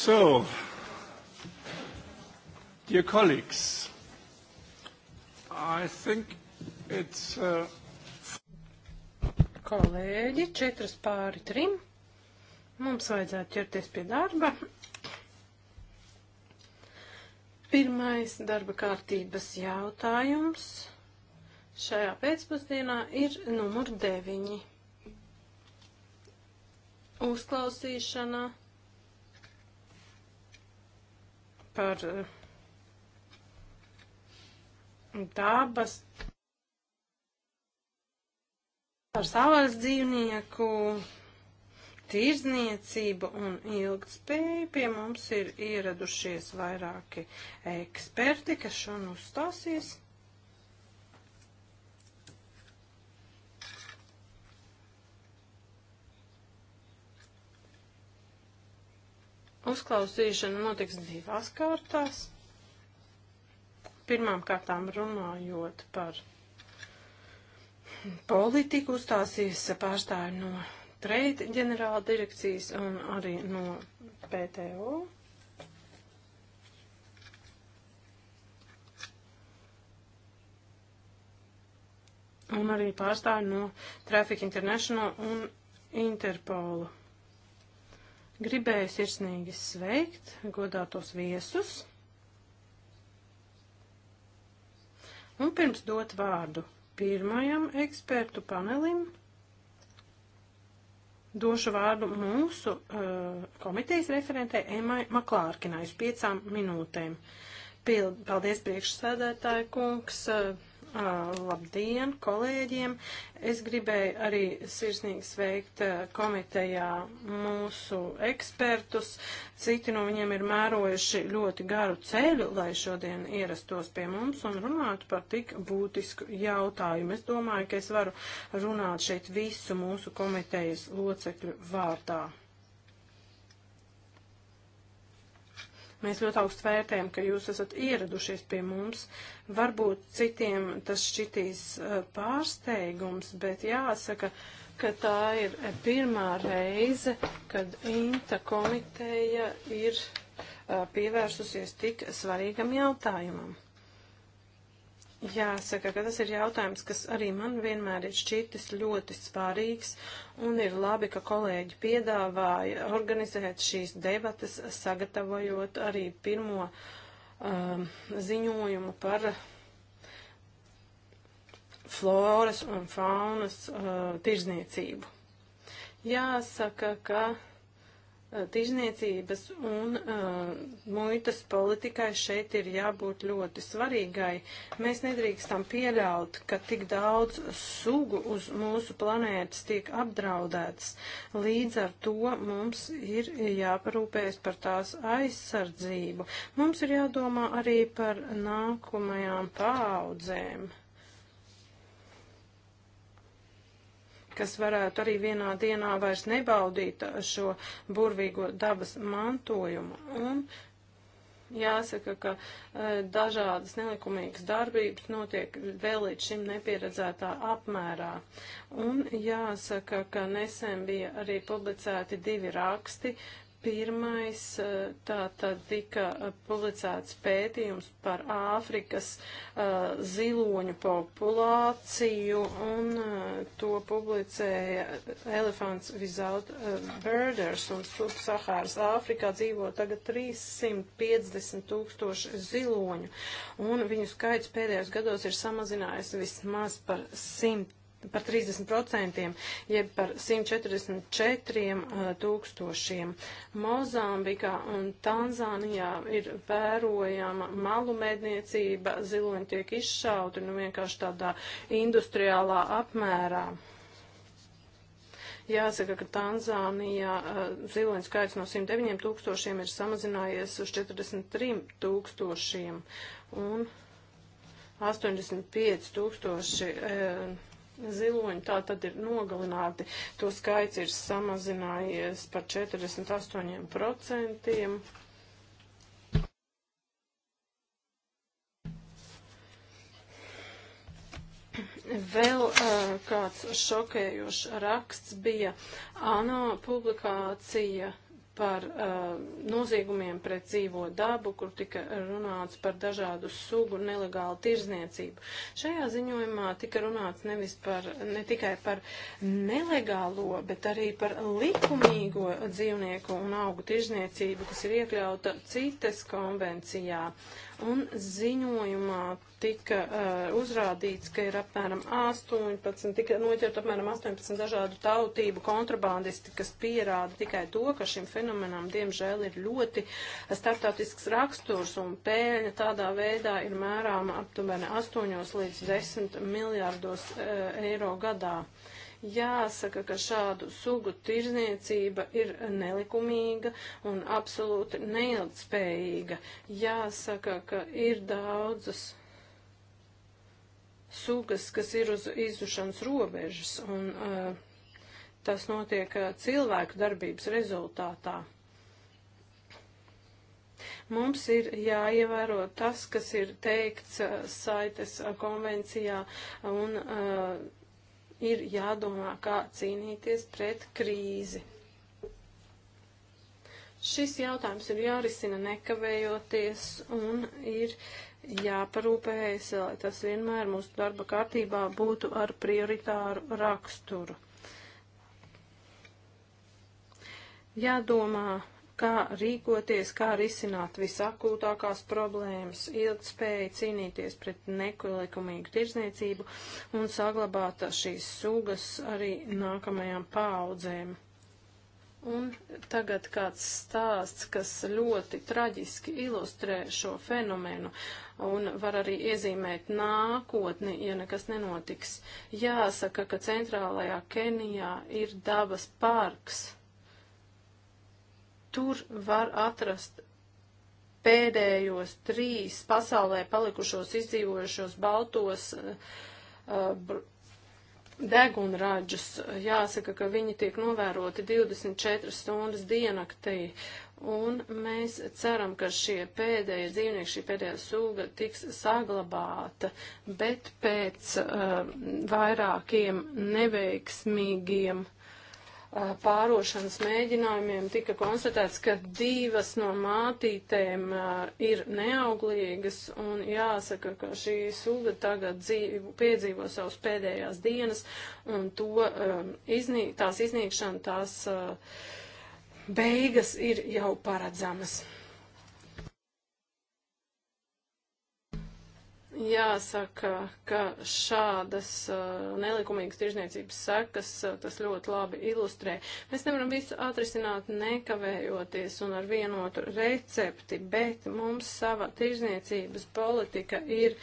So, dear colleagues, I think it's. Uh... Kolēģi, četras pāri trim. Mums vajadzētu ķerties pie darba. Pirmais darba kārtības jautājums šajā pēcpusdienā ir numur deviņi. Uzklausīšana par eh, dabas, par savas dzīvnieku tirzniecību un ilgtspēju. Pie mums ir ieradušies vairāki eksperti, kas šodien uzstāsies. Uzklausīšana notiks divās kārtās. Pirmām kārtām runājot par politiku, uzstāsies pārstāvi no trade ģenerāla direkcijas un arī no PTO. Un arī pārstāvi no Traffic International un Interpola. Gribēju sirsnīgi sveikt godātos viesus. Un pirms dot vārdu pirmajam ekspertu panelim, došu vārdu mūsu uh, komitejas referentē Emai Maklārkinai uz piecām minūtēm. Pild, paldies priekšsēdētāju kungs. Uh, Labdien kolēģiem! Es gribēju arī sirsnīgi sveikt komitejā mūsu ekspertus. Citi no viņiem ir mērojuši ļoti garu ceļu, lai šodien ierastos pie mums un runātu par tik būtisku jautājumu. Es domāju, ka es varu runāt šeit visu mūsu komitejas locekļu vārdā. Mēs ļoti augstu vērtējam, ka jūs esat ieradušies pie mums. Varbūt citiem tas šķitīs eh, pārsteigums, bet jāsaka, ka tā ir pirmā reize, kad INTA komiteja ir eh, pievērsusies tik svarīgam jautājumam. Jāsaka, ka tas ir jautājums, kas arī man vienmēr ir šķitis ļoti svarīgs, un ir labi, ka kolēģi piedāvāja organizēt šīs debatas, sagatavojot arī pirmo um, ziņojumu par floras un faunas uh, tirzniecību. Jāsaka, ka Eh, tirzniecības un uh, muitas politikai šeit ir jābūt ļoti svarīgai. Mēs nedrīkstam pieļaut, ka tik daudz sugu uz mūsu planētas tiek apdraudētas. Līdz ar to mums ir jāparūpējas par tās aizsardzību. Mums ir jādomā arī par nākamajām paaudzēm. kas varētu arī vienā dienā vairs nebaudīt šo burvīgo dabas mantojumu. Un jāsaka, ka e, dažādas nelikumīgas darbības notiek vēl līdz šim nepieredzētā apmērā. Un jāsaka, ka nesen bija arī publicēti divi raksti Pirmais eh, tā tad tika eh, publicēts pētījums par Āfrikas uh, ziloņu populāciju un uh, to publicēja Elephants Without Birders un Subsaharas Āfrikā dzīvo tagad 350 tūkstoši ziloņu un viņu skaits pēdējos gados ir samazinājies vismaz par 100 par 30%, jeb par 144 eh, tūkstošiem. Mozambikā un Tanzānijā ir vērojama malu medniecība, ziloņi tiek izšauti, nu vienkārši tādā industriālā apmērā. Jāsaka, ka Tanzānijā eh, ziloņu skaits no 109 tūkstošiem ir samazinājies uz 43 tūkstošiem un 85 tūkstoši. E, ziloņi tā tad ir nogalināti. To skaits ir samazinājies par 48%. Vēl uh, kāds šokējošs raksts bija ANO publikācija par uh, noziegumiem pret dzīvo dabu, kur tika runāts par dažādu sugu nelegālu tirzniecību. Šajā ziņojumā tika runāts nevis par, ne tikai par nelegālo, bet arī par likumīgo dzīvnieku un augu tirzniecību, kas ir iekļauta citas konvencijā. Uh, Un ziņojumā tika uh, uzrādīts, ka ir apmēram 18, tika noķert apmēram 18 dažādu tautību kontrabandisti, kas pierāda tikai to, ka šim fenomenam, diemžēl, ir ļoti startautisks raksturs un pēļņa tādā veidā ir mērāma aptuveni 8 līdz 10 miljārdos uh, eiro gadā. Uh, Jāsaka, ka šādu sugu tirzniecība ir nelikumīga un absolūti neilgtspējīga. Jāsaka, ka ir daudzas sugas, kas ir uz izušanas robežas, un uh, tas notiek uh, cilvēku darbības rezultātā. Mums ir jāievēro tas, kas ir teikts uh, saites uh, konvencijā un uh, ir jādomā, kā cīnīties pret krīzi. Šis jautājums ir jārisina nekavējoties un ir jāparūpējas, lai tas vienmēr mūsu darba kārtībā būtu ar prioritāru raksturu. Jādomā kā rīkoties, kā risināt visakūtākās problēmas, ilgspēja cīnīties pret nekolikumīgu tirzniecību un saglabāt šīs sugas arī nākamajām paaudzēm. Un tagad kāds stāsts, kas ļoti traģiski ilustrē šo fenomenu un var arī iezīmēt nākotni, ja nekas nenotiks. Jāsaka, ka centrālajā Kenijā ir dabas parks Tur var atrast pēdējos trīs pasaulē palikušos izdzīvojušos baltos uh, degunraģus. Jāsaka, ka viņi tiek novēroti 24 stundas dienaktī. Un mēs ceram, ka šie pēdējie dzīvnieki, šī pēdējā sūga tiks saglabāta, bet pēc uh, vairākiem neveiksmīgiem uh, pārošanas mēģinājumiem tika konstatēts, ka divas no mātītēm ir neauglīgas, un jāsaka, ka šī suga tagad dzīvo, piedzīvo savus pēdējās dienas, un to, iznīk, tās iznīkšana, tās beigas ir jau paredzamas. Jāsaka, ka šādas uh, nelikumīgas tirzniecības sekas uh, tas ļoti labi ilustrē. Mēs nevaram visu atrisināt nekavējoties un ar vienotu recepti, bet mums sava tirzniecības politika ir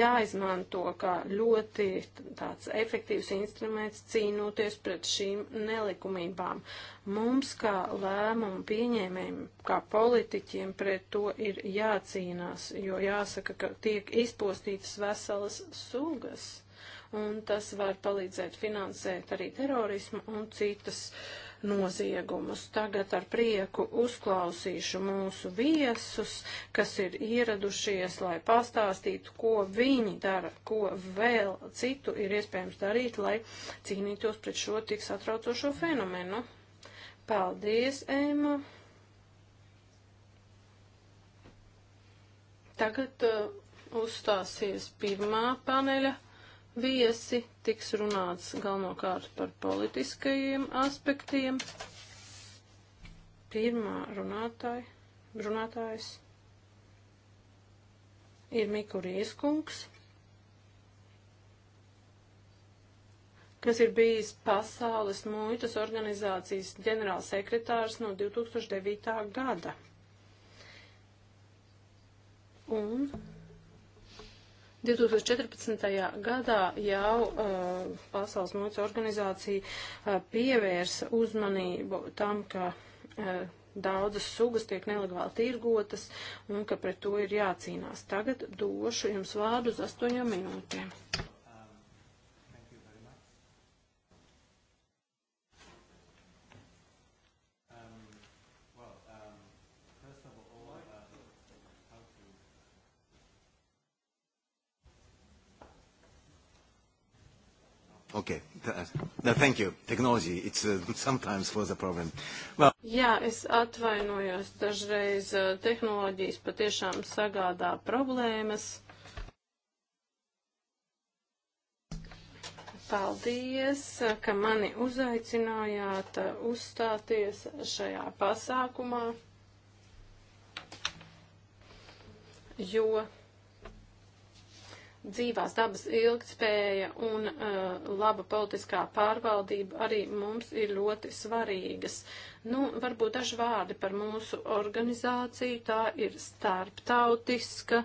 jāizmanto kā ļoti tāds efektīvs instruments cīnoties pret šīm nelikumībām. Uh, Mums, kā lēmumu pieņēmējiem, kā politiķiem, pret to ir jācīnās, jo jāsaka, ka tiek izpostītas veselas sugas, un tas var palīdzēt finansēt arī terorismu un citas noziegumus. Tagad ar prieku uzklausīšu mūsu viesus, kas ir ieradušies, lai pastāstītu, ko viņi dara, ko vēl citu ir iespējams darīt, lai cīnītos pret šo tik satraucošo fenomenu. Paldies, Ēma. Tagad uh, uzstāsies pirmā paneļa viesi. Tiks runāts galvenokārt par politiskajiem aspektiem. Pirmā runātāja, runātājs ir Mikurijas kungs. kas ir bijis Pasaules muitas organizācijas ģenerālsekretārs no 2009. gada. Un 2014. gadā jau uh, Pasaules muitas organizācija uh, pievērsa uzmanību tam, ka uh, daudzas sugas tiek nelegāli tirgotas un ka pret to ir jācīnās. Tagad došu jums vārdu uz astoņām minūtēm. Okay. Uh, no, thank you. Technology, it's uh, sometimes was a problem. Well... Jā, es atvainojos. Dažreiz uh, tehnoloģijas patiešām sagādā problēmas. Paldies, uh, ka mani uzaicinājāt uh, uzstāties šajā pasākumā, jo dzīvās dabas ilgtspēja un uh, laba politiskā pārvaldība arī mums ir ļoti svarīgas. Nu, varbūt daži vārdi par mūsu organizāciju. Tā ir starptautiska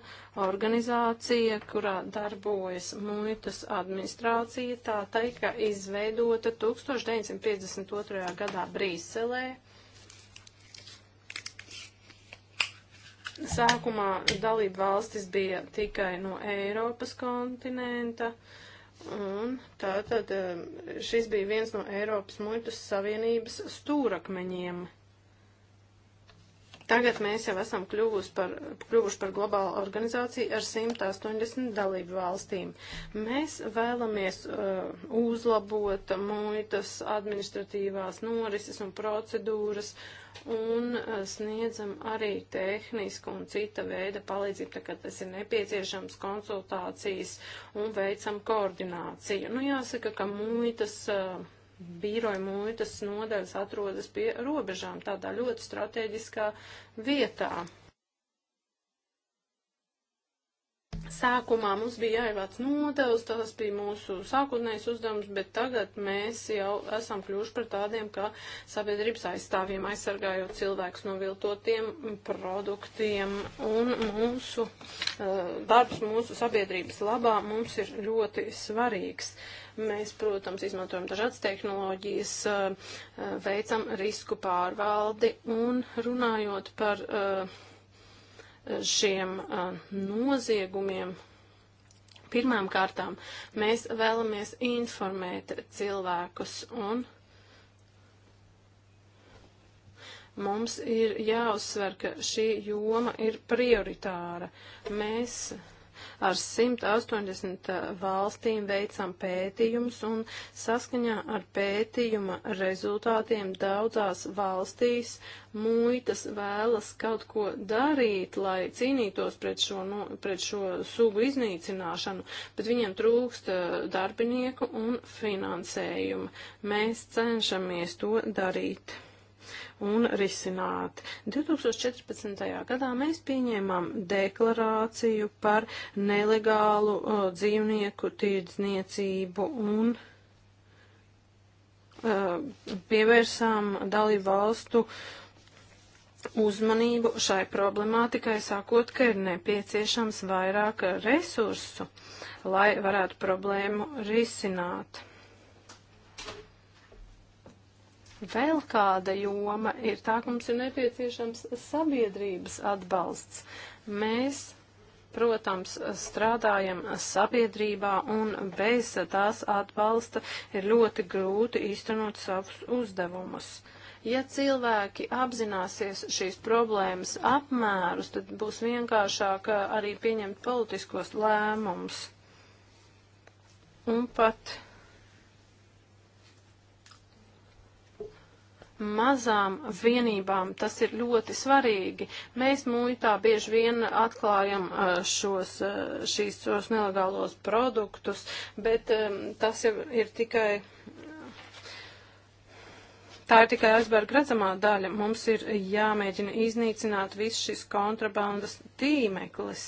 organizācija, kurā darbojas muitas administrācija. Tā teika izveidota 1952. gadā Brīselē Sākumā dalība valstis bija tikai no Eiropas kontinenta, un tātad eh, šis bija viens no Eiropas muitas savienības stūrakmeņiem. Tagad mēs jau esam par, kļuvuši par globālu organizāciju ar 180 dalību valstīm. Mēs vēlamies uh, uzlabot muitas administratīvās norises un procedūras un uh, sniedzam arī tehnisku un cita veida palīdzību, tā kā tas ir nepieciešams konsultācijas un veicam koordināciju. Nu, jāsaka, ka muitas. Uh, bīroja muitas nodaļas atrodas pie robežām, tādā ļoti strateģiskā vietā. Sākumā mums bija jāievāc nodevs, tas bija mūsu sākotnējs uzdevums, bet tagad mēs jau esam kļuvuši par tādiem, kā sabiedrības aizstāvjiem, aizsargājot cilvēkus no viltotiem produktiem. Un mūsu uh, darbs mūsu sabiedrības labā mums ir ļoti svarīgs. Uh, Mēs, protams, izmantojam dažādas tehnoloģijas, eh, veicam risku pārvaldi un runājot par eh, šiem eh, noziegumiem, pirmām kārtām mēs vēlamies informēt cilvēkus un mums ir jāuzsver, ka šī joma ir prioritāra. Mēs ar 180 eh, valstīm veicam pētījumus un saskaņā ar pētījuma rezultātiem daudzās valstīs muitas vēlas kaut ko darīt, lai cīnītos pret šo, no, nu, pret šo sugu iznīcināšanu, bet viņiem trūkst eh, darbinieku un finansējuma. Mēs cenšamies to darīt un risināt. 2014. gadā mēs pieņēmām deklarāciju par nelegālu o, dzīvnieku tirdzniecību un o, pievērsām dalību valstu uzmanību šai problemātikai, sakot, ka ir nepieciešams vairāk resursu, lai varētu problēmu risināt. Vēl kāda joma ir tā, ka mums ir nepieciešams sabiedrības atbalsts. Mēs, protams, strādājam sabiedrībā un bez tās atbalsta ir ļoti grūti īstenot savus uzdevumus ja cilvēki apzināsies šīs problēmas apmērus, tad būs vienkāršāk uh, arī pieņemt politiskos lēmumus. Un pat mazām vienībām. Tas ir ļoti svarīgi. Mēs muitā bieži vien atklājam uh, šos, uh, šīs, šos nelegālos produktus, bet um, tas jau ir tikai Tā ir tikai aizberga redzamā daļa. Mums ir jāmēģina iznīcināt viss šis kontrabandas tīmeklis.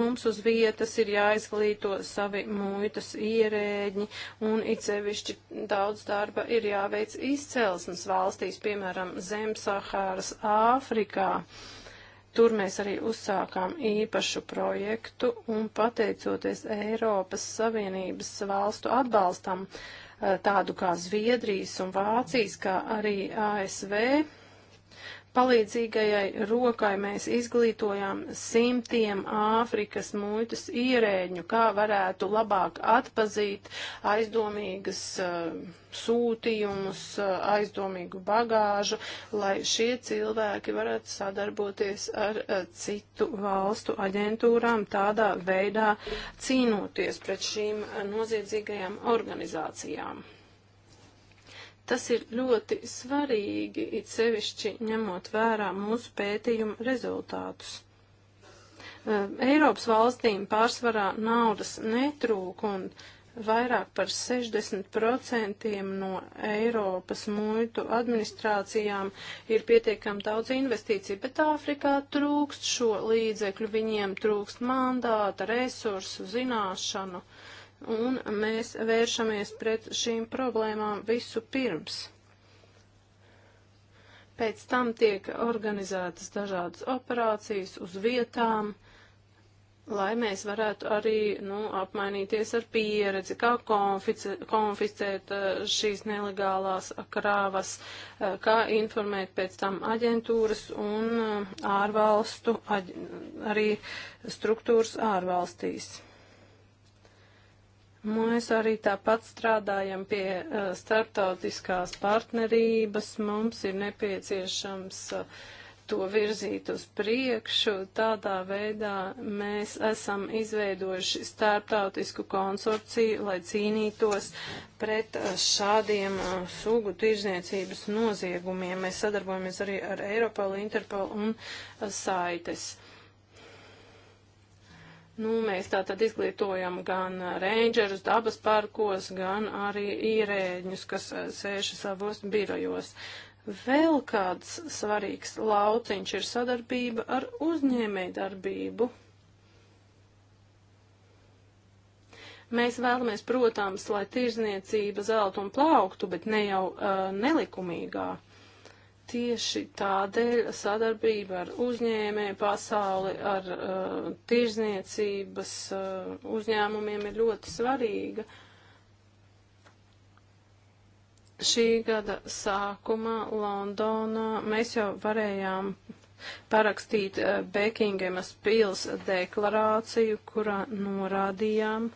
Mums uz vietas ir jāizglīto savi muitas ierēģi un it sevišķi daudz darba ir jāveic izcelsmes valstīs, piemēram, Zemsahāras Āfrikā. Tur mēs arī uzsākām īpašu projektu un pateicoties Eiropas Savienības valstu atbalstam, uh, tādu kā Zviedrijas un Vācijas, kā arī ASV palīdzīgajai rokai mēs izglītojām simtiem Āfrikas muitas ierēģu, kā varētu labāk atpazīt aizdomīgas uh, sūtījumus, uh, aizdomīgu bagāžu, lai šie cilvēki varētu sadarboties ar uh, citu valstu aģentūrām, tādā veidā cīnoties pret šīm noziedzīgajām organizācijām. Tas ir ļoti svarīgi, it sevišķi ņemot vērā mūsu pētījumu rezultātus. Eiropas valstīm pārsvarā naudas netrūk un vairāk par 60% no Eiropas muitu administrācijām ir pietiekami daudz investīciju, bet Āfrikā trūkst šo līdzekļu, viņiem trūkst mandāta, resursu, zināšanu. Uh, un mēs vēršamies pret šīm problēmām visu pirms. Pēc tam tiek organizētas dažādas operācijas uz vietām, lai mēs varētu arī nu, apmainīties ar pieredzi, kā konfice, konfiscēt eh, šīs nelegālās krāvas, eh, kā informēt pēc tam aģentūras un eh, ārvalstu, aģ, arī struktūras ārvalstīs. Mēs arī tāpat strādājam pie uh, starptautiskās partnerības. Mums ir nepieciešams uh, to virzīt uz priekšu. Tādā veidā mēs esam izveidojuši starptautisku konsorciju, lai cīnītos pret uh, šādiem uh, sugu tirzniecības noziegumiem. Mēs sadarbojamies arī ar Eiropolu, Interpolu un uh, Saites. Nu, mēs tā tad izglītojam gan rangers dabas parkos, gan arī īrēģņus, kas eh, sēž savos birojos. Vēl kāds svarīgs lauciņš ir sadarbība ar uzņēmēju darbību. Mēs vēlamies, protams, lai tirzniecība zelta un plauktu, bet ne jau uh, eh, nelikumīgāk. Tieši tādēļ sadarbība ar uzņēmēju pasauli, ar uh, tirzniecības uh, uzņēmumiem ir ļoti svarīga. Šī gada sākumā Londonā mēs jau varējām parakstīt uh, Bekingemas pils deklarāciju, kurā norādījām,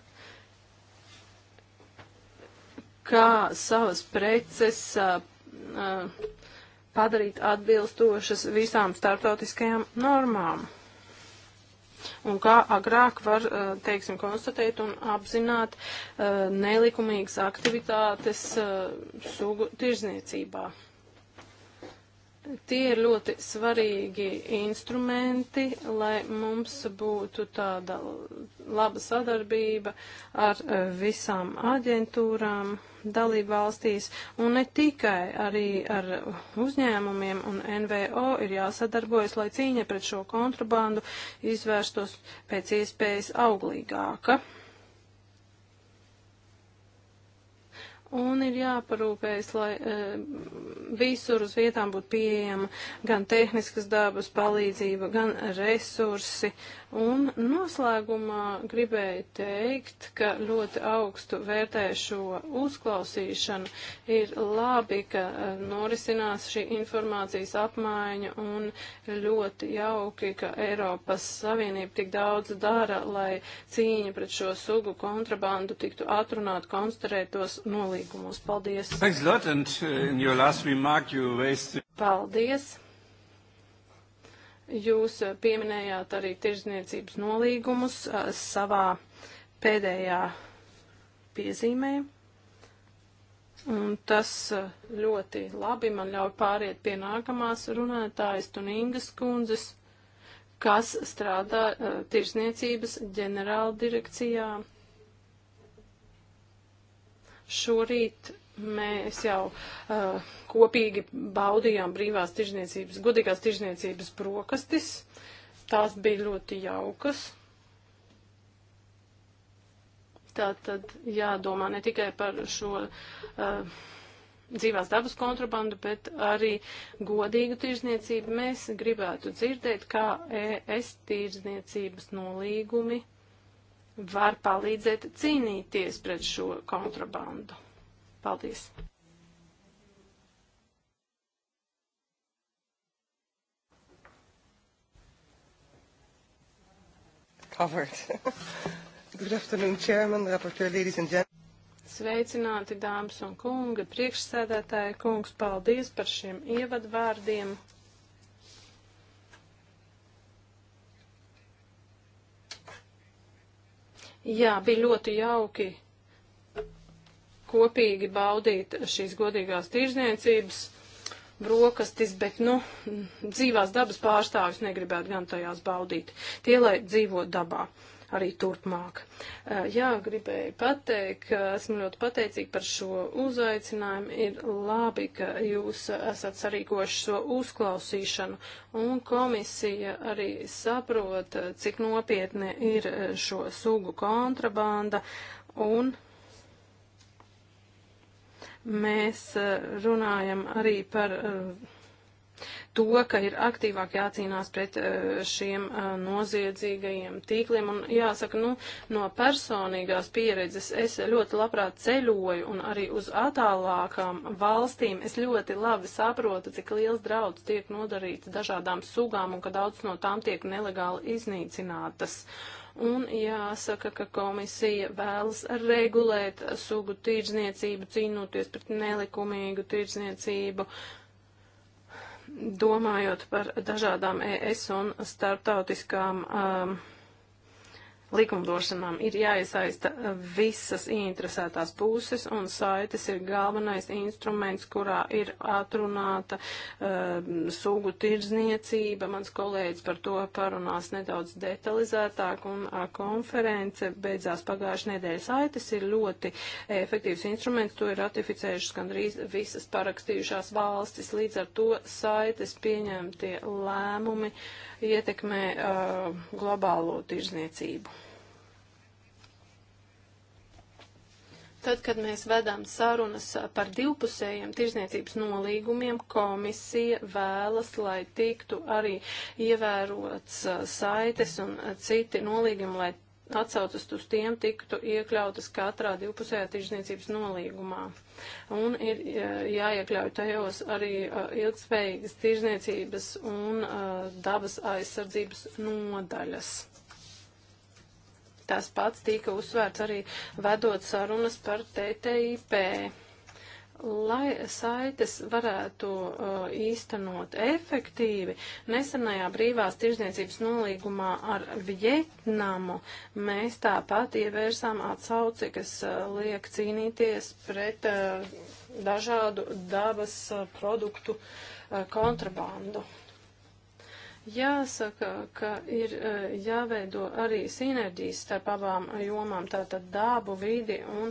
kā savas preces. Uh, uh, padarīt atbilstošas visām startautiskajām normām. Un kā agrāk var, eh, teiksim, konstatēt un apzināt eh, nelikumīgas aktivitātes eh, sugu tirzniecībā. Tie ir ļoti svarīgi instrumenti, lai mums būtu tāda laba sadarbība ar eh, visām aģentūrām dalībvalstīs, un ne tikai arī ar uzņēmumiem un NVO ir jāsadarbojas, lai cīņa pret šo kontrabandu izvērstos pēc iespējas auglīgāka. Un ir jāparūpējas, lai e, visur uz vietām būtu pieejama gan tehniskas dabas palīdzība, gan resursi, Un noslēgumā gribēju teikt, ka ļoti augstu vērtēju šo uzklausīšanu. Ir labi, ka e, norisinās šī informācijas apmaiņa un ļoti jauki, ka Eiropas Savienība tik daudz dara, lai cīņa pret šo sugu kontrabandu tiktu atrunāt konstatētos nolīgumos. Paldies! Thanks a lot, and uh, in your last remark you raised... Paldies! Jūs eh, pieminējāt arī tirzniecības nolīgumus eh, savā pēdējā piezīmē. Un tas eh, ļoti labi man ļauj pāriet pie nākamās runātājas Tunīngas kundzes, kas strādā uh, tirsniecības ģenerāla direkcijā. Šorīt Mēs jau uh, kopīgi baudījām brīvās tirzniecības, godīgās tirzniecības brokastis. Tās bija ļoti jaukas. Tā tad jādomā ne tikai par šo uh, dzīvās dabas kontrabandu, bet arī godīgu tirzniecību. Mēs gribētu dzirdēt, kā ES tirzniecības nolīgumi var palīdzēt cīnīties pret šo kontrabandu. Paldies! Covered. Good afternoon, Chairman, Rapporteur, ladies and gentlemen. Sveicināti, dāmas un kungi, priekšsēdētāji, kungs, paldies par šiem ievadvārdiem. Jā, bija ļoti jauki kopīgi baudīt šīs godīgās tirzniecības brokastis, bet, nu, dzīvās dabas pārstāvis negribētu gan tajās baudīt. Tie, lai dzīvo dabā arī turpmāk. Jā, gribēju pateikt, ka esmu ļoti pateicīga par šo uzaicinājumu. Ir labi, ka jūs esat sarīkojuši šo uzklausīšanu, un komisija arī saprot, cik nopietni ir šo sugu kontrabanda, un Mēs eh, runājam arī par eh, to, ka ir aktīvāk jācīnās pret eh, šiem noziedzīgajiem tīkliem. Un jāsaka, nu, no personīgās pieredzes es ļoti labprāt ceļoju un arī uz attālākām valstīm. Es ļoti labi saprotu, cik liels draudz tiek nodarīts dažādām sugām un ka daudz no tām tiek nelegāli iznīcinātas. Uh, un jāsaka, ka komisija vēlas regulēt sugu tirdzniecību, cīnoties pret nelikumīgu tirdzniecību, domājot par dažādām ES un starptautiskām um, Likumdošanām ir jāiesaista visas interesētās puses, un saites ir galvenais instruments, kurā ir atrunāta uh, sugu tirdzniecība. Mans kolēģis par to parunās nedaudz detalizētāk, un uh, konference beidzās pagājušajā nedēļā. Saites ir ļoti efektīvs instruments, to ir ratificējušas gandrīz visas parakstījušās valstis. Līdz ar to saites pieņemtie lēmumi ietekmē uh, globālo tirdzniecību. Tad, kad mēs vedām sarunas par divpusējiem tirzniecības nolīgumiem, komisija vēlas, lai tiktu arī ievērots uh, saites un uh, citi nolīgumi, lai atsaucas uz tiem tiktu iekļautas katrā divpusējā tirzniecības nolīgumā. Un ir uh, jāiekļauj tajos arī ilgspējīgas tirzniecības un dabas aizsardzības nodaļas. Tas pats tika uzsvērts arī vedot sarunas par TTIP. Lai saites varētu uh, īstenot efektīvi, nesenajā brīvās tirzniecības nolīgumā ar Vietnamu mēs tāpat ievērsām atsauci, kas uh, liek cīnīties pret uh, dažādu dabas uh, produktu uh, kontrabandu. Uh, Jāsaka, ka ir eh, jāveido arī sinerģijas starp abām jomām, tātad dābu, vidi un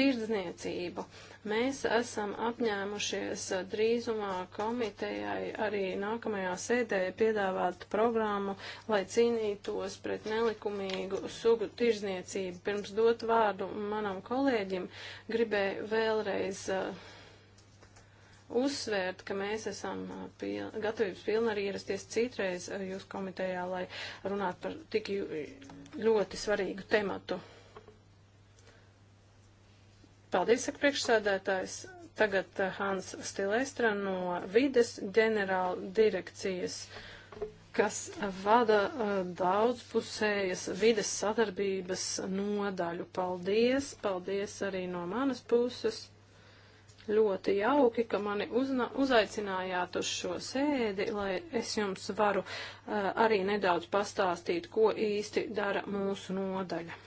tirdzniecību. Mēs esam apņēmušies eh, drīzumā komitejai arī nākamajā sēdē piedāvāt programmu, lai cīnītos pret nelikumīgu sugu tirzniecību. Pirms dot vārdu manam kolēģim, gribēju vēlreiz uh, uzsvērt, ka mēs esam uh, piln, gatavības pilni arī ierasties citreiz uh, jūsu komitejā, lai runātu par tik ļoti svarīgu tematu. Paldies, saka priekšsēdētājs. Tagad uh, Hans Stilestra no vides ģenerāla direkcijas, kas vada daudzpusējas vides sadarbības nodaļu. Paldies, paldies arī no manas puses. Ļoti jauki, ka mani uzna, uzaicinājāt uz šo sēdi, lai es jums varu uh, arī nedaudz pastāstīt, ko īsti dara mūsu nodaļa.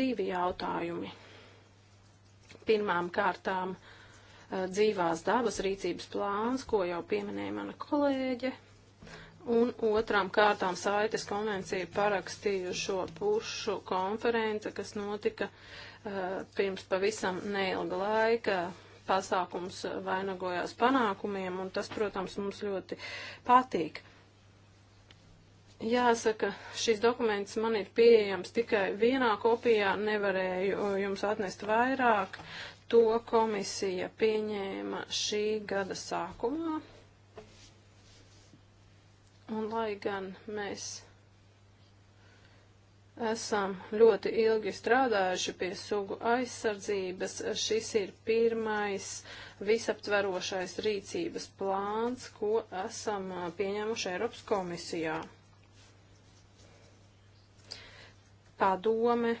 Divi jautājumi. Pirmām kārtām uh, dzīvās dabas rīcības plāns, ko jau pieminēja mana kolēģe, un otrām kārtām saites konvenciju parakstījušo pušu konference, kas notika uh, Eh, pirms pavisam neilga laika pasākums vainagojās panākumiem, un tas, protams, mums ļoti patīk. Jāsaka, šis dokuments man ir pieejams tikai vienā kopijā, nevarēju jums atnest vairāk. To komisija pieņēma šī gada sākumā. Un lai gan mēs Esam ļoti ilgi strādājuši pie sugu aizsardzības. Šis ir pirmais visaptverošais rīcības plāns, ko esam pieņēmuši Eiropas komisijā. Padome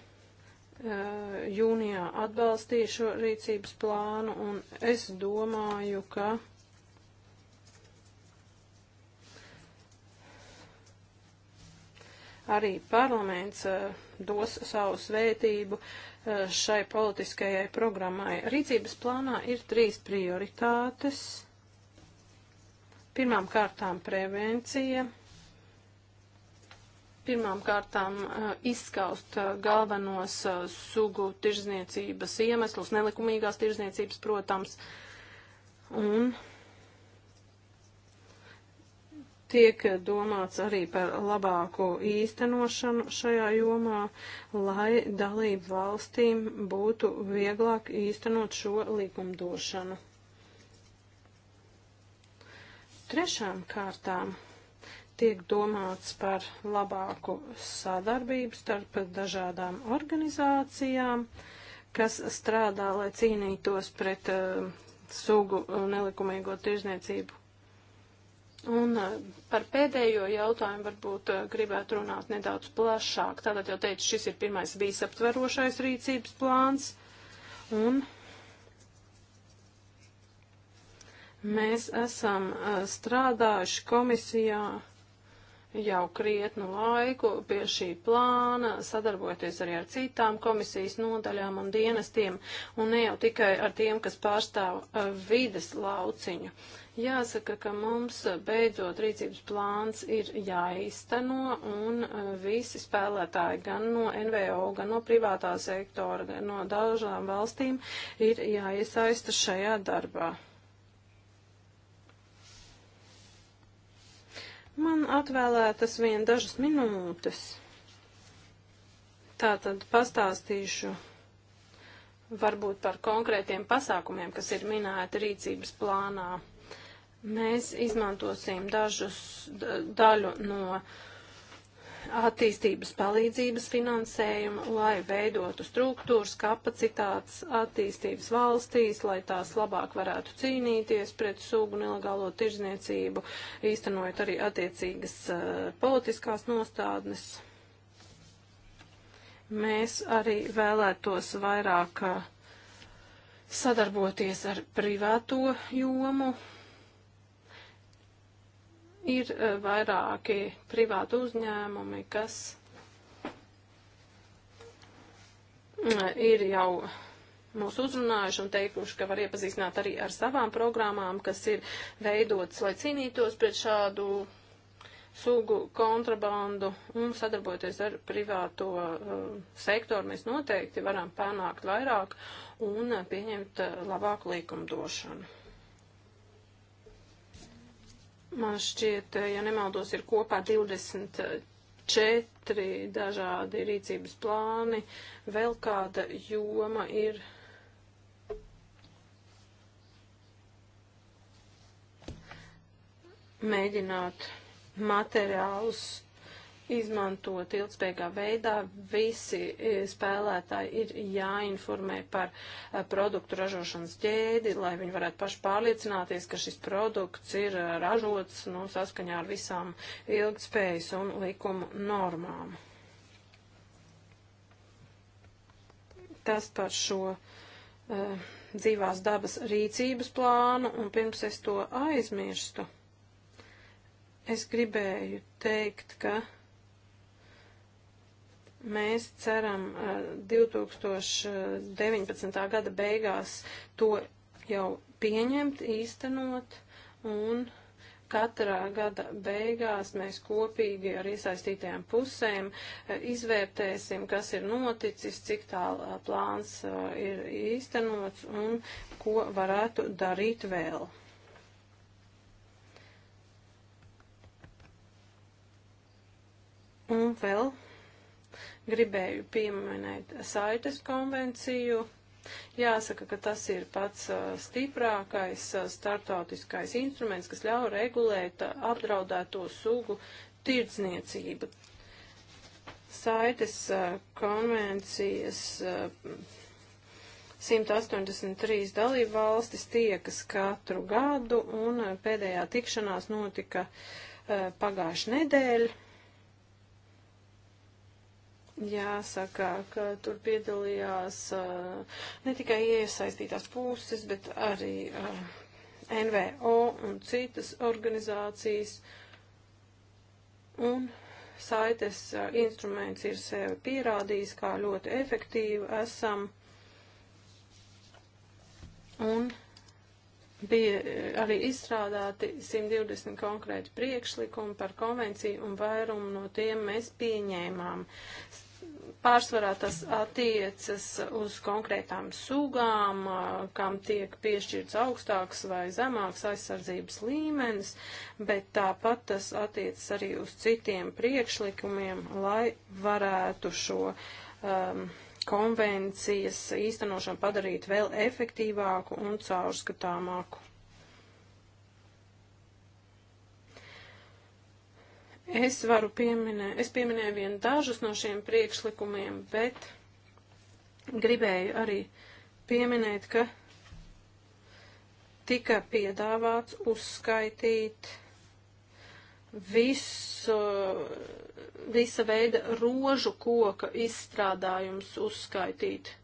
jūnijā atbalstīja šo rīcības plānu, un es domāju, ka arī parlaments eh, dos savu svētību eh, šai politiskajai programmai. Rīcības plānā ir trīs prioritātes. Pirmām kārtām prevencija, pirmām kārtām eh, izskaust galvenos sugu tirzniecības iemeslus, nelikumīgās tirzniecības, protams, un Tiek domāts arī par labāku īstenošanu šajā jomā, lai dalību valstīm būtu vieglāk īstenot šo likumdošanu. Trešām kārtām tiek domāts par labāku sadarbību starp dažādām organizācijām, kas strādā, lai cīnītos pret uh, sugu nelikumīgo tirzniecību. Un eh, par pēdējo jautājumu varbūt eh, gribētu runāt nedaudz plašāk. Tātad jau teicu, šis ir pirmais visaptverošais rīcības plāns. Un mēs esam eh, strādājuši komisijā jau krietnu laiku pie šī plāna, sadarbojoties arī ar citām komisijas nodaļām un dienestiem, un ne jau tikai ar tiem, kas pārstāv uh, vides lauciņu. Jāsaka, ka mums uh, beidzot rīcības plāns ir jāizteno un uh, visi spēlētāji gan no NVO, gan no privātā sektora, gan no dažām valstīm ir jāiesaista šajā darbā. Man atvēlētas vien dažas minūtes. Tātad pastāstīšu varbūt par konkrētiem pasākumiem, kas ir minēti rīcības plānā. Mēs izmantosim dažus daļu no uh, attīstības palīdzības finansējumu, lai veidotu struktūras, kapacitātes attīstības valstīs, lai tās labāk varētu cīnīties pret sugu nelegālo tirzniecību, īstenojot arī attiecīgas uh, politiskās nostādnes. Mēs arī vēlētos vairāk uh, sadarboties ar privāto jomu, Ir eh, vairāki privātu uzņēmumi, kas eh, ir jau mūs uzrunājuši un teikuši, ka var iepazīstināt arī ar savām programmām, kas ir veidotas, lai cīnītos pret šādu sugu kontrabandu un sadarbojoties ar privāto uh, sektoru, mēs noteikti varam panākt vairāk un pieņemt labāku likumdošanu man šķiet, eh, ja nemaldos, ir kopā 24 dažādi rīcības plāni, vēl kāda joma ir. Mēģināt materiālus izmantot ilgspējīgā veidā. Visi e, spēlētāji ir jāinformē par e, produktu ražošanas ķēdi, lai viņi varētu paši pārliecināties, ka šis produkts ir e, ražots nu, saskaņā ar visām ilgspējas un likuma normām. Tas par šo uh, dzīvās dabas rīcības plānu, un pirms es to aizmirstu, es gribēju teikt, ka Mēs ceram 2019. Eh, eh, gada beigās to jau pieņemt, īstenot un katrā gada beigās mēs kopīgi ar iesaistītajām pusēm eh, izvērtēsim, kas ir noticis, cik tālu plāns ir īstenots un ko varētu darīt vēl. Un vēl Gribēju pieminēt Saites konvenciju. Jāsaka, ka tas ir pats stiprākais startautiskais instruments, kas ļauj regulēt apdraudēto sugu tirdzniecību. Saites konvencijas 183 dalību valstis tiekas katru gadu, un pēdējā tikšanās notika pagājuši nedēļu. Jāsaka, ka tur piedalījās uh, ne tikai iesaistītās puses, bet arī uh, NVO un citas organizācijas. Un saites uh, instruments ir sevi pierādījis, kā ļoti efektīvi esam. Un bija uh, arī izstrādāti 120 konkrēti priekšlikumi par konvenciju, un vairumu no tiem mēs pieņēmām. Pārsvarā tas attiecas uz konkrētām sugām, kam tiek piešķirts augstāks vai zemāks aizsardzības līmenis, bet tāpat tas attiecas arī uz citiem priekšlikumiem, lai varētu šo um, konvencijas īstenošanu padarīt vēl efektīvāku un caurskatāmāku. Es varu pieminēt, es pieminēju vien dažus no šiem priekšlikumiem, bet gribēju arī pieminēt, ka tika piedāvāts uzskaitīt visu, visa veida rožu koka izstrādājums uzskaitīt.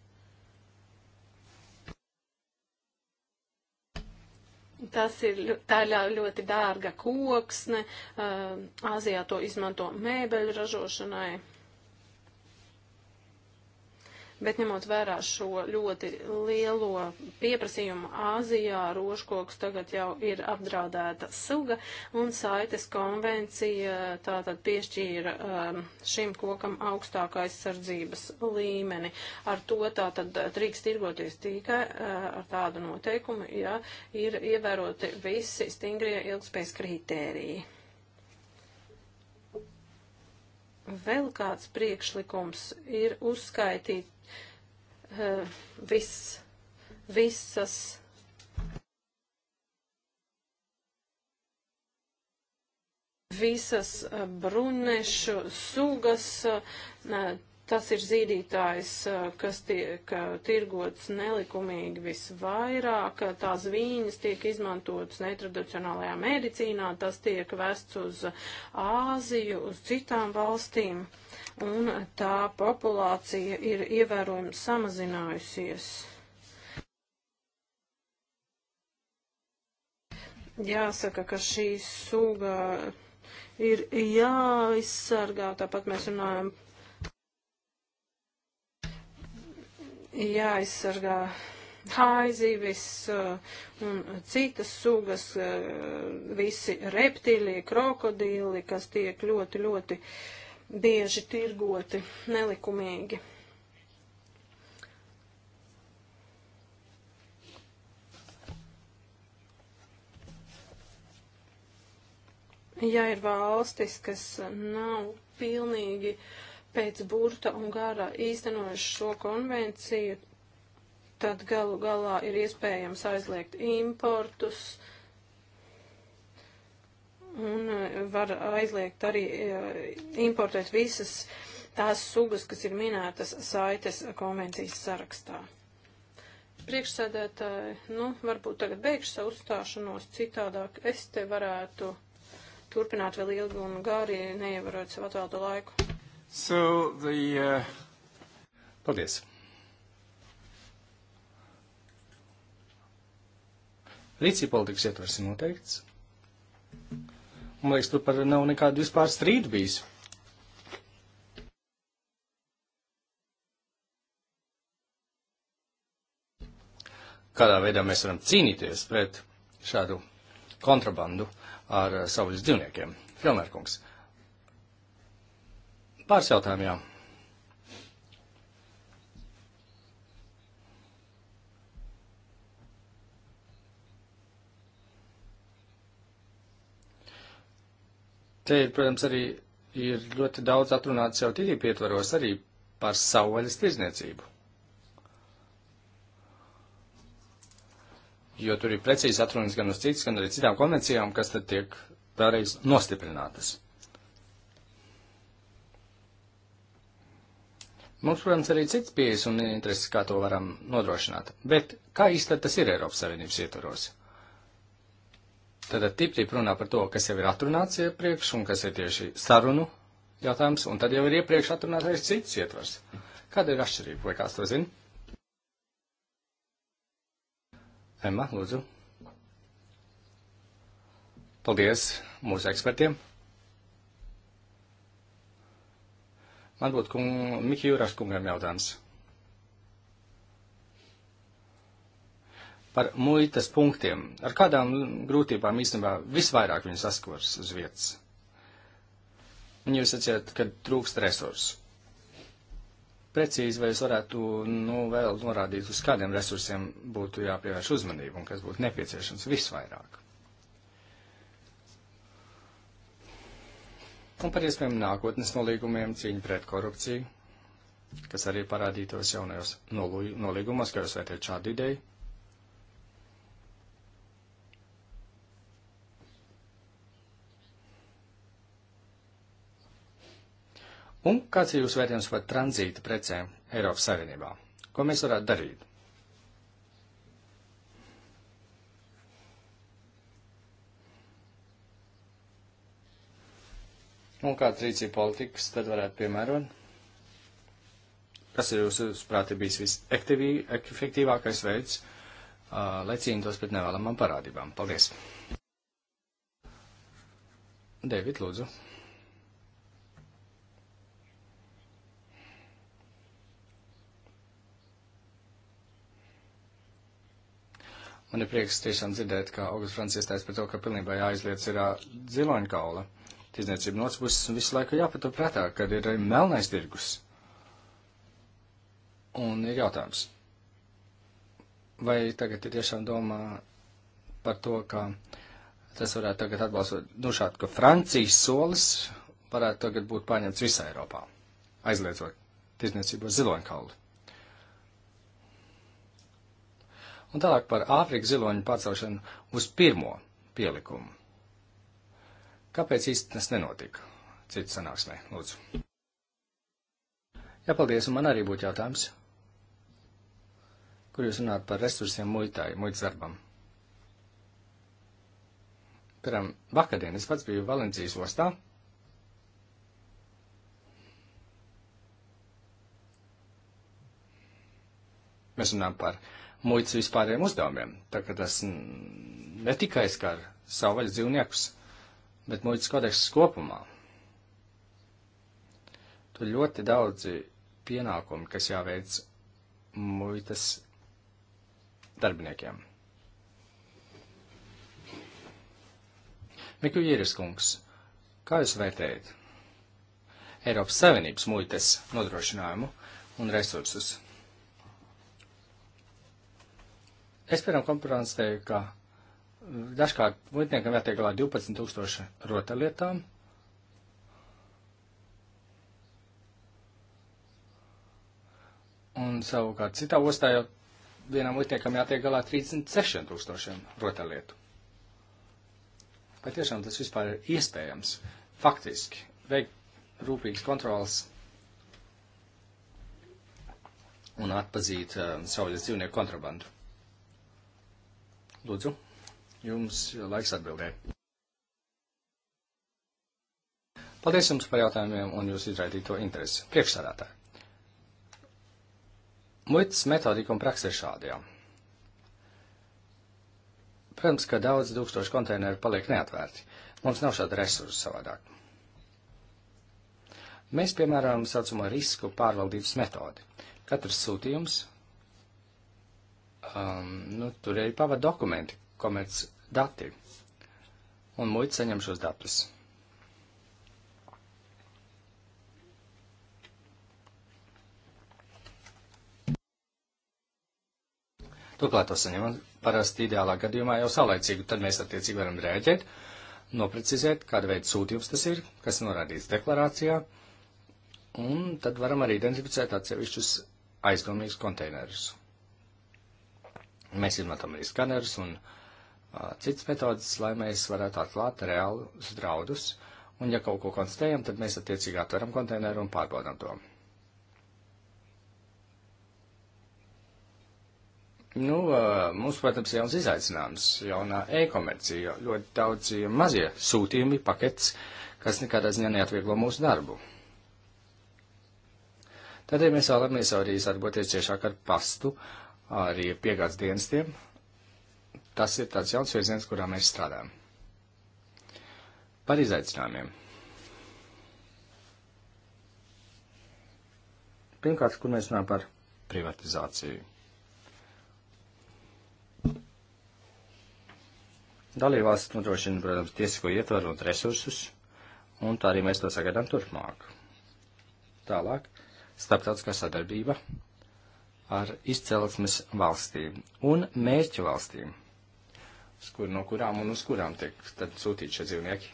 Tas ir, tā ir ļoti dārga koksne, Āzijā to izmanto mēbeļu ražošanai. Bet ņemot vērā šo ļoti lielo pieprasījumu Āzijā, rožkoks tagad jau ir apdraudēta suga, un Saites konvencija tātad piešķīra um, šim kokam augstākā aizsardzības līmeni. Ar to tātad drīkst tirgoties tikai uh, ar tādu noteikumu, ja ir ievēroti visi stingrie ilgspējas kritēriji. Vēl kāds priekšlikums ir uzskaitīt Eh, vis, visas. Visas eh, brunešu sugas, eh, tas ir zīdītājs, kas tiek tirgots nelikumīgi visvairāk, tās vīņas tiek izmantotas netradicionālajā medicīnā, tas tiek vests uz Āziju, uz citām valstīm un tā populācija ir ievērojami samazinājusies. Jāsaka, ka šī suga ir jāizsargā, tāpat mēs runājam, jāizsargā haizivis uh, un citas sugas, uh, visi reptīlie, krokodīli, kas tiek ļoti, ļoti uh, bieži tirgoti nelikumīgi. Ja ir valstis, kas nav pilnīgi pēc burta un gara īstenojuši šo konvenciju, tad galu galā ir iespējams aizliegt importus, Un e, var aizliegt arī e, importēt visas tās sugas, kas ir minētas saites konvencijas sarakstā. Priekšsēdētāji, nu, varbūt tagad beigšu savu uzstāšanos citādāk. Es te varētu turpināt vēl ilgi un gāri, neievarot sev atvēlto laiku. So the, uh... Paldies. Rīcība politikas ietvers ir noteikts. Man liekas, tur par nav nekādu vispār strīdu bijis. Kādā veidā mēs varam cīnīties pret šādu kontrabandu ar savus dzīvniekiem? Filmērkungs. Pāris jautājumiem. Te ir, protams, arī ir ļoti daudz atrunāts jau tīrību ietvaros arī par savvaļas tirzniecību. Jo tur ir precīzi atrunas gan uz citas, gan arī citām konvencijām, kas tad tiek vēlreiz nostiprinātas. Mums, protams, arī cits pieejas un intereses, kā to varam nodrošināt. Bet kā īsti tas ir Eiropas Savienības ietvaros? Tātad tiprīt runā par to, kas jau ir atrunāts iepriekš un kas ir tieši sarunu jautājums, un tad jau ir iepriekš atrunātais cits ietvars. Kāda ir atšķirība, vai kāds to zina? Emma, lūdzu. Paldies mūsu ekspertiem. Man būtu kung, Miki Jūras kungam jautājums. par muitas punktiem, ar kādām grūtībām īstenībā visvairāk viņi saskars uz vietas. Un jūs sacījāt, ka trūkst resursu. Precīzi, vai jūs varētu nu, vēl norādīt, uz kādiem resursiem būtu jāpievērš uzmanība un kas būtu nepieciešams visvairāk? Un par iespējām nākotnes nolīgumiem cīņa pret korupciju, kas arī parādītos jaunajos nolīgumos, ka jūs vērtējat šādu ideju. Un kāds ir jūsu vērtējums par tranzīta precēm Eiropas Savienībā? Ko mēs varētu darīt? Un kāda rīcība politikas tad varētu piemērot? Kas ir jūsu prāti bijis visefektīvākais veids, uh, lai cīnītos pret nevēlamām parādībām? Paldies! David, lūdzu. Man ir prieks tiešām dzirdēt, ka Augusts Frants iestājas par to, ka pilnībā jāizliec ir ziloņa kaula. Tiesniecība no otras puses visu laiku jāpatur prātā, kad ir arī melnais tirgus. Un ir jautājums, vai tagad ir tiešām domā par to, ka tas varētu tagad atbalstot, nu šādi, ka Francijas solis varētu tagad būt paņemts visā Eiropā, aizliedzot tiesniecību ar ziloņkauli. Un tālāk par Āfrikas ziloņu pārcelšanu uz pirmo pielikumu. Kāpēc īsti tas nenotika? Citu sanāksmē, lūdzu. Jā, paldies, un man arī būtu jautājums. Kur jūs runājat par resursiem muitai, muitas darbam? Piemēram, vakardien es pats biju Valencijas ostā. Mēs runājam par muitas vispāriem uzdevumiem. Tā kā tas ne tikai skar savvaļas dzīvniekus, bet muitas kodeksus kopumā. Tur ļoti daudzi pienākumi, kas jāveic muitas darbiniekiem. Miku Jīris kungs, kā jūs vērtējat Eiropas Savienības muitas nodrošinājumu un resursus? Es, piemēram, konferencēju, ka mm, dažkārt muitniekam jātiek galā 12 tūkstoši rotaļlietām. Un savukārt citā ostā jau vienam muitniekam jātiek galā 36 tūkstošiem rotaļlietu. Pat tiešām tas vispār ir iespējams. Faktiski, veikt rūpīgas kontrolas un atpazīt um, eh, savvaļas dzīvnieku kontrabandu lūdzu, jums laiks atbildēt. Paldies jums par jautājumiem un jūsu izraidīto interesi. Priekšsādātāji. Muitas metodika un praksa ir šādajā. Protams, ka daudz tūkstoši konteineru paliek neatvērti. Mums nav šāda resursa savādāk. Mēs, piemēram, saucamo risku pārvaldības metodi. Katrs sūtījums um, nu, tur ir pavadu dokumenti, komerc dati, un muļķi saņem šos datus. Turklāt to saņemam parasti ideālā gadījumā jau saulēcīgi, tad mēs attiecīgi varam rēģēt, noprecizēt, kāda veida sūtījums tas ir, kas norādīts deklarācijā, un tad varam arī identificēt atsevišķus aizdomīgus konteinerus. Mēs izmantojam arī skanerus un uh, citas metodas, lai mēs varētu atklāt reālus draudus, un ja kaut ko konstatējam, tad mēs attiecīgi atveram konteineru un pārbaudam to. Nu, mums, protams, ir jauns izaicinājums, jaunā e-komercija, ļoti daudz mazie sūtījumi, pakets, kas nekādā ziņā neatvieglo mūsu darbu. Tādēļ ja mēs vēlamies arī sadarboties ciešāk ar pastu arī piegādes dienestiem. Tas ir tāds jauns virziens, kurā mēs strādājam. Par izaicinājumiem. Pirmkārt, kur mēs runājam par privatizāciju. Dalībvalsts nodrošina, protams, tiesisko ietvaru un resursus, un tā arī mēs to sagaidām turpmāk. Tālāk, starptautiskā sadarbība ar izcelsmes valstīm un mērķu valstīm, uz kur, no kurām un uz kurām tiek tad sūtīti šie dzīvnieki.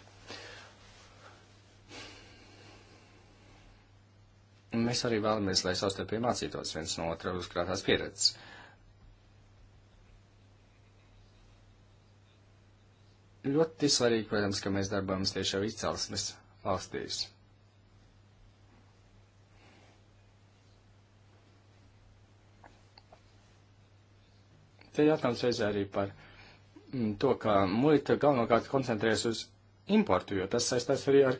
Un mēs arī vēlamies, lai savstarpēji mācītos viens no otra uzkrātās pieredzes. Ļoti svarīgi, protams, ka mēs darbojamies tieši jau izcelsmes valstīs. Te jautājums reizē arī par mm, to, ka muita galvenokārt koncentrēs uz importu, jo tas saistās arī ar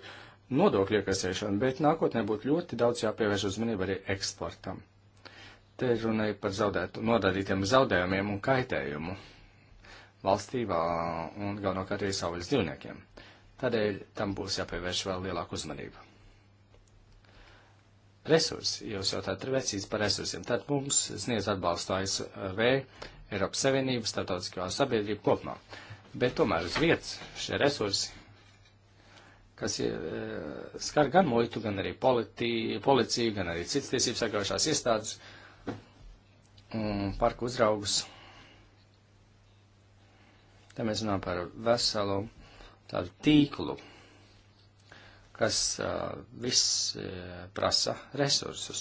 nodokļu iekasēšanu, bet nākotnē būtu ļoti daudz jāpievērš uzmanība arī eksportam. Te runāja par zaudētu, nodādītiem zaudējumiem un kaitējumu valstībā un galvenokārt arī savvaļas dzīvniekiem. Tādēļ tam būs jāpievērš vēl lielāka uzmanība. Resursi, jūs jautājat revecijas par resursiem, tad mums sniedz atbalstu ASV Eiropas Savienību, starptautiskā sabiedrība kopumā. Bet tomēr uz vietas šie resursi, kas e, skar gan muitu, gan arī politi, policiju, gan arī citas tiesības sargājušās iestādes un parku uzraugus. Te mēs runājam par veselu tādu tīklu, kas uh, viss uh, prasa resursus.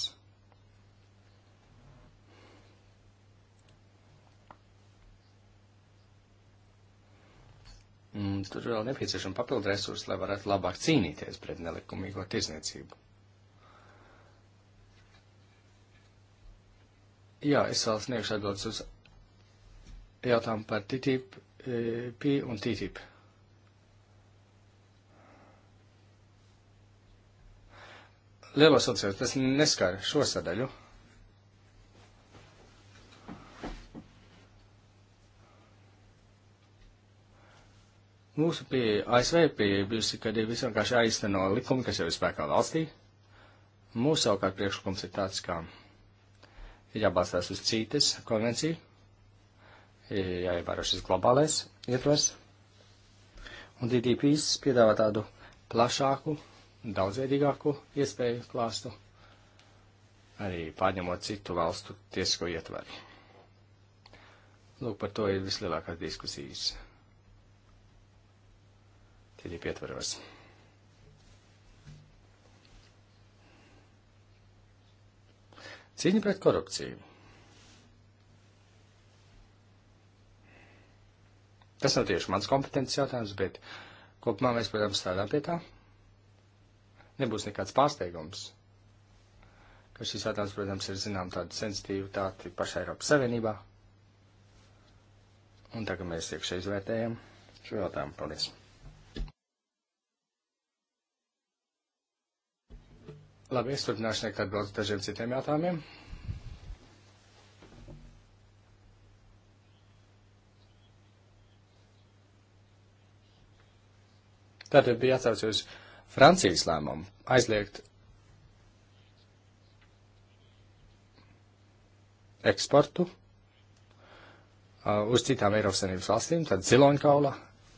Mums tur vēl nepieciešama papildu resursi, lai varētu labāk cīnīties pret nelikumīgo tirzniecību. Jā, es vēl sniegšu atbildes uz jautājumu par TTIP, eh, P un TTIP. Lielos atceros, tas neskar šo sadaļu. Mūsu pieeja, ASV pieeja bijusi, kad ir vienkārši aizteno likumi, kas jau ir spēkā valstī. Mūsu savukārt priekšlikums ir tāds, ka ir jābalstās uz citas konvenciju, jāievēro šis globālais ietvers. Un DDPs piedāvā tādu plašāku, daudzveidīgāku iespēju klāstu, arī pārņemot citu valstu tiesisko ietveru. Lūk, par to ir vislielākās diskusijas. TTIP ietvaros. Cīņa pret korupciju. Tas nav tieši mans kompetences jautājums, bet kopumā mēs, protams, strādājam pie tā. Nebūs nekāds pārsteigums, ka šis jautājums, protams, ir zinām tāda sensitivitāte pašā Eiropas Savienībā. Un tagad mēs iekšēji izvērtējam šo jautājumu. Paldies! Labi, es turpināšu nekad daudz dažiem citiem jautājumiem. Tātad bija atsauc uz Francijas lēmumu aizliegt eksportu uh, uz citām Eiropas Savienības valstīm, tad ziloņkaula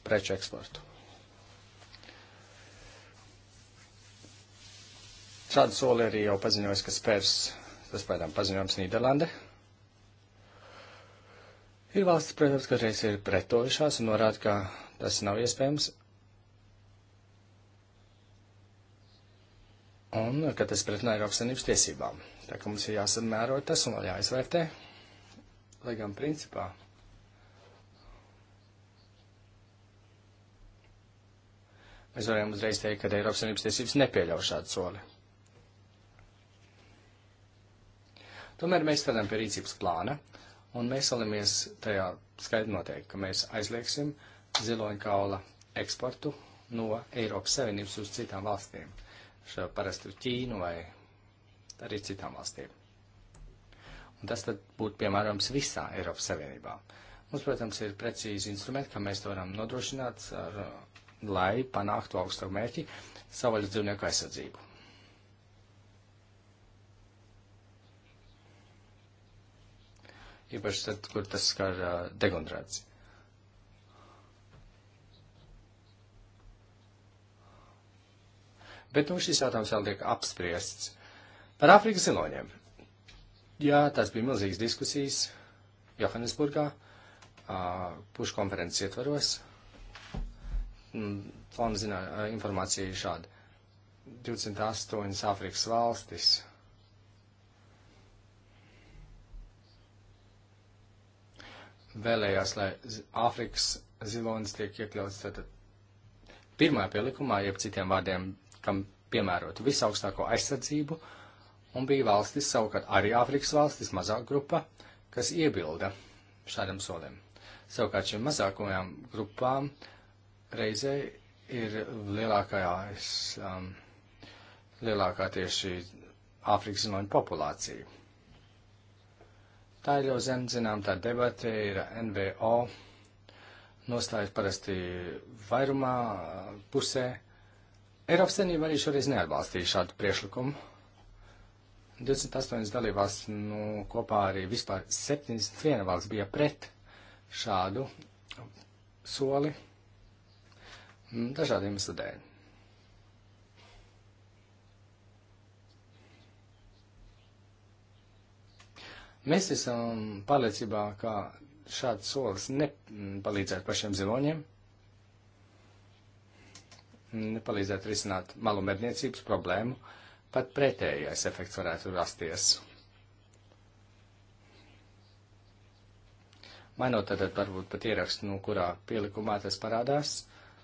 preču eksportu. Šādu soli arī jau paziņojas, ka spērs, tas pēdām paziņojums Nīderlande. Ir valsts, protams, ka reiz ir pretojušās un norāda, ka tas nav iespējams. Un ka tas pretinā Eiropas Savienības tiesībām. Tā ka mums ir jāsamēro tas un vēl jāizvērtē. Lai gan principā Mēs varam uzreiz teikt, ka Eiropas Savienības tiesības nepieļauj šādu soli. Tomēr mēs strādājam pie rīcības plāna, un mēs vēlamies tajā skaidri noteikt, ka mēs aizliegsim ziloņkaula eksportu no Eiropas Savienības uz citām valstīm, šo parasti Ķīnu vai arī citām valstīm. Un tas tad būtu piemērams visā Eiropas Savienībā. Mums, protams, ir precīzi instrumenti, kā mēs to varam nodrošināt, ar, lai panāktu augstu mērķi savaļas dzīvnieku aizsardzību. īpaši tad, kur tas skar uh, degonrāciju. Bet nu šis jautājums vēl tiek apspriests. Par Āfrikas ziloņiem. Jā, tās bija milzīgas diskusijas Johannesburgā, uh, puškonferences ietvaros. Plāna mm, zinā, informācija ir šāda. 28 Āfrikas valstis vēlējās, lai Āfrikas zilonis tiek iekļauts tātad pirmajā pielikumā, jeb citiem vārdiem, kam piemērot visaugstāko aizsardzību, un bija valstis, savukārt arī Āfrikas valstis, mazā grupa, kas iebilda šādam solim. Savukārt šīm mazākajām grupām reizē ir lielākajās, um, lielākā tieši Āfrikas ziloņu populācija. Tā ir jau zem, zinām, tā debata ir NVO nostājas parasti vairumā pusē. Eiropas Savienība arī šoreiz neatbalstīja šādu priešlikumu. 28 dalībās, nu, kopā arī vispār 71 valsts bija pret šādu soli nu, dažādiem iemesliem. Mēs esam pārliecībā, ka šāds solis nepalīdzētu pašiem ziloņiem, nepalīdzētu risināt malu medniecības problēmu, pat pretējais efekts varētu rasties. Mainot tad varbūt pat ierakstu, nu, kurā pielikumā tas parādās,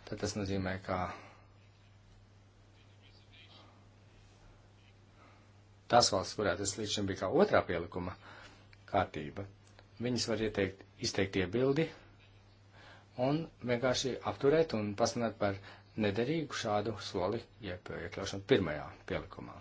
tad tas nozīmē, ka tās valsts, kurā tas līdz šim bija kā otrā pielikuma, uh, kārtība. Viņas var ieteikt, izteikt iebildi un vienkārši apturēt un pasanāt par nederīgu šādu soli, jeb iekļaušanu pirmajā pielikumā.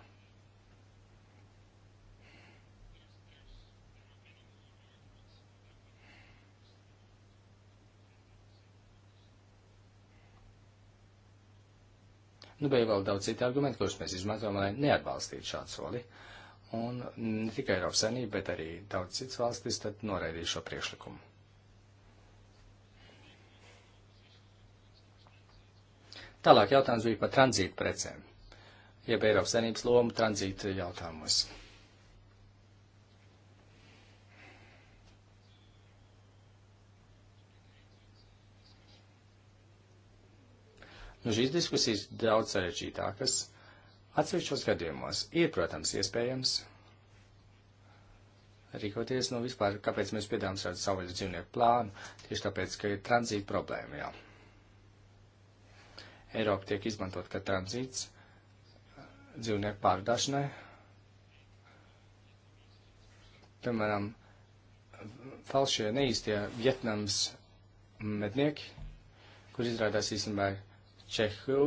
Nu, bija vēl daudz citu argumentu, kurus mēs izmantojam, lai neatbalstītu šādu soli. Uh, un mm, ne tikai Eiropas Savienība, bet arī daudz citas valstis tad noraidīja šo priekšlikumu. Tālāk jautājums bija par tranzītu precēm, jeb Eiropas Savienības lomu tranzītu jautājumos. Nu, šīs diskusijas daudz sarežģītākas Atsevišķos gadījumos ir, protams, iespējams rīkoties, nu vispār, kāpēc mēs piedāvājam šādu savvaļas dzīvnieku plānu, tieši tāpēc, ka ir tranzīta problēma jau. Eiropa tiek izmantot kā tranzīts dzīvnieku pārdašanai. Piemēram, falšie neīstie Vietnams mednieki, kur izrādās īstenībā Čehu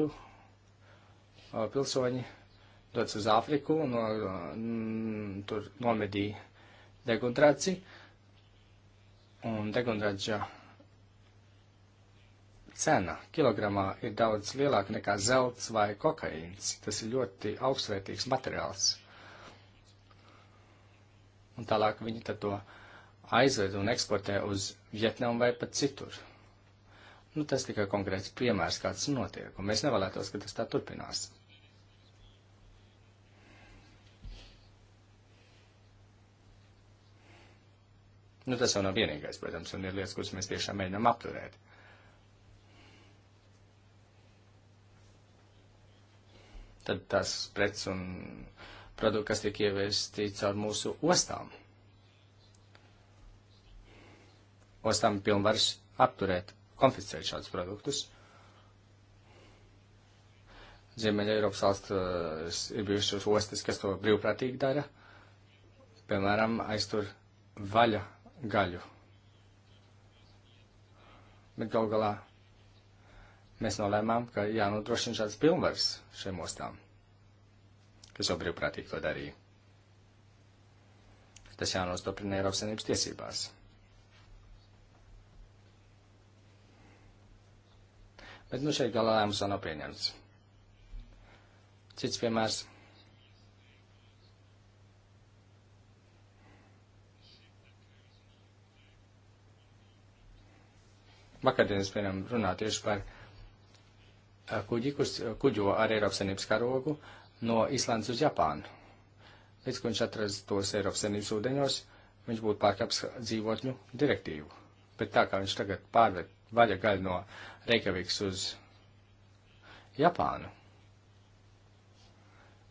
pilsoņi dodas e e uz Āfriku un no, mm, tur nomedīja deguntraci. Un deguntraģa cena kilogramā ir daudz lielāka nekā zelts vai kokaīns. Tas ir ļoti augstsvērtīgs materiāls. Un tālāk viņi tad to aizved un eksportē uz Vietnamu vai pat citur. Nu, tas tikai konkrēts piemērs, kāds notiek, un mēs nevēlētos, ka tas tā turpinās. Nu, tas jau nav vienīgais, protams, un ir lietas, kuras mēs tiešām mēģinām apturēt. Tad tās preces un produkti, kas tiek ievesti caur mūsu ostām. Ostām pilnvars apturēt, konfiscēt šādus produktus. Ziemeļa Eiropas valsts eh, ir bijušas ostas, kas to brīvprātīgi dara. Piemēram, aiztur vaļa gaļu. Bet gal galā mēs nolēmām, ka jānodrošina šāds pilnvars šiem ostām, kas jau brīvprātīgi to darīja. Tas jānostoprina Eiropas Savienības tiesībās. Bet nu šeit galā lēmums vēl nav pieņemts. Cits piemērs. Vakardienas, piemēram, runā tieši par kuģi, kurš kuģo ar Eiropas Savienības karogu no Islandes uz Japānu. Līdz, ka viņš atrastos Eiropas Savienības ūdeņos, viņš būtu pārkāps dzīvotņu direktīvu. Bet tā kā viņš tagad pārved vaļa gaļu no Reikavikas uz Japānu,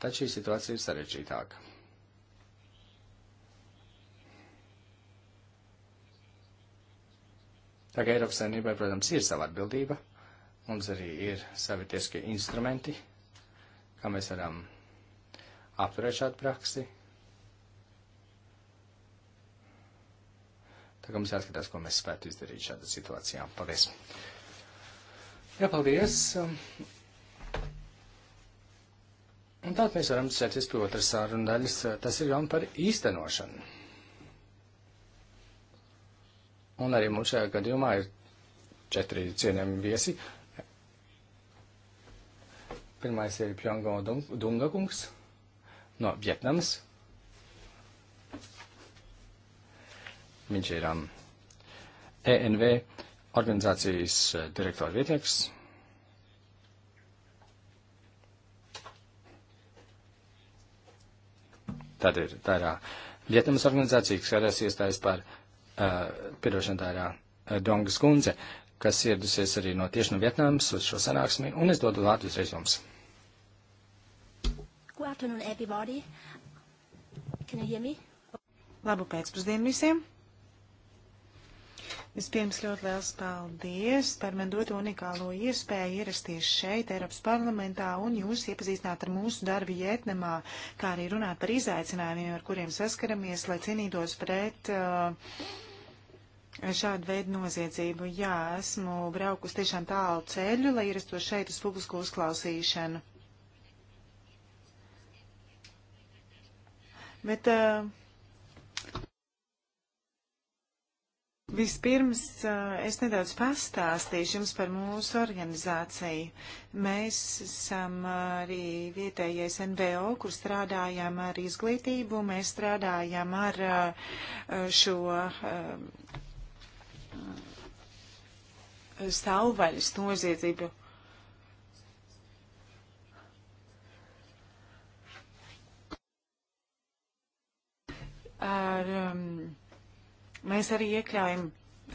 tad šī situācija ir sarežģītāka. Tā kā Eiropas Savienībai, protams, ir sava atbildība, mums arī ir savi tieskie instrumenti, kā mēs varam apturēt šādu praksi. Tā kā mums jāskatās, ko mēs spētu izdarīt šādā situācijā. Paldies! Jā, paldies! Um, un tātad mēs varam sēties pie otras sārundaļas, tas ir jau par īstenošanu. Un arī mums šajā gadījumā ir četri cienējami viesi. Pirmais ir Pjongo Dungakungs no Vietnamas. Viņš ir um, ENV organizācijas uh, direktora vietnieks. Tad ir tā ir uh, Vietnamas organizācija, kas kādreiz iestājas par uh, piedošana tā ir uh, Dongas kundze, kas ieradusies arī no tieši no Vietnamas uz šo sanāksmi, un es dodu vārdu uzreiz jums. Good afternoon, everybody. Can you hear me? Labu pēcpusdienu visiem. Vispirms ļoti liels paldies par man doto unikālo iespēju ierasties šeit, Eiropas parlamentā, un jūs iepazīstināt ar mūsu darbu Vietnamā, kā arī runāt par izaicinājumiem, ar kuriem saskaramies, lai cīnītos pret uh, šādu veidu noziedzību. Jā, esmu braukus tiešām tālu ceļu, lai ierastos šeit uz publisku uzklausīšanu. Bet uh, vispirms uh, es nedaudz pastāstīšu jums par mūsu organizāciju. Mēs esam arī vietējais NVO, kur strādājam ar izglītību, mēs strādājam ar uh, šo. Uh, savvaļas noziedzību. Ar, um, mēs arī iekļaujam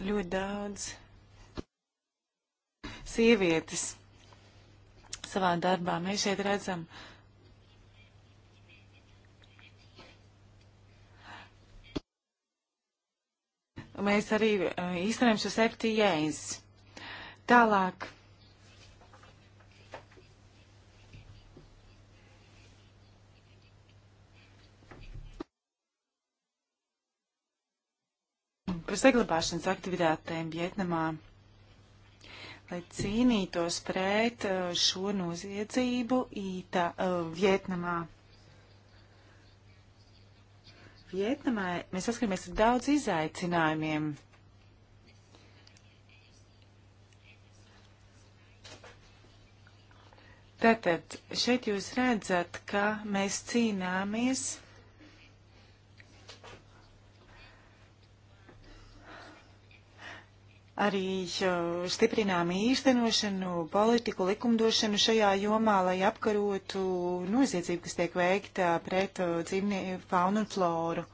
ļoti daudz sievietes savā darbā. Mēs šeit redzam uh, mēs arī eh, īstenojam šo septiņas. Tālāk. Par saglabāšanas aktivitātēm Vietnamā, lai cīnītos pret eh, šo noziedzību īta, uh, Vietnamā. Vietnamā mēs saskaramies ar daudz izaicinājumiem. Tātad šeit jūs redzat, ka mēs cīnāmies arī stiprinām īstenošanu, politiku, likumdošanu šajā jomā, lai apkarotu noziedzību, kas tiek veikta pret dzīvnieku faunu un floru.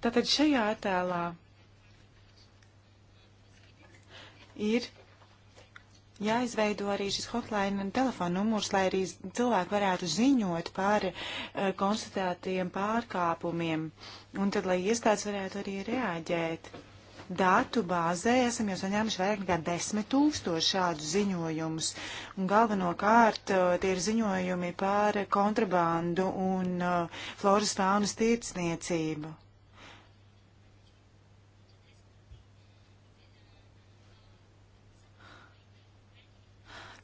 Tātad šajā attēlā ir jāizveido arī šis hotline telefona numurs, lai arī cilvēki varētu ziņot par uh, eh, konstatētiem pārkāpumiem, un tad, lai iestādes varētu arī reaģēt. Datu bāzē esam jau saņēmuši vairāk nekā desmit tūkstoši šādu ziņojumus, un galvenokārt uh, tie ir ziņojumi par kontrabandu un uh, floras faunas tirdzniecību.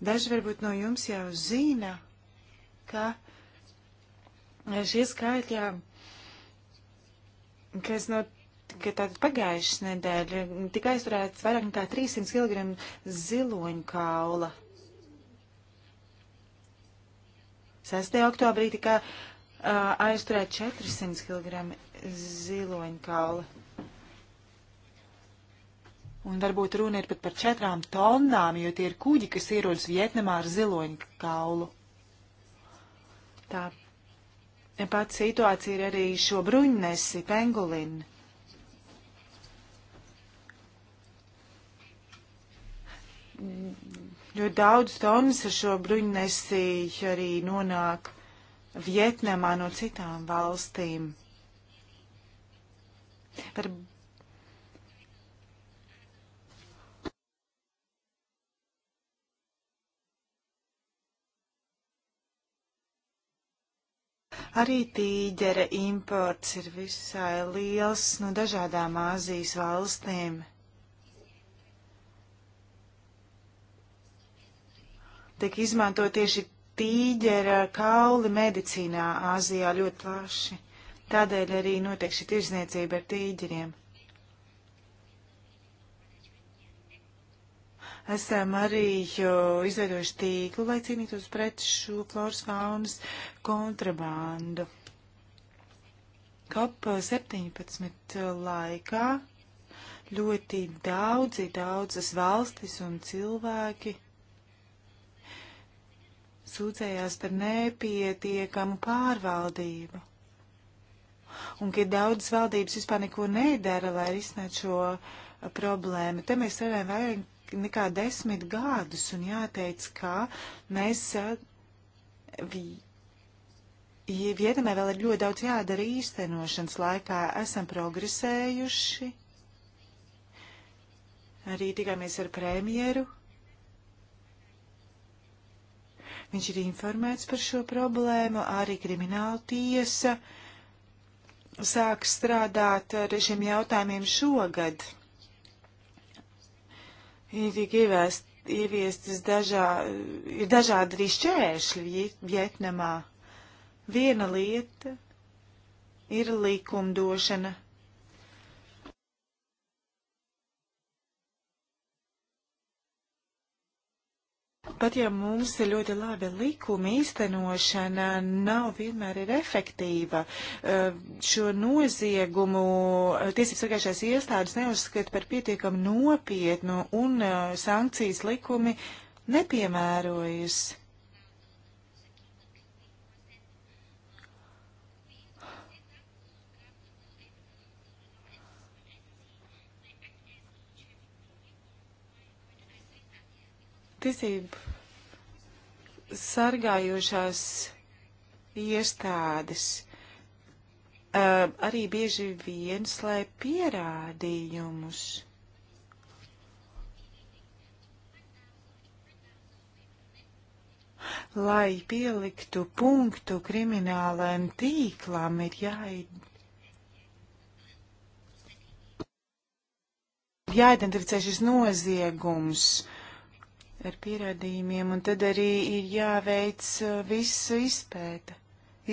Daži varbūt no jums jau zina, ka šie skaitļi, kas no ka tātad pagājušas nedēļa tika aizturēts vairāk nekā 300 kg ziloņu kaula. 6. oktobrī tika uh, aizturēt 400 kg ziloņu kaula. Un varbūt runa ir pat par četrām tonnām, jo tie ir kuģi, kas ierodas Vietnamā ar ziloņu kaulu. Tā pati situācija ir arī šo bruņnesi, pengulinu. Jo daudz tonnas ar šo bruņnesi arī nonāk Vietnamā no citām valstīm. Par Arī tīģera imports ir visai liels no dažādām Āzijas valstīm. Tiek izmanto tieši tīģera kauli medicīnā Āzijā ļoti plaši. Tādēļ arī notiek šī tirzniecība ar tīģeriem. esam arī izveidojuši tīklu, lai cīnītos pret šo floras faunas kontrabandu. COP 17 laikā ļoti daudzi, daudzas valstis un cilvēki sūdzējās par nepietiekamu pārvaldību. Un ka daudzas valdības vispār neko nedara, lai risinātu šo problēmu. Te mēs redzam vairāk nekā desmit gadus, un jāteic, ka mēs eh, Vietamē vēl ir ļoti daudz jādara īstenošanas laikā, esam progresējuši. Arī tikāmies ar premjeru. Viņš ir informēts par šo problēmu, arī krimināla tiesa sāk strādāt ar šiem jautājumiem šogad ir ievēst, ieviestas dažā, ir dažādi arī šķēršļi Vietnamā. Viena lieta ir likumdošana, Pat ja mums ir ļoti labi likumi, īstenošana nav vienmēr ir efektīva. Eh, šo noziegumu eh, tiesības sargājušās iestādes neuzskata par pietiekam nopietnu un eh, sankcijas likumi nepiemērojas. tiesību sargājošās iestādes uh, arī bieži vien slēp pierādījumus. Lai pieliktu punktu kriminālajam tīklam, ir jāid. Jāidentificē šis noziegums, ar pierādījumiem, un tad arī ir jāveic uh, visa izpēta,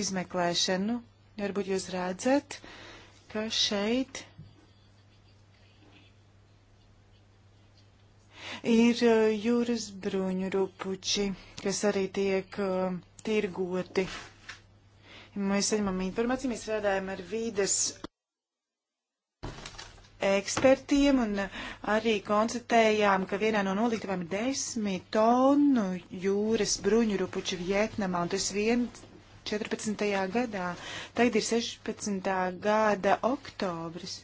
izmeklēšana. Nu, varbūt jūs redzat, ka šeit ir uh, jūras bruņu rupuči, kas arī tiek uh, tirgoti. Mēs saņemam informāciju, mēs strādājam ar vīdes ekspertiem un arī konstatējām, ka vienā no noliktavām ir desmit tonu jūras bruņu rupuču Vietnamā, un tas vien 14. gadā. Tagad ir 16. gada oktobris.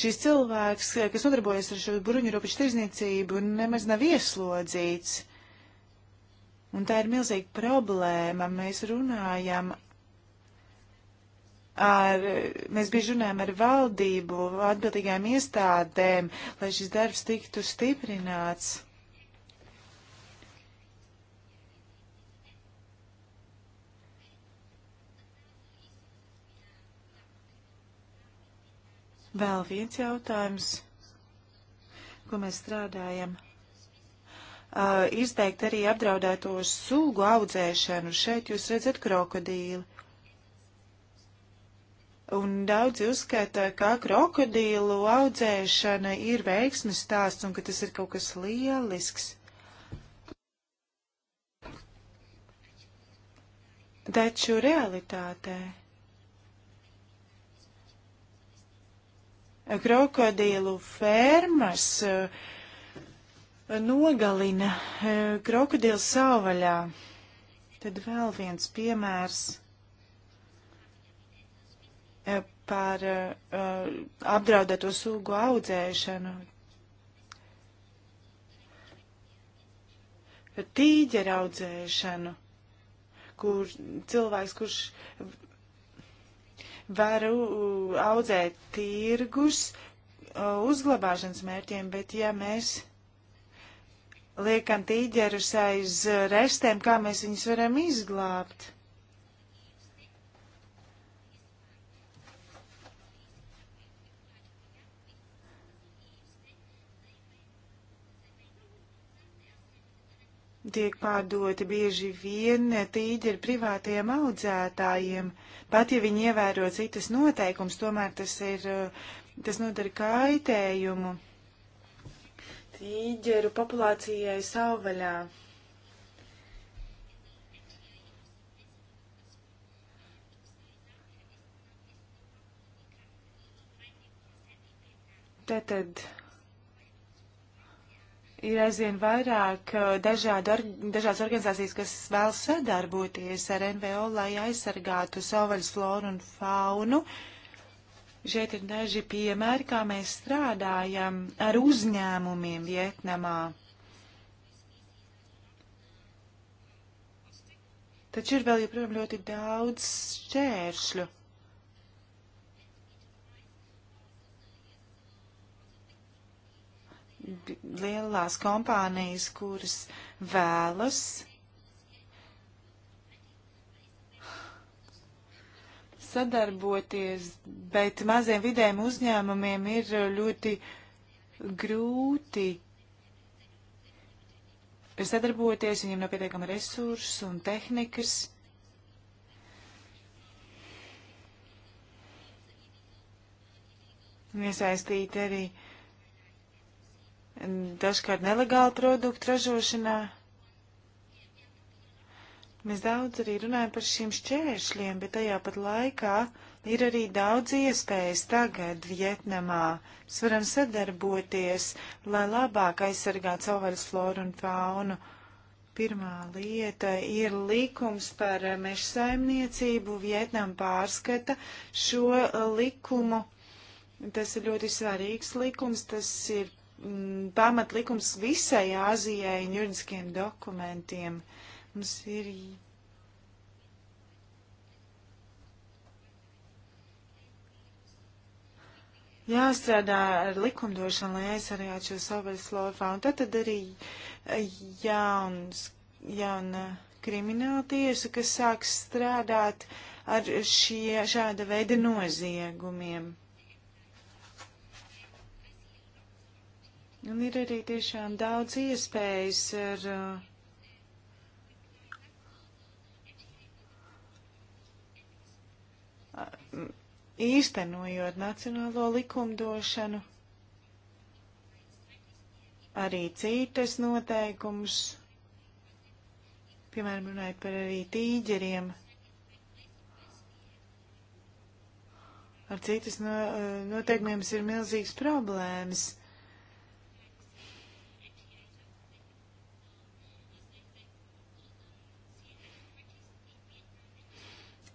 Šis cilvēks, kas nodarbojas ar šo bruņu rupuču tirzniecību, nemaz nav ieslodzīts. Un tā ir milzīga problēma. Mēs runājam ar, mēs bieži runājam ar valdību, atbildīgām iestādēm, lai šis darbs tiktu stiprināts. Vēl viens jautājums, ko mēs strādājam. Uh, izteikt arī apdraudēto sugu audzēšanu. Šeit jūs redzat krokodīli. Un daudzi uzskata, ka krokodīlu audzēšana ir veiksmes stāsts un ka tas ir kaut kas lielisks. Taču realitātē krokodīlu fermas eh, nogalina eh, krokodīlu savvaļā. Tad vēl viens piemērs par uh, apdraudēto sugu audzēšanu. Par tīģeru audzēšanu, kur cilvēks, kurš var uh, audzēt tirgus uh, uzglabāšanas mērķiem, bet ja mēs liekam tīģerus aiz restēm, kā mēs viņus varam izglābt? tiek pārdoti bieži vien tīģeri privātajiem audzētājiem. Pat ja viņi ievēro citas noteikums, tomēr tas ir, eh, tas nodara kaitējumu tīģeru populācijai savvaļā. Tātad. Tā ir aizvien vairāk uh, dažādu, or, dažādas organizācijas, kas vēl sadarboties ar NVO, lai aizsargātu savvaļas floru un faunu. Šeit ir daži piemēri, kā mēs strādājam ar uzņēmumiem Vietnamā. Taču ir vēl joprojām ļoti daudz šķēršļu. lielās kompānijas, kuras vēlas sadarboties, bet maziem vidējiem uzņēmumiem ir ļoti grūti sadarboties, viņiem nav pietiekama resursu un tehnikas. Iesaistīt arī uh, dažkārt nelegāla produktu ražošanā. Mēs daudz arī runājam par šiem šķēršļiem, bet tajā pat laikā ir arī daudz iespējas tagad Vietnamā. Mēs varam sadarboties, lai labāk aizsargātu savvaļas floru un faunu. Pirmā lieta ir likums par meža saimniecību. Vietnam pārskata šo likumu. Tas ir ļoti svarīgs likums, tas ir Mm, pamatlikums visai Āzijai un juridiskiem dokumentiem. Mums ir jāstrādā ar likumdošanu, lai aizsargātu šo savvaļas lofā. Un tad, tad arī jauns, jauna krimināla tiesa, kas sāks strādāt ar šie, šāda veida noziegumiem. Un ir arī tiešām daudz iespējas ar uh, īstenojot nacionālo likumdošanu, arī citas noteikumus, piemēram, runājot par arī tīģeriem, ar citas no, uh, noteikumiem ir milzīgas problēmas.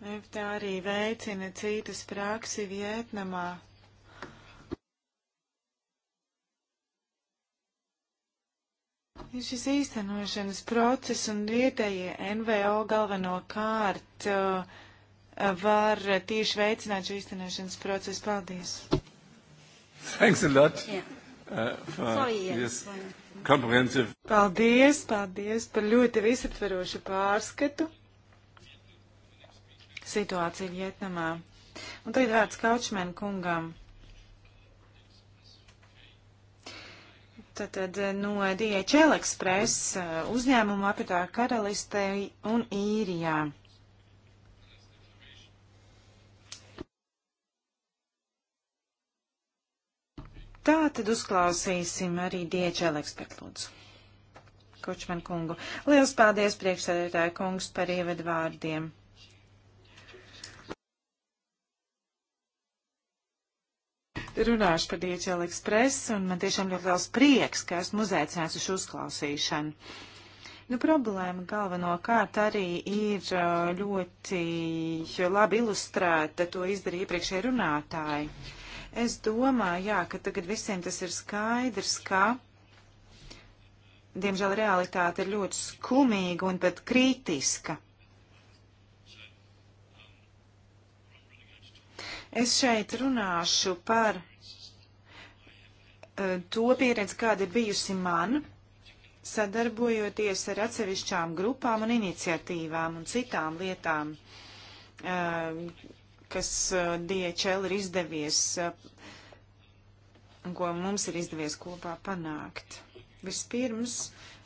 EFTA arī veicina citas praksi Vietnamā. Ir šis īstenošanas process un vietējie NVO galvenokārt uh, var tieši veicināt šo īstenošanas procesu. Paldies! Thanks a lot! Yeah. Uh, for Sorry, yeah. this comprehensive... Paldies, paldies par ļoti visaptverošu pārskatu situāciju Vietnamā. Un tagad vārds Kaučmēn kungam. Tātad eh, no DHL Express eh, uzņēmuma apitā karalistē un īrijā. Tā tad uzklausīsim arī DHL ekspertu lūdzu. Kočman kungu. Liels paldies priekšsēdētāju kungs par ievadvārdiem. vārdiem. runāšu par DHL Express, un man tiešām ļoti liels prieks, ka esmu uzaicināts uz uzklausīšanu. Nu, problēma galvenokārt arī ir ļoti labi ilustrēta, to izdarīja iepriekšēji runātāji. Es domāju, jā, ka tagad visiem tas ir skaidrs, ka, diemžēl, realitāte ir ļoti skumīga un pat kritiska. Es šeit runāšu par eh, to pieredzi, kāda ir bijusi man, sadarbojoties ar atsevišķām grupām un iniciatīvām un citām lietām, eh, kas eh, DHL ir izdevies un ko mums ir izdevies kopā panākt. Vispirms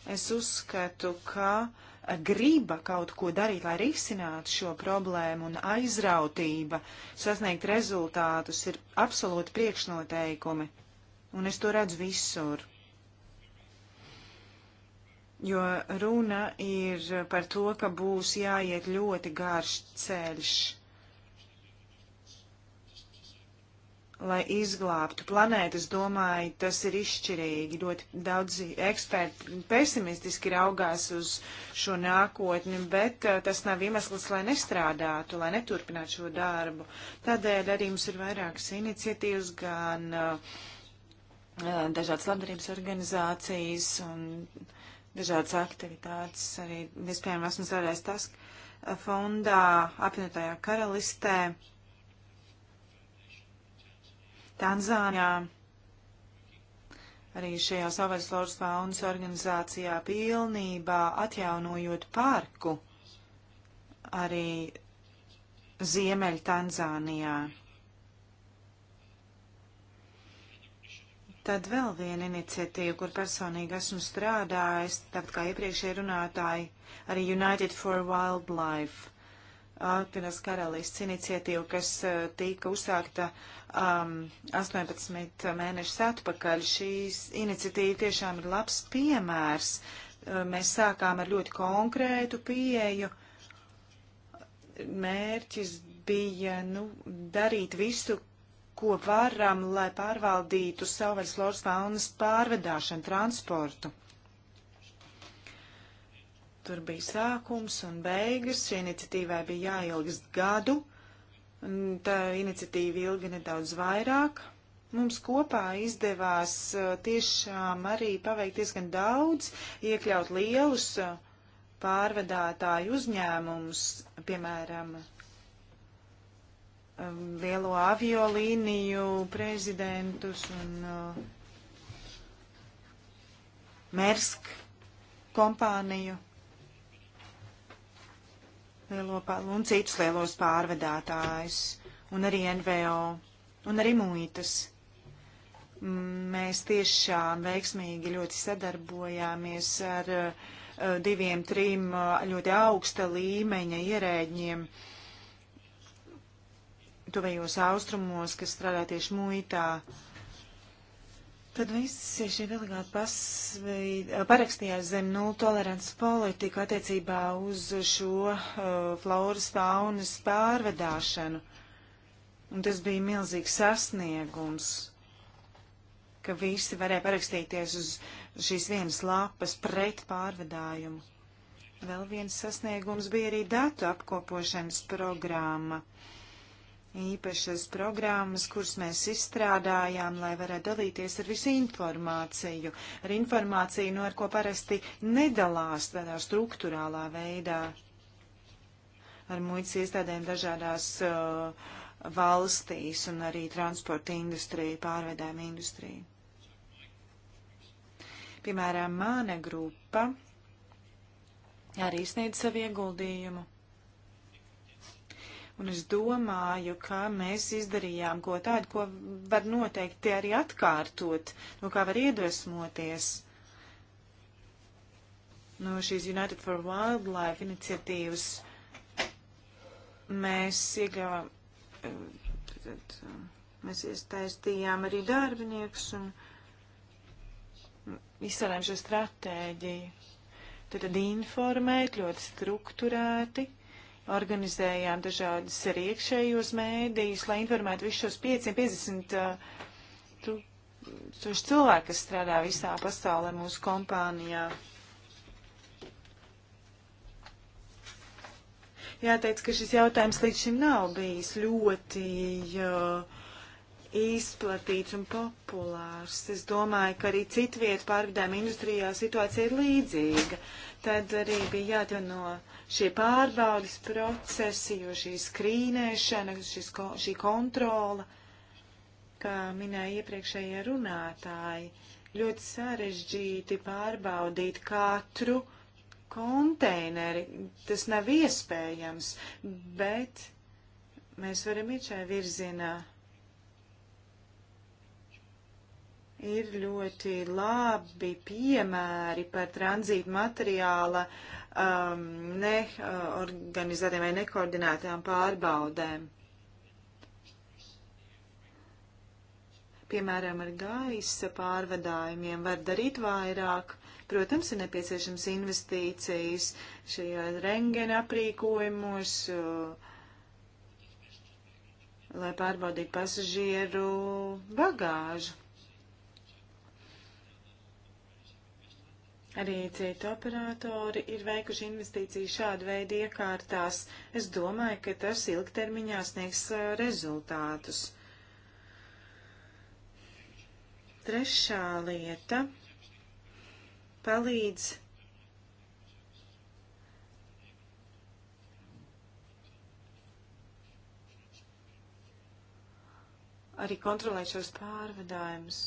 es uzskatu, ka uh, griba kaut ko darīt, lai risinātu šo problēmu un aizrautība sasniegt rezultātus ir absolūti priekšnoteikumi. Un es to redzu visur. Jo runa ir par to, ka būs jāiet ļoti garš ceļš. lai izglābtu planētu, es domāju, tas ir izšķirīgi. Ļoti daudzi eksperti pesimistiski raugās uz šo nākotni, bet eh, tas nav iemesls, lai nestrādātu, lai neturpinātu šo darbu. Tādēļ arī mums ir vairākas iniciatīvas, gan eh, eh, dažādas labdarības organizācijas un dažādas aktivitātes. Arī, vispējams, esmu strādājis tas fondā apvienotajā karalistē Tanzānijā. Arī šajā Savaislauras faunas organizācijā pilnībā atjaunojot parku arī Ziemeļ Tanzānijā. Tad vēl viena iniciatīva, kur personīgi esmu strādājis, tāpat kā iepriekšēji runātāji, arī United for Wildlife Atvinas karalists iniciatīva, kas e, tika uzsākta um, 18 mēnešus atpakaļ. Šīs iniciatīva tiešām ir labs piemērs. E, mēs sākām ar ļoti konkrētu pieeju. Mērķis bija nu, darīt visu, ko varam, lai pārvaldītu savvaļas loras faunas pārvedāšanu, transportu. Tur bija sākums un beigas. Šī iniciatīvai bija jāilgst gadu. Tā iniciatīva ilga nedaudz vairāk. Mums kopā izdevās uh, tiešām arī paveikt diezgan daudz, iekļaut lielus uh, pārvadātāju uzņēmumus, piemēram, um, lielo aviolīniju prezidentus un uh, Mersk kompāniju lielo un citus lielos pārvedātājus, un arī NVO, un arī muitas. Mēs tiešām veiksmīgi ļoti sadarbojāmies ar uh, diviem, trim eh, ļoti augsta līmeņa ierēģiem tuvējos austrumos, kas strādā tieši muitā. Uh, Tad visi šie delegāti pasveid, parakstījās zem nulli tolerants politiku attiecībā uz šo uh, floras faunas pārvedāšanu. Un tas bija milzīgs sasniegums, ka visi varēja parakstīties uz šīs vienas lapas pret pārvedājumu. Vēl viens sasniegums bija arī datu apkopošanas programma. Uh, īpašas programmas, kuras mēs izstrādājām, lai varētu dalīties ar visu informāciju, ar informāciju, no nu, ar ko parasti nedalās tādā struktūrālā veidā ar muitas iestādēm dažādās uh, valstīs un arī transporta industriju, pārvedēm industriju. Piemēram, mana grupa arī sniedz savu ieguldījumu. Un es domāju, ka mēs izdarījām ko tādu, ko var noteikti arī atkārtot, no kā var iedvesmoties no šīs United for Wildlife iniciatīvas. Mēs iegavām, mēs iestaistījām arī darbiniekus un izstrādājām šo stratēģiju. Tad, tad informēt ļoti strukturēti organizējām dažādas arī iekšējos mēdījus, lai informētu visus šos 550 uh, tūkstoši cilvēku, kas strādā visā pasaulē mūsu kompānijā. Jāteic, ka šis jautājums līdz šim nav bijis ļoti uh, izplatīts un populārs. Es domāju, ka arī citvietu pārvidēm industrijā situācija ir līdzīga. Tad arī bija jāatjauno šie pārbaudas procesi, jo šī skrīnēšana, šis, šī kontrola, kā minēja iepriekšējie runātāji, ļoti sarežģīti pārbaudīt katru konteineri. Tas nav iespējams, bet mēs varam iet šajā virzienā. ir ļoti labi piemēri par tranzītu materiāla um, neorganizētiem vai nekoordinētām pārbaudēm. Piemēram, ar gaisa pārvadājumiem var darīt vairāk. Protams, ir nepieciešams investīcijas šajā rengena aprīkojumos, uh, lai pārbaudītu pasažieru bagāžu. Arī citu operatori ir veikuši investīciju šādu veidu iekārtās. Es domāju, ka tas ilgtermiņā sniegs rezultātus. Trešā lieta palīdz arī kontrolēt šos pārvadājumus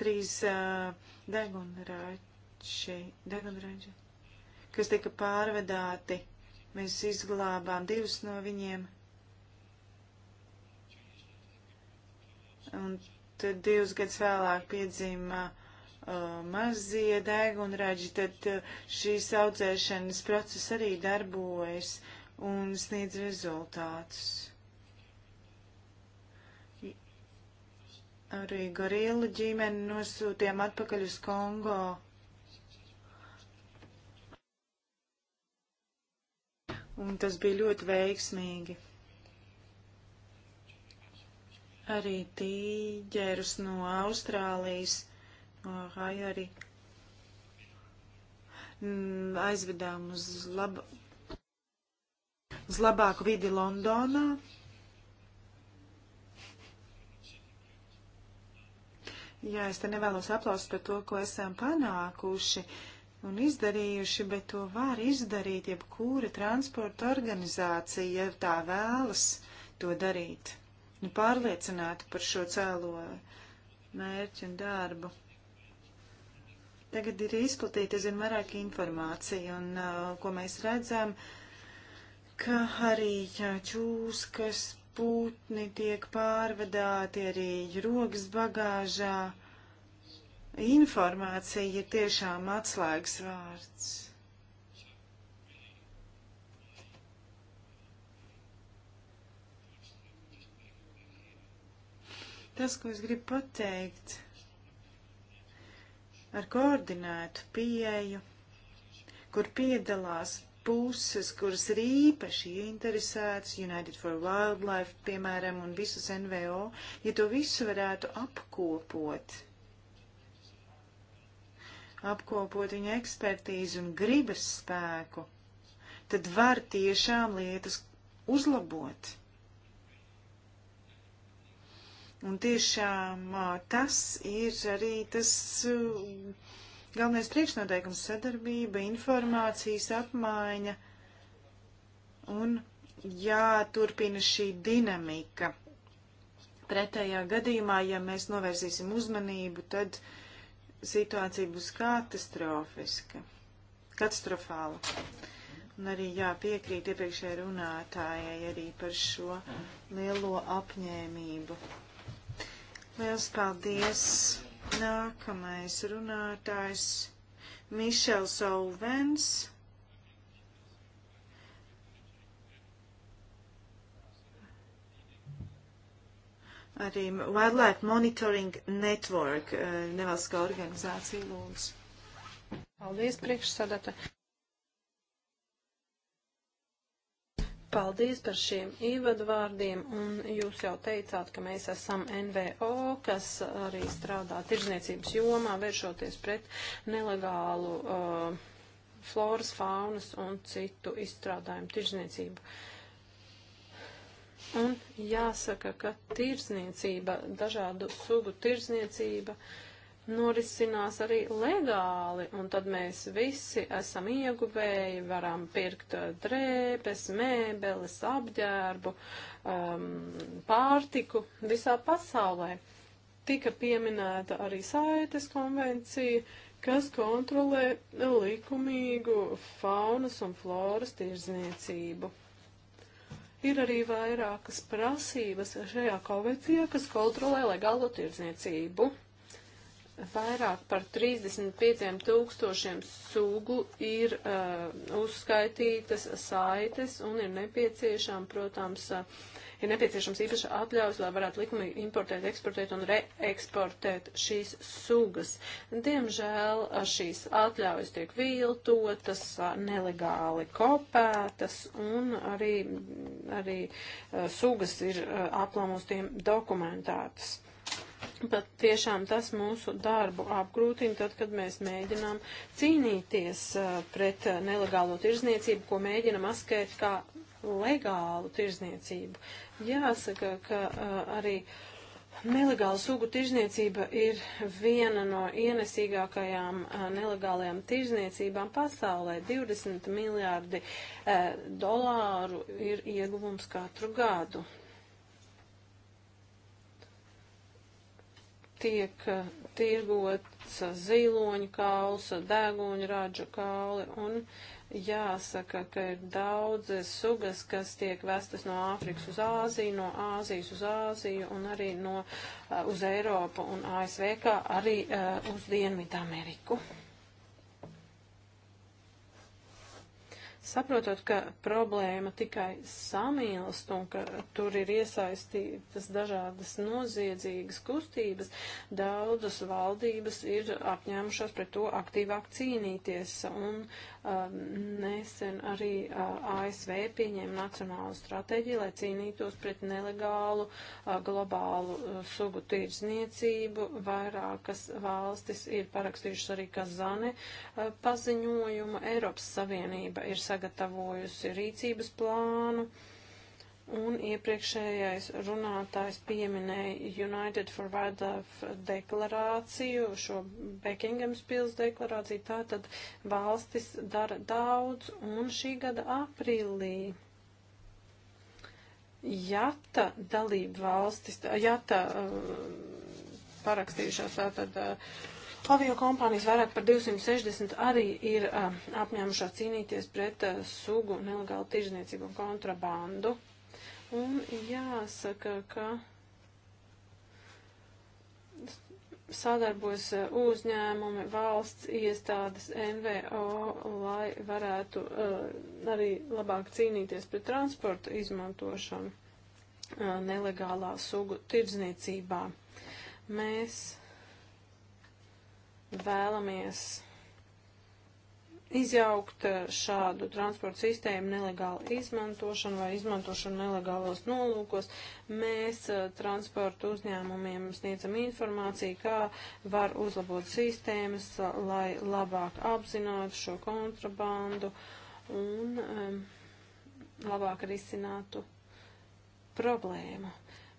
trīs uh, degunrači, degunrači, kas tika pārvedāti. Mēs izglābām divus no viņiem. Un tad divus gadus vēlāk piedzima uh, mazie degunraģi, tad uh, šīs audzēšanas process arī darbojas un sniedz rezultātus. Arī gorila ģimeni nosūtījām atpakaļ uz Kongo. Un tas bija ļoti veiksmīgi. Arī tīģerus no Austrālijas, no Hajari, mm, aizvedām uz, lab uz labāku vidi Londonā. Jā, es te nevēlos aplaust par to, ko esam panākuši un izdarījuši, bet to var izdarīt jebkura transporta organizācija, ja tā vēlas to darīt. Nu, pārliecināti par šo cēlo mērķu un darbu. Tagad ir izplatīta, zinu, vairāk informācija, un uh, ko mēs redzam, ka arī čūskas, putni tiek pārvadāti arī rokas bagāžā. Informācija ir tiešām atslēgas vārds. Tas, ko es gribu pateikt, ar koordinētu pieeju, kur piedalās puses, kuras ir īpaši ieinteresētas, United for Wildlife, piemēram, un visus NVO, ja to visu varētu apkopot, apkopot viņa ekspertīzi un gribas spēku, tad var tiešām lietas uzlabot. Un tiešām tas ir arī tas. Uh, Galvenais priekšnoteikums - sadarbība, informācijas apmaiņa un jāturpina šī dinamika. Pretējā gadījumā, ja mēs novērsīsim uzmanību, tad situācija būs katastrofiska, katastrofāla. Un arī jāpiekrīt iepriekšējai runātājai arī par šo lielo apņēmību. Liels paldies! Nākamais runātājs Mišels Auvens. Arī Wildlife Monitoring Network, eh, nevalstiskā organizācija lūdzu. Paldies, priekšsādātāji. Paldies par šiem ievadvārdiem, un jūs jau teicāt, ka mēs esam NVO, kas arī strādā tirzniecības jomā, vēršoties pret nelegālu uh, floras, faunas un citu izstrādājumu tirzniecību. Un jāsaka, ka tirzniecība, dažādu sugu tirzniecība, uh, norisinās arī legāli, un tad mēs visi esam ieguvēji, varam pirkt uh, drēbes, mēbeles, apģērbu, um, pārtiku visā pasaulē. Tika pieminēta arī Saites konvencija, kas kontrolē likumīgu faunas un floras tirzniecību. Ir arī vairākas prasības šajā konvencijā, kas kontrolē legālo tirzniecību. Vairāk par 35 tūkstošiem sugu ir uh, uzskaitītas saites un ir nepieciešām, protams, uh, ir nepieciešams īpaši atļaus, lai varētu likumīgi importēt, eksportēt un reeksportēt šīs sugas. Diemžēl uh, šīs atļaujas tiek viltotas, uh, nelegāli kopētas un arī, arī uh, sugas ir aplamustiem dokumentētas. Pat tiešām tas mūsu darbu apgrūtina tad, kad mēs mēģinām cīnīties uh, pret uh, nelegālo tirzniecību, ko mēģinam askēt kā legālu tirzniecību. Jāsaka, ka uh, arī nelegāla sugu tirzniecība ir viena no ienesīgākajām nelegālajām tirzniecībām pasaulē. 20 miljārdi dolāru ir ieguvums katru gadu. tiek eh, tirgots eh, zīloņu kauls, eh, dēguņu ražu kauli un jāsaka, ka ir daudzas sugas, kas tiek vestas no Āfrikas uz Āziju, no Āzijas uz Āziju un arī no, uz Eiropu un ASV, kā arī uh, uz Dienvidu Ameriku. Saprotot, ka problēma tikai samilst un ka tur ir iesaistītas dažādas noziedzīgas kustības, daudzas valdības ir apņēmušās pret to aktīvāk cīnīties. Un um, nesen arī uh, ASV pieņēma nacionālu stratēģiju, lai cīnītos pret nelegālu uh, globālu uh, sugu tirzniecību. Vairākas valstis ir parakstījušas arī Kazane uh, paziņojumu. Eiropas Savienība ir saistīta sagatavojusi rīcības plānu, un iepriekšējais runātājs pieminēja United for Wildlife deklarāciju, šo Buckinghams pils deklarāciju, tātad valstis dara daudz, un šī gada aprīlī. Jata dalība valstis, Jata uh, parakstījušās tātad uh, Avio kompānijas vairāk par 260 arī ir uh, apņēmušā cīnīties pret uh, sugu nelegālu tirzniecību un kontrabandu. Un jāsaka, ka sadarbojas uzņēmumi, valsts iestādes, NVO, lai varētu uh, arī labāk cīnīties pret transporta izmantošanu uh, nelegālā sugu tirdzniecībā. Mēs vēlamies izjaukt eh, šādu transporta sistēmu nelegālu izmantošanu vai izmantošanu nelegālos nolūkos. Mēs eh, transporta uzņēmumiem sniedzam informāciju, kā var uzlabot sistēmas, eh, lai labāk apzinātu šo kontrabandu un um, labāk risinātu problēmu.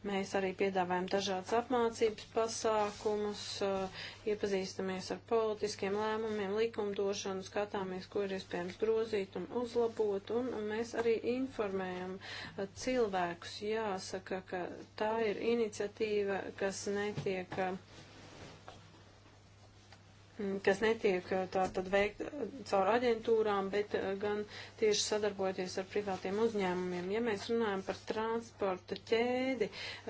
Mēs arī piedāvājam dažādas apmācības pasākumus, eh, iepazīstamies ar politiskiem lēmumiem, likumdošanu, skatāmies, ko ir iespējams grozīt un uzlabot, un mēs arī informējam eh, cilvēkus. Jāsaka, ka tā ir iniciatīva, kas netiek eh, Mm, kas netiek eh, tā tad veikt eh, caur aģentūrām, bet eh, gan tieši sadarbojoties ar privātiem uzņēmumiem. Ja mēs runājam par transporta ķēdi,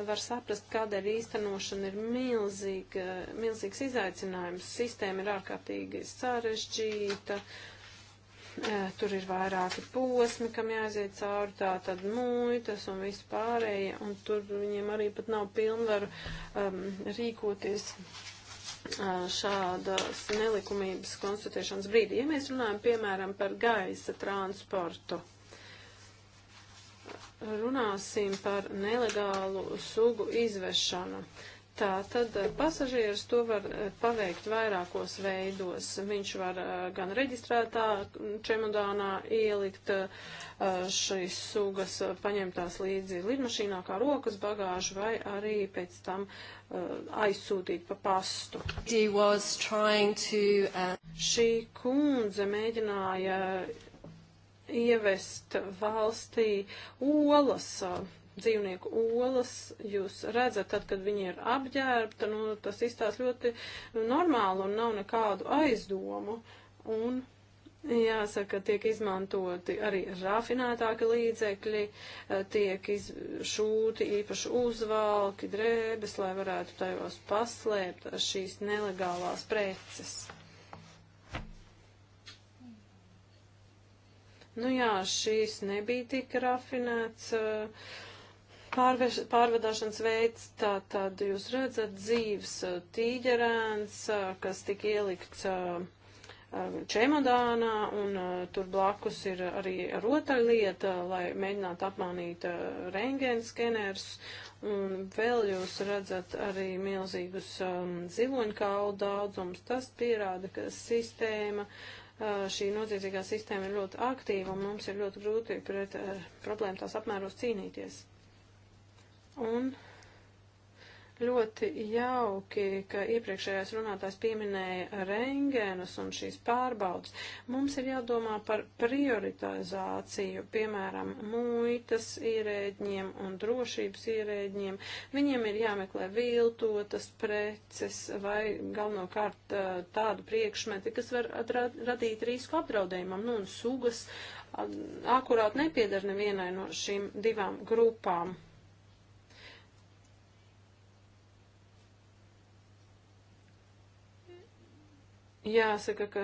var saprast, kādēļ īstenošana ir milzīga, milzīgs izaicinājums. Sistēma ir ārkārtīgi sarežģīta. Tur ir vairāki posmi, kam jāiziet cauri, tā tad muitas un vispārējie, un tur viņiem arī pat nav pilnvaru um, rīkoties šādas nelikumības konstatēšanas brīdī. Ja mēs runājam, piemēram, par gaisa transportu, runāsim par nelegālu sugu izvešanu. Uh, Tā tad eh, pasažieris to var eh, paveikt vairākos veidos. Viņš var eh, gan reģistrētā mm, čemodānā ielikt šīs sugas, paņemtās līdzi lidmašīnā kā rokas bagāžu vai arī pēc tam aizsūtīt pa pastu. To, uh... Šī kundze mēģināja ievest valstī olas dzīvnieku olas, jūs redzat, tad, kad viņi ir apģērbta, nu, tas izstās ļoti normāli un nav nekādu aizdomu. Un Jāsaka, tiek izmantoti arī rafinētāki līdzekļi, eh, tiek iz, šūti īpaši uzvalki, drēbes, lai varētu tajos paslēpt šīs nelegālās preces. Nu jā, šīs nebija tik rafinēts. Uh, eh, pārveš, pārvedāšanas veids, tā tad jūs redzat dzīves eh, tīģerēns, eh, kas tika ielikts eh, čemodānā, un tur blakus ir arī rotaļlieta, lai mēģinātu apmānīt rengēna skenerus, un vēl jūs redzat arī milzīgus ehm, ziloņkaulu daudzums. Tas pierāda, ka sistēma šī noziedzīgā sistēma ir ļoti aktīva un mums ir ļoti grūti pret problēmu tās apmēros cīnīties. Un ļoti jauki, ka iepriekšējās runātājs pieminēja rengēnus un šīs pārbaudas. Mums ir jādomā par prioritizāciju, piemēram, muitas ierēģiem un drošības ierēģiem. Viņiem ir jāmeklē viltotas preces vai galvenokārt tādu priekšmeti, kas var radīt risku apdraudējumam, nu un sugas akurāt nepiedar nevienai no šīm divām grupām. Jāsaka, ka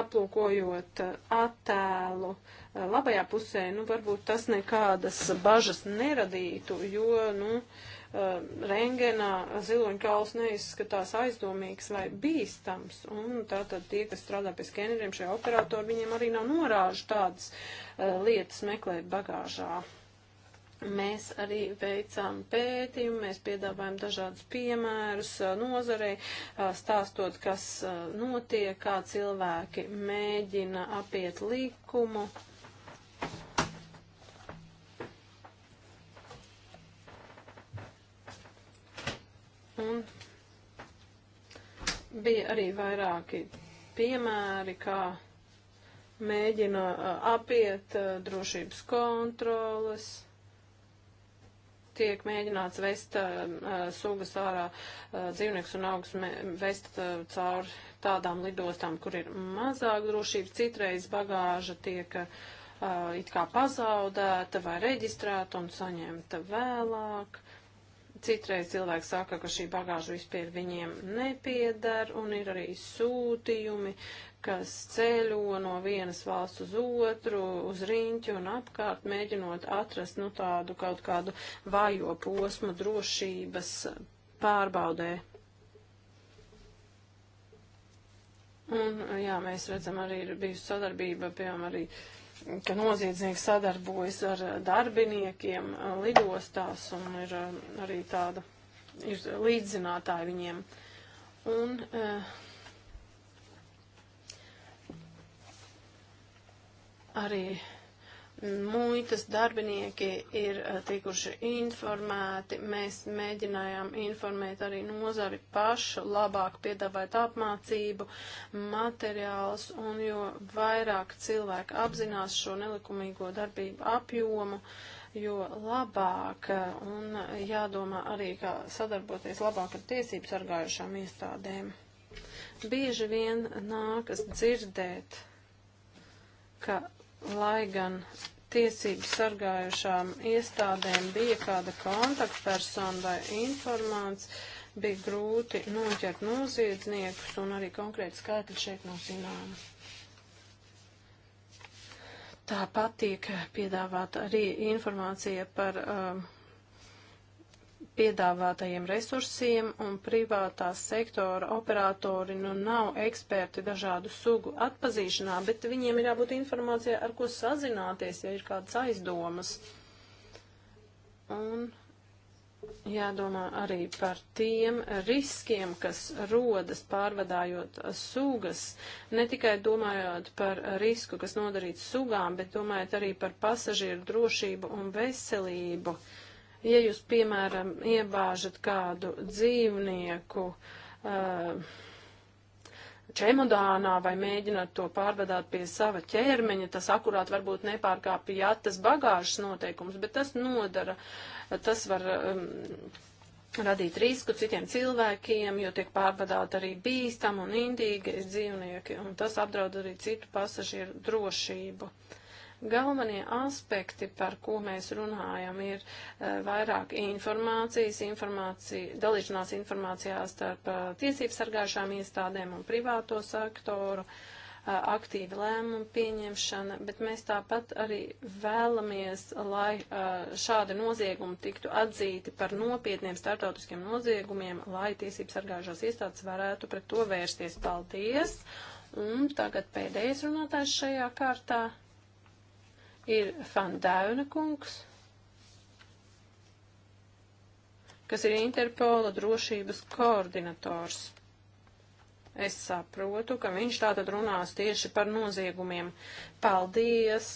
aplūkojot eh, attēlu eh, labajā pusē, nu, varbūt tas nekādas bažas neradītu, jo, nu, eh, rengenā ziloņkauls neizskatās aizdomīgs vai bīstams, un tātad tie, kas strādā pie skeneriem, šie operatori, viņiem arī nav norāžu tādas lietas meklēt bagāžā. Mēs arī veicām pētījumu, mēs piedāvājam dažādus piemērus nozarei, stāstot, kas notiek, kā cilvēki mēģina apiet likumu. Un bija arī vairāki piemēri, kā mēģina apiet drošības kontroles tiek mēģināts vest um, uh, sugas ārā uh, dzīvnieks un augs vest uh, caur tādām lidostām, kur ir mazāk drošības, citreiz bagāža tiek uh, it kā pazaudēta vai reģistrēta un saņemta vēlāk. Citreiz cilvēki saka, ka šī bagāža vispār viņiem nepiedar, un ir arī sūtījumi, kas ceļo no vienas valsts uz otru, uz riņķi un apkārt, mēģinot atrast nu, tādu kaut kādu vājo posmu drošības pārbaudē. Un, jā, mēs redzam, arī ir bijusi sadarbība, piemēram, arī uh, ka noziedznieki sadarbojas ar eh, darbiniekiem eh, lidostās un ir eh, arī tāda ir līdzzinātāji viņiem. Un, arī muitas darbinieki ir eh, tikuši informēti, mēs mēģinājām informēt arī nozari pašu, labāk piedāvāt apmācību, materiālus, un jo vairāk cilvēki apzinās šo nelikumīgo darbību apjomu, jo labāk, eh, un jādomā arī, kā sadarboties labāk ar tiesību sargājušām iestādēm. Bieži vien nākas dzirdēt, ka lai gan tiesību sargājušām iestādēm bija kāda kontaktpersona vai informants, bija grūti noķert noziedzniekus un arī konkrēti skaitļi šeit nav zināmi. Tāpat tiek piedāvāta arī informācija par uh, um, piedāvātajiem resursiem, un privātā sektora operatori nu nav eksperti dažādu sugu atpazīšanā, bet viņiem ir jābūt informācijai, ar ko sazināties, ja ir kādas aizdomas. Un jādomā arī par tiem riskiem, kas rodas pārvadājot sugas, ne tikai domājot par risku, kas nodarīts sugām, bet domājot arī par pasažieru drošību un veselību. Uh, Ja jūs, piemēram, iebāžat kādu dzīvnieku uh, čemodānā vai mēģināt to pārvadāt pie sava ķermeņa, tas akurāt varbūt nepārkāpja jatas bagāžas noteikums, bet tas nodara, tas var um, radīt risku citiem cilvēkiem, jo tiek pārvadāti arī bīstam un indīgi dzīvnieki, un tas apdraud arī citu pasažieru drošību. Uh, Galvenie aspekti, par ko mēs runājam, ir eh, vairāk informācijas, informācija, dalīšanās informācijā starp eh, tiesību sargājušām iestādēm un privāto sektoru eh, aktīva lēmuma pieņemšana, bet mēs tāpat arī vēlamies, lai šādi noziegumi tiktu atzīti par nopietniem startautiskiem noziegumiem, lai tiesības sargājušās iestādes varētu pret to vērsties. Paldies! Un tagad pēdējais runātājs šajā kārtā ir Fandēvna kungs, kas ir Interpola drošības koordinators. Es saprotu, ka viņš tātad runās tieši par noziegumiem. Paldies!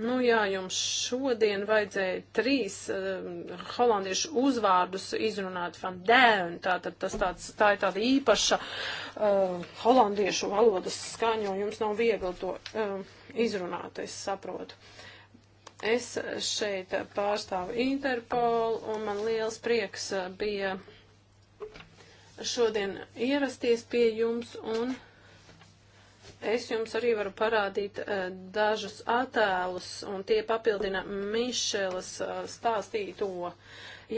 Nu jā, jums šodien vajadzēja trīs uh, holandiešu uzvārdus izrunāt van dēn, tātad tas tāds, tā ir tāda īpaša uh, holandiešu valodas skaņa, un jums nav viegli to uh, izrunāt, es saprotu. Es šeit pārstāvu Interpolu, un man liels prieks bija šodien ierasties pie jums un. Uh, Es jums arī varu parādīt uh, dažus attēlus, un tie papildina Mišelas uh, eh, stāstīto.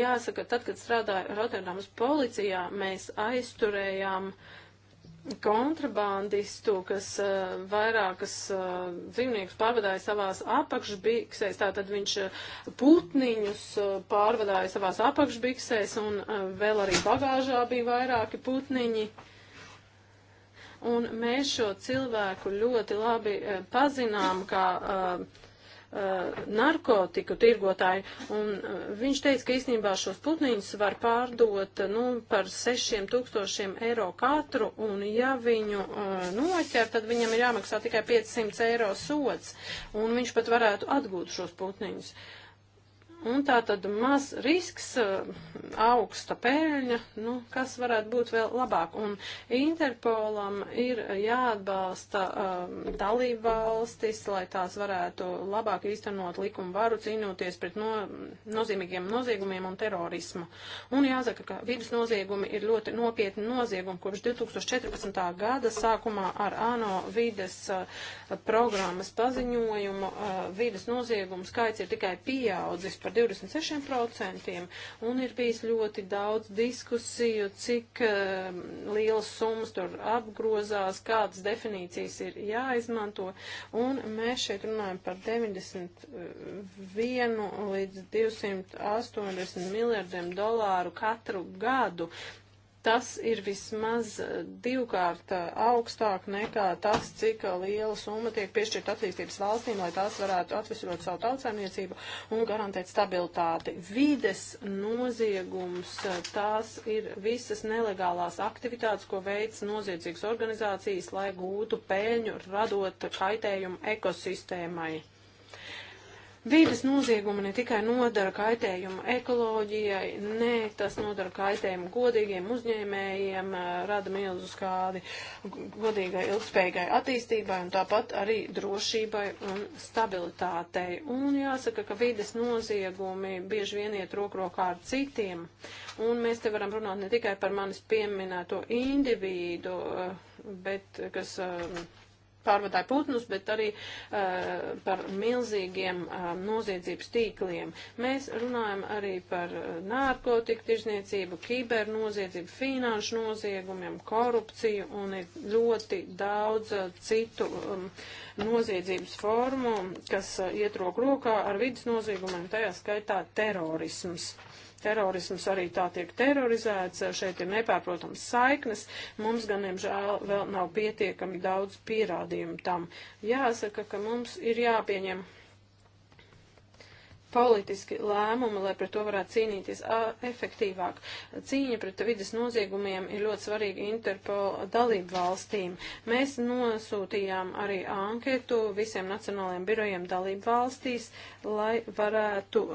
Jāsaka, tad, kad strādāju Rotterdamas policijā, mēs aizturējām kontrabandistu, kas uh, vairākas uh, dzīvniekus pārvadāja savās apakšbiksēs, tātad viņš putniņus uh, pārvadāja savās apakšbiksēs, un uh, vēl arī bagāžā bija vairāki putniņi. Uh, un mēs šo cilvēku ļoti labi eh, pazinām, kā uh, narkotiku tirgotāju, un viņš teica, ka īstenībā šos putniņus var pārdot nu, par 6000 eiro katru, un ja viņu uh, noķer, tad viņam ir jāmaksā tikai 500 eiro sots, un viņš pat varētu atgūt šos putniņus. Uh, Un tā tad maz risks, augsta pēļņa, nu, kas varētu būt vēl labāk. Un Interpolam ir jāatbalsta um, dalību valstis, lai tās varētu labāk īstenot likumu varu, cīnoties pret no, nozīmīgiem noziegumiem un terorismu. Un jāsaka, ka vidus noziegumi ir ļoti nopietni noziegumi. Kopš 2014. gada sākumā ar ANO vides uh, programmas paziņojumu uh, vidus noziegumu skaits ir tikai pieaudzis par par 26%, un ir bijis ļoti daudz diskusiju, cik uh, lielas summas tur apgrozās, kādas definīcijas ir jāizmanto, un mēs šeit runājam par 91 līdz 280 miljardiem dolāru katru gadu tas ir vismaz eh, divkārt eh, augstāk nekā tas, cik eh, liela summa tiek piešķirta attīstības valstīm, lai tās varētu atvesļot savu tautsēmniecību un garantēt stabilitāti. Vides noziegums, tās ir visas nelegālās aktivitātes, ko veids noziedzīgas organizācijas, lai gūtu pēļņu, radot kaitējumu ekosistēmai. Vīdes noziegumi ne tikai nodara kaitējumu ekoloģijai, nē, tas nodara kaitējumu godīgiem uzņēmējiem, rada milzu skādi godīgai ilgspējīgai attīstībai un tāpat arī drošībai un stabilitātei. Un jāsaka, ka vīdes noziegumi bieži vien iet rokrokā ar citiem. Un mēs te varam runāt ne tikai par manis pieminēto individu, bet kas. Um, pārvadāja putnus, bet arī uh, par milzīgiem uh, noziedzības tīkliem. Mēs runājam arī par eh, narkotiku tirzniecību, kibernoziedzību, finanšu noziegumiem, korupciju un ir ļoti daudz uh, citu um, noziedzības formu, kas uh, iet roku rokā ar vidas noziegumiem, tajā skaitā terorisms. Terorisms arī tā tiek terorizēts, šeit ir nepārprotams saiknes, mums gan, diemžēl, vēl nav pietiekami daudz pierādījumu tam. Jāsaka, ka mums ir jāpieņem politiski lēmumi, lai pret to varētu cīnīties efektīvāk. Cīņa pret vidas noziegumiem ir ļoti svarīga Interpol dalību valstīm. Mēs nosūtījām arī anketu visiem nacionālajiem birojiem dalību valstīs, lai varētu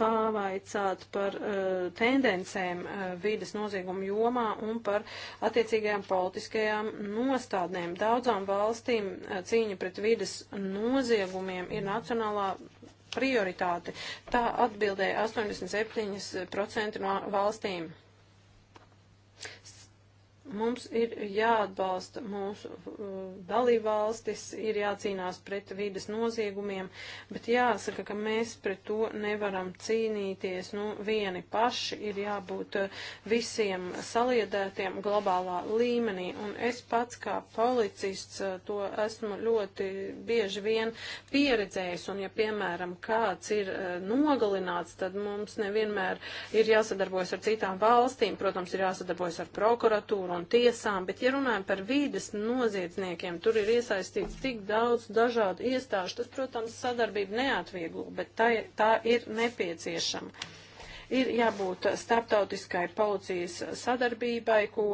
pavaicāt par uh, tendencēm uh, eh, vīdes noziegumu jomā un par attiecīgajām politiskajām nostādnēm. Daudzām valstīm uh, cīņa pret vīdes noziegumiem ir nacionālā prioritāte. Tā atbildēja 87% no valstīm. Mums ir jāatbalsta mūsu uh, dalībvalstis, ir jācīnās pret vides noziegumiem, bet jāsaka, ka mēs pret to nevaram cīnīties nu, vieni paši, ir jābūt uh, visiem saliedētiem globālā līmenī. Un es pats kā policists uh, to esmu ļoti bieži vien pieredzējis, un ja, piemēram, kāds ir nogalināts, tad mums nevienmēr ir jāsadarbojas ar citām valstīm, protams, ir jāsadarbojas ar prokuratūru un tiesām, bet ja runājam par vīdes noziedzniekiem, tur ir iesaistīts tik daudz dažādu iestāžu, tas, protams, sadarbību neatvieglo, bet tā, tā ir nepieciešama ir jābūt starptautiskai policijas sadarbībai, ko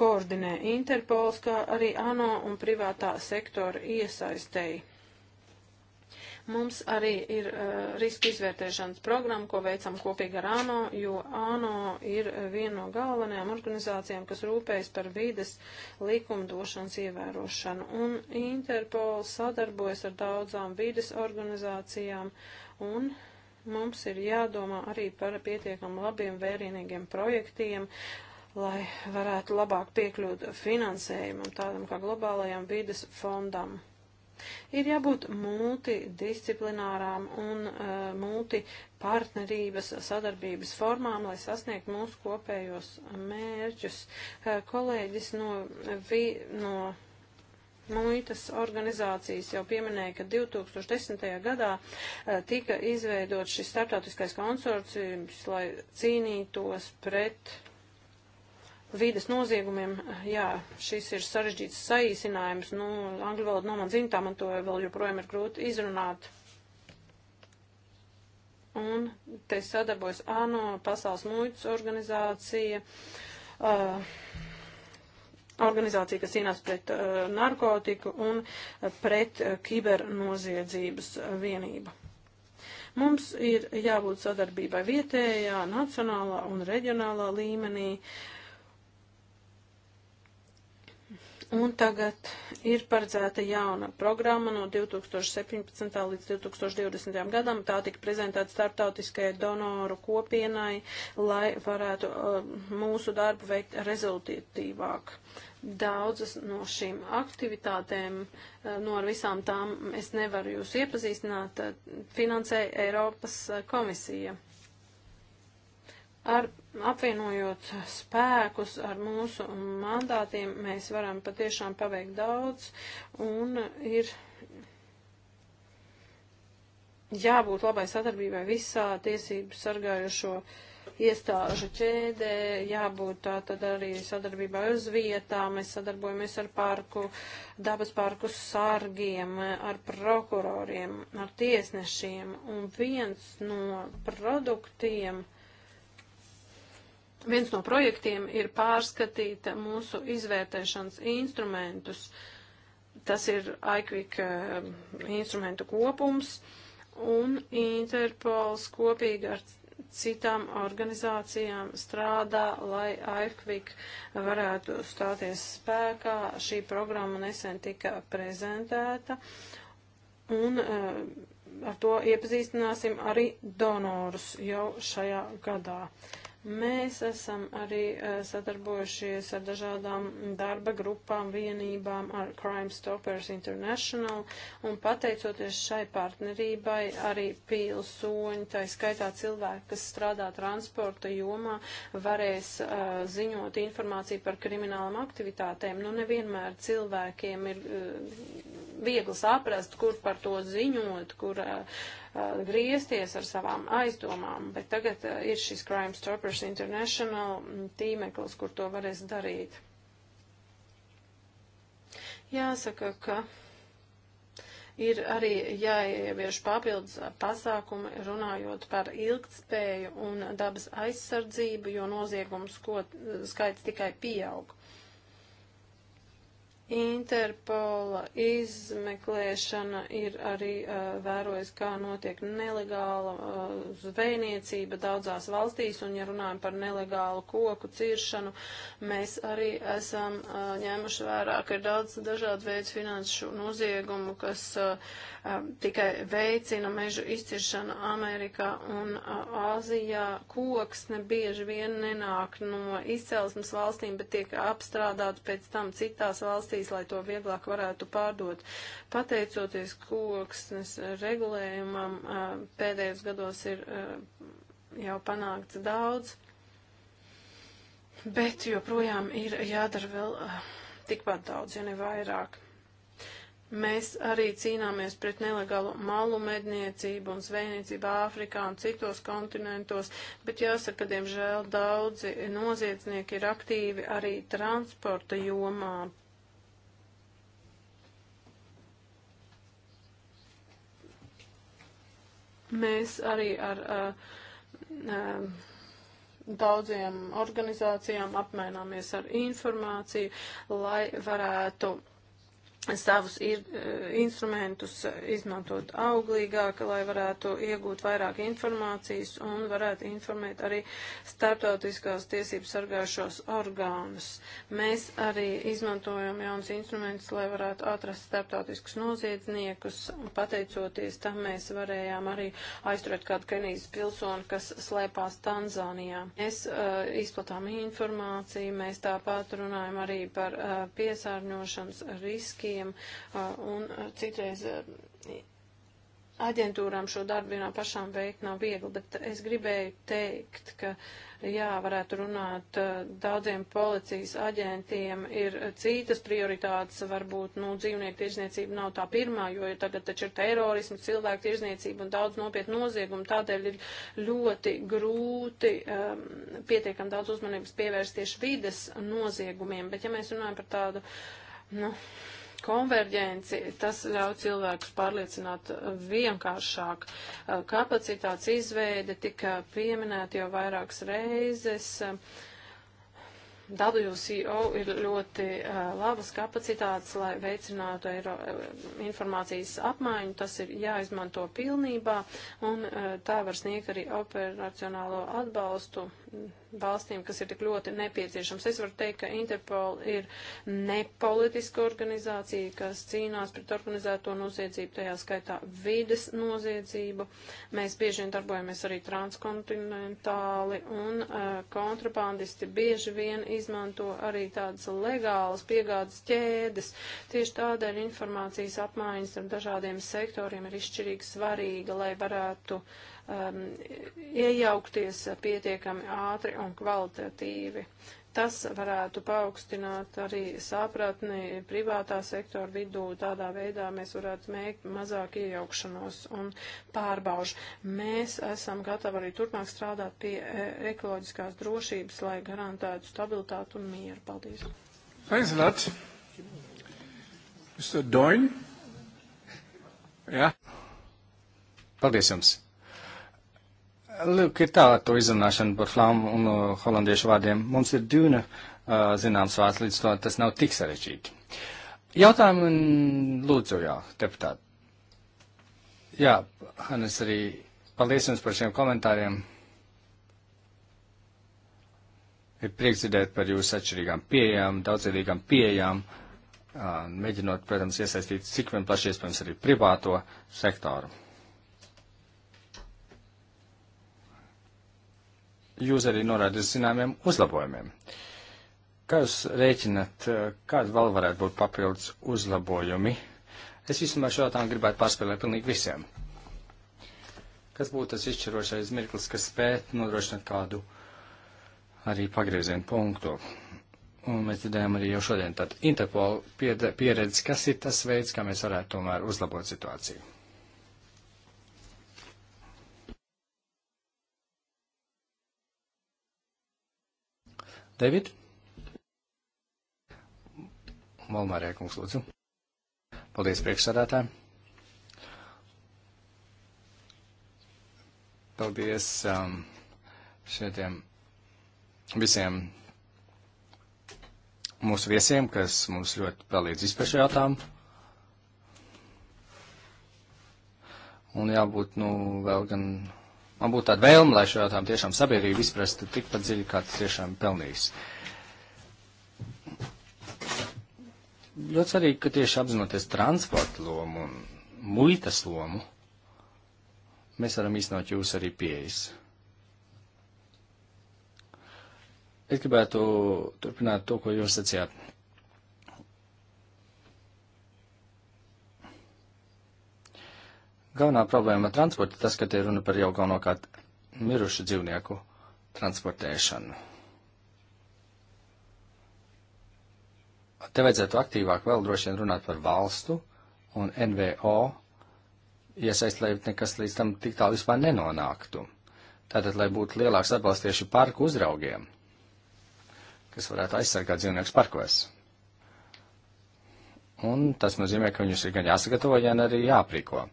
koordinē Interpols, kā arī ANO un privātā sektora iesaistēji. Mums arī ir uh, eh, riska izvērtēšanas programma, ko veicam kopīgi ar ANO, jo ANO ir eh, viena no galvenajām organizācijām, kas rūpējas par vides likumdošanas ievērošanu. Un Interpol sadarbojas ar daudzām vides organizācijām un mums ir jādomā arī par pietiekam labiem vērienīgiem projektiem, lai varētu labāk piekļūt finansējumam, tādam kā globālajam vides fondam. Ir jābūt multidisciplinārām un uh, multipartnerības sadarbības formām, lai sasniegtu mūsu kopējos mērķus. Uh, kolēģis no, vi, no muitas organizācijas jau pieminēja, ka 2010. gadā uh, tika izveidot šis starptautiskais konsorcijums, lai cīnītos pret vīdes noziegumiem, jā, šis ir sarežģīts saīsinājums, nu, angļu valoda nav no man dzimtā, man to vēl joprojām ir grūti izrunāt. Un te sadarbojas ANO, Pasaules muitas organizācija, uh, organizācija, kas cīnās pret uh, narkotiku un uh, pret uh, kibernoziedzības vienību. Mums ir jābūt sadarbībai vietējā, nacionālā un reģionālā līmenī. Uh, Un tagad ir paredzēta jauna programma no 2017. līdz 2020. gadam. Tā tika prezentēta starptautiskajai donoru kopienai, lai varētu uh, mūsu darbu veikt rezultatīvāk. Daudzas no šīm aktivitātēm, uh, no ar visām tām es nevaru jūs iepazīstināt, uh, finansēja Eiropas uh, komisija. Uh, Ar apvienojot spēkus ar mūsu mandātiem, mēs varam patiešām paveikt daudz un ir jābūt labai sadarbībai visā tiesību sargājušo iestāžu ķēdē, jābūt tā tad arī sadarbībai uz vietām, mēs sadarbojamies ar parku, dabas parku sargiem, ar prokuroriem, ar tiesnešiem, un viens no produktiem, Viens no projektiem ir pārskatīt mūsu izvērtēšanas instrumentus. Tas ir IQIC eh, instrumentu kopums un Interpols kopīgi ar citām organizācijām strādā, lai IQIC varētu stāties spēkā. Šī programma nesen tika prezentēta un eh, ar to iepazīstināsim arī donorus jau šajā gadā. Mēs esam arī eh, sadarbojušies ar dažādām darba grupām, vienībām, ar Crime Stoppers International, un pateicoties šai partnerībai, arī pilsoņi, tā skaitā cilvēki, kas strādā transporta jomā, varēs uh, ziņot informāciju par kriminālām aktivitātēm. Nu, nevienmēr cilvēkiem ir uh, viegli saprast, kur par to ziņot, kur. Uh, Uh, griezties ar savām aizdomām, bet tagad uh, ir šis Crime Stoppers International mm, tīmeklis, kur to varēs darīt. Jāsaka, ka ir arī jāievieš papildus pasākumi runājot par ilgtspēju un dabas aizsardzību, jo noziegums ko, uh, skaits tikai pieaug. Interpola izmeklēšana ir arī uh, vērojas, kā notiek nelegāla uh, zvejniecība daudzās valstīs, un ja runājam par nelegālu koku ciršanu, mēs arī esam uh, ņēmuši vērā, ka ir daudz dažādu veidu finanšu noziegumu, kas uh, uh, tikai veicina mežu izciršanu Amerikā un uh, Āzijā. Koks nebieži vien nenāk no izcelsmes valstīm, bet tiek apstrādāt pēc tam citās valstīs valstīs, lai to vieglāk varētu pārdot. Pateicoties koksnes regulējumam, pēdējos gados ir jau panākts daudz, bet joprojām ir jādara vēl tikpat daudz, ja ne vairāk. Mēs arī cīnāmies pret nelegālu malu medniecību un zvejniecību Āfrikā un citos kontinentos, bet jāsaka, ka diemžēl daudzi noziedznieki ir aktīvi arī transporta jomā, Mēs arī ar. Uh, uh, daudziem organizācijām apmaināmies ar informāciju, lai varētu savus ir, eh, instrumentus eh, izmantot auglīgāk, lai varētu iegūt vairāk informācijas un varētu informēt arī starptautiskās tiesības sargājušos orgānus. Mēs arī izmantojam jaunas instrumentus, lai varētu atrast starptautiskus noziedzniekus. Pateicoties tam, mēs varējām arī aizturēt kādu Kenijas pilsoni, kas slēpās Tanzānijā. Mēs uh, izplatām informāciju, mēs tāpat runājam arī par uh, piesārņošanas riskiem mēdījiem un citreiz aģentūrām šo darbu vienā pašām veikt nav viegli, bet es gribēju teikt, ka jā, varētu runāt daudziem policijas aģentiem, ir citas prioritātes, varbūt, nu, dzīvnieku tirzniecība nav tā pirmā, jo ja tagad taču ir terorisms, cilvēku tirzniecība un daudz nopietnu noziegumu, tādēļ ir ļoti grūti um, pietiekam daudz uzmanības pievērst tieši vides noziegumiem, bet ja mēs runājam par tādu, nu, konverģenci, tas ļauj cilvēkus pārliecināt vienkāršāk. Kapacitātes izveide tika pieminēta jau vairākas reizes. WCO ir ļoti uh, labas kapacitātes, lai veicinātu eiro, informācijas apmaiņu. Tas ir jāizmanto pilnībā, un uh, tā var sniegt arī operacionālo atbalstu valstīm, kas ir tik ļoti nepieciešams. Es varu teikt, ka Interpol ir nepolitiska organizācija, kas cīnās pret organizēto noziedzību, tajā skaitā vides noziedzību. Mēs bieži vien darbojamies arī transkontinentāli, un uh, kontrabandisti bieži vien izmanto arī tādas legālas piegādes ķēdes. Tieši tādēļ informācijas apmaiņas ar dažādiem sektoriem ir izšķirīgi svarīga, lai varētu uh, um, iejaukties pietiekami ātri un kvalitatīvi. Tas varētu paaugstināt arī sāpratni privātā sektora vidū. Tādā veidā mēs varētu mēgt mazāk iejaukšanos un pārbaužu. Mēs esam gatavi arī turpmāk strādāt pie e- ekoloģiskās drošības, lai garantētu stabilitātu un mieru. Paldies! Thanks a lot. Mr. Doin. Jā. Yeah. Paldies jums. Lūk, ir tā to izrunāšana par flāmu un uh, holandiešu vārdiem. Mums ir dūna uh, zināms vārds, līdz to tas nav tik sarežģīti. Jautājumi lūdzu, jā, deputāti. Jā, Hannes arī paldies jums par šiem komentāriem. Ir prieks dzirdēt par jūsu atšķirīgām pieejām, daudzveidīgām pieejām, uh, mēģinot, protams, iesaistīt cik vien plaši iespējams arī privāto sektoru. jūs arī norādat zināmiem uzlabojumiem. Kā jūs rēķinat, eh, kāda vēl varētu būt papildus uzlabojumi? Es vismaz šo jautājumu gribētu pārspēlēt pilnīgi visiem. Kas būtu tas izšķirošais mirklis, kas spētu nodrošināt kādu arī pagriezienu punktu? Un mēs dzirdējām arī jau šodien tādu Interpolu pieredzi, kas ir tas veids, kā mēs varētu tomēr uzlabot situāciju. David? Valmārē, kungs, lūdzu. Paldies, priekšsādātāji. Paldies um, šiem visiem mūsu viesiem, kas mums ļoti palīdz izpēšu jautājumu. Un jābūt, nu, vēl gan man būtu tāda vēlme, lai šo jautājumu tiešām sabiedrība izprastu tikpat dziļi, kā tas tiešām pelnījis. Ļoti svarīgi, ka tieši apzinoties transporta lomu un muitas lomu, mēs varam iznākt jūs arī pieejas. Es gribētu turpināt to, ko jūs sacījāt Galvenā problēma ar transportu tas, ka te ir runa par jau galvenokārt mirušu dzīvnieku transportēšanu. Te vajadzētu aktīvāk vēl droši vien runāt par valstu un NVO iesaist, lai nekas līdz tam tik tālu vispār nenonāktu. Tātad, lai būtu lielāks atbalsts tieši parku uzraugiem, kas varētu aizsargāt dzīvniekus parkos. Un tas nozīmē, ka viņus ir gan jāsagatavo, gan arī jāprīko.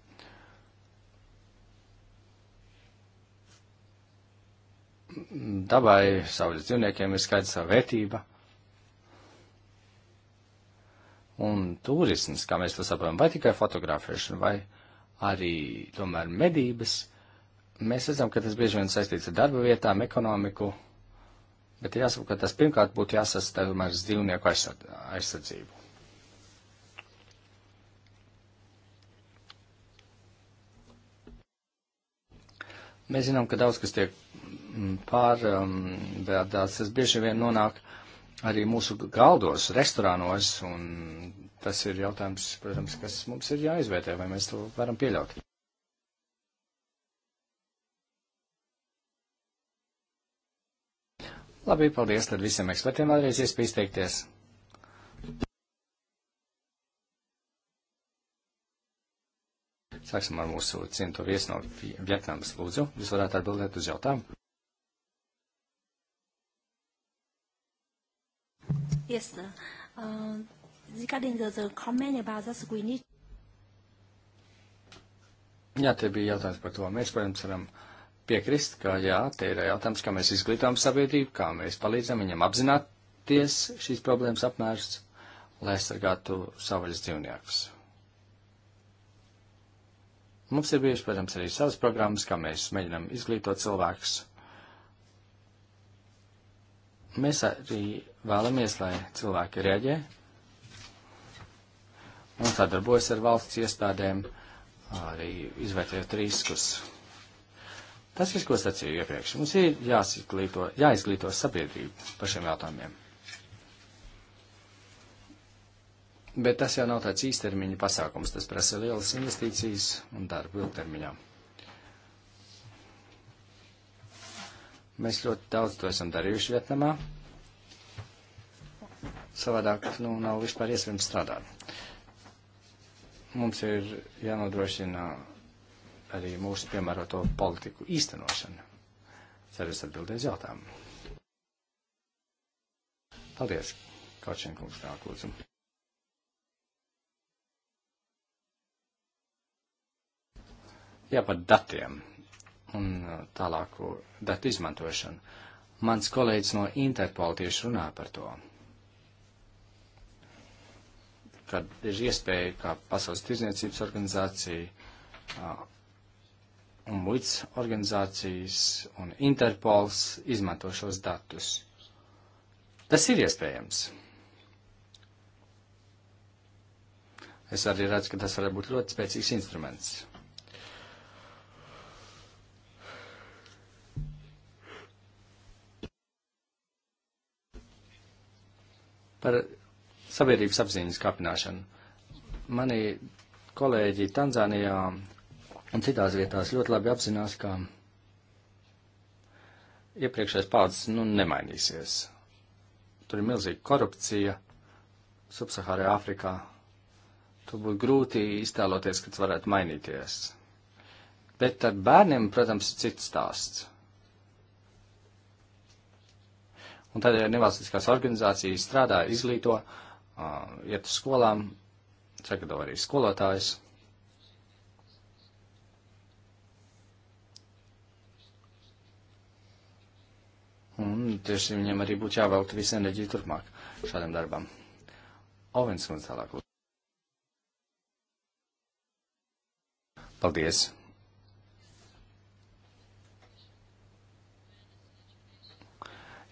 dabai, savas dzīvniekiem ir skaidrs savu vērtība. Un turisms, kā mēs to saprotam, vai tikai fotografēšana, vai arī tomēr medības, mēs redzam, ka tas bieži vien saistīts ar darba vietām, ekonomiku, bet jāsaka, ka tas pirmkārt būtu jāsastāv tomēr uz dzīvnieku aizsardzību. Mēs zinām, ka daudz kas tiek pārvērdās, um, tas bieži vien nonāk arī mūsu galdos, restorānos, un tas ir jautājums, protams, kas mums ir jāizvērtē, vai mēs to varam pieļaut. Labi, paldies tad visiem ekspertiem vēlreiz iespēja izteikties. Sāksim ar mūsu cienīto viesu no Vietnamas. Lūdzu, jūs varētu atbildēt uz jautājumu. Yes, sir. Uh, regarding the, the comment about the screening. Jā, te bija jautājums par to. Mēs, protams, varam piekrist, ka jā, te ir jautājums, kā mēs izglītām sabiedrību, kā mēs palīdzam viņam apzināties šīs problēmas apmērs, lai aizsargātu savvaļas dzīvniekus. Mums ir bijuši, protams, arī savas programmas, kā mēs mēģinām izglītot cilvēkus Mēs arī vēlamies, lai cilvēki reaģē un sadarbojas ar valsts iestādēm, arī izvērtējot riskus. Tas viss, ko sacīju iepriekš, mums ir jāizglīto, jāizglīto sabiedrību par šiem jautājumiem. Bet tas jau nav tāds īstermiņa pasākums, tas prasa lielas investīcijas un darbu ilgtermiņā. Mēs ļoti daudz to esam darījuši Vietnamā. Savādāk nu, nav vispār iespējams strādāt. Mums ir jānodrošina arī mūsu piemēroto politiku īstenošana. Ceru, es atbildēju jautājumu. Paldies, Kačenkungs, tā lūdzu. Jā, par datiem un uh, tālāku datu izmantošanu. Mans kolēģis no Interpol tieši runā par to. Kad ir iespēja, kā Pasaules tirzniecības organizācija uh, un muitas organizācijas un Interpols izmanto šos datus. Tas ir iespējams. Es arī redzu, ka tas var būt ļoti spēcīgs instruments. par sabiedrības apziņas kāpināšanu. Mani kolēģi Tanzānijā un citās vietās ļoti labi apzinās, ka iepriekšējais paudzes nu, nemainīsies. Tur ir milzīga korupcija Subsahārā Āfrikā. Tur būtu grūti iztēloties, ka tas varētu mainīties. Bet ar bērniem, protams, ir cits stāsts. Un tādēļ ja nevalstiskās organizācijas strādā, izglīto, uh, iet uz skolām, sagatavo arī skolotājus. Un tieši viņiem arī būtu jāvelta visa enerģija turpmāk šādam darbam. Ovens un tālāk. Paldies!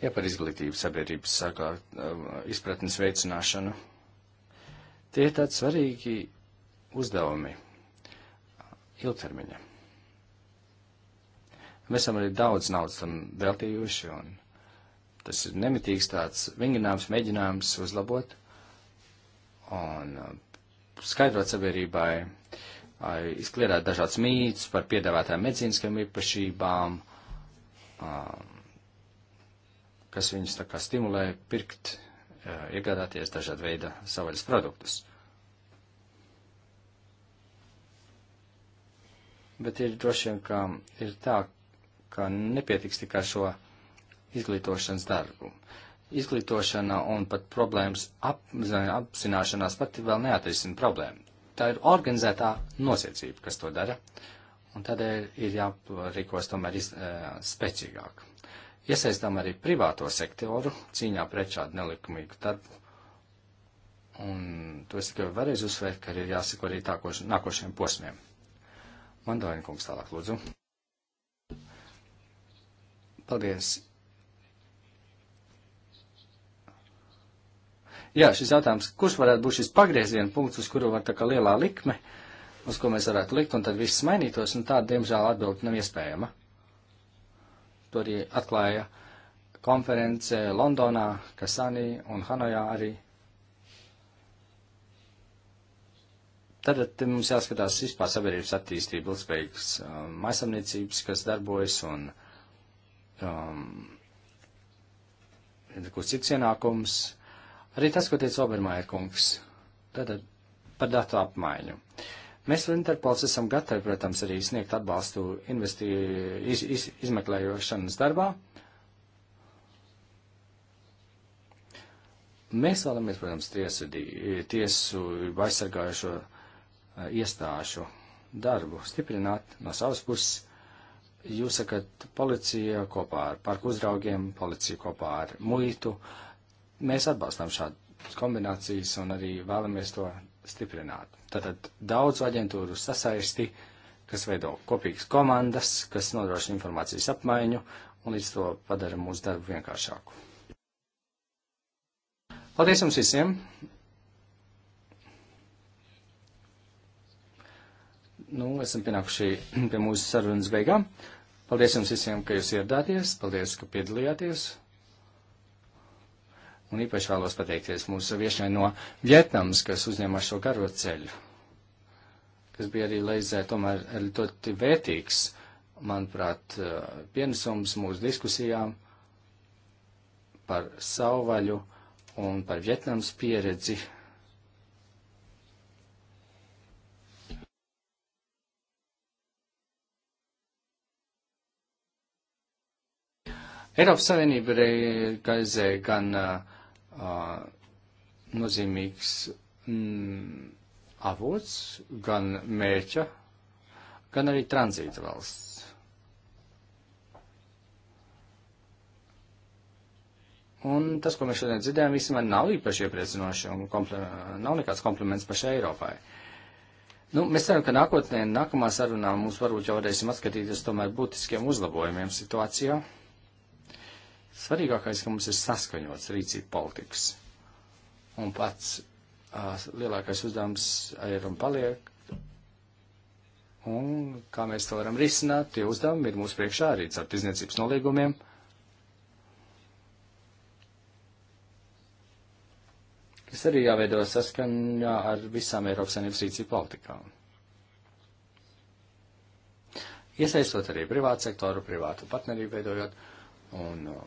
ja par izglītību sabiedrības sakā um, izpratnes veicināšanu. Tie ir tādi svarīgi uzdevumi ilgtermiņa. Mēs esam arī daudz naudas tam veltījuši, un tas ir nemitīgs tāds vingrinājums, mēģinājums uzlabot un uh, skaidrot sabiedrībai, izkliedēt dažādas mītus par piedāvātām medicīniskām īpašībām. Um, kas viņus tā kā stimulē pirkt, iegādāties dažādu veidu savaļas produktus. Bet ir droši vien, ka ir tā, ka nepietiks tikai šo izglītošanas darbu. Izglītošana un pat problēmas apzināšanās pati vēl neatrisina problēmu. Tā ir organizētā nosiecība, kas to dara, un tādēļ ir jāparīkos tomēr iz, e, spēcīgāk. Iesaistām arī privāto sektoru cīņā pret šādu nelikumīgu darbu. Un to es tikai vēlreiz uzsvēru, ka ir jāsako arī tākoš, nākošiem posmiem. Mandoņa kungs tālāk lūdzu. Paldies. Jā, šis jautājums, kurš varētu būt šis pagrieziena punkts, uz kuru var tā kā lielā likme, uz ko mēs varētu likt, un tad viss mainītos, un tāda, diemžēl, atbildi nav iespējama. To arī atklāja konference Londonā, Kasanī un Hanojā arī. Tad mums jāskatās vispār sabiedrības attīstība, ilgspējīgas um, maisamniecības, kas darbojas un um, kaut cits ienākums. Arī tas, ko teica Obermajer kungs, tātad par datu apmaiņu. Uh, Mēs Interpols esam gatavi, protams, arī sniegt atbalstu investi... iz, iz, izmeklējošanas darbā. Mēs vēlamies, protams, tiesu, tiesu aizsargājušo eh, iestāšu darbu stiprināt no savas puses. Jūs sakat, policija kopā ar parku uzraugiem, policija kopā ar muitu. Mēs atbalstām šādu kombinācijas un arī vēlamies to stiprināt. Tātad daudzu aģentūru sasaisti, kas veido kopīgas komandas, kas nodrošina informācijas apmaiņu un līdz to padara mūsu darbu vienkāršāku. Paldies jums visiem! Nu, esam pienākuši pie mūsu sarunas beigām. Paldies jums visiem, ka jūs ieradāties, paldies, ka piedalījāties. Un īpaši vēlos pateikties mūsu viešanai no Vietnams, kas uzņēmās šo garo ceļu, kas bija arī leizē tomēr ļoti vērtīgs, manuprāt, pienesums mūsu diskusijām par savvaļu un par Vietnams pieredzi. Eiropas Savienība reizē gan uh, uh, nozīmīgs mm, avots gan mērķa, gan arī tranzīta valsts. Un tas, ko mēs šodien dzirdējām, īstenībā nav īpaši iepriecinoši un nav nekāds kompliments pašai Eiropai. Nu, mēs ceram, ka nākotnē, nākamā sarunā mums varbūt jau varēsim atskatīties tomēr būtiskiem uzlabojumiem situācijā. Svarīgākais, ka mums ir saskaņots rīcība politikas. Un pats uh, lielākais uzdevums ir un paliek. Un kā mēs to varam risināt, tie uzdevumi ir mūsu priekšā arī caur tirzniecības nolīgumiem. kas arī jāveido saskaņā ar visām Eiropas Savienības rīcību politikām. Iesaistot arī privātu sektoru, privātu partnerību veidojot un uh,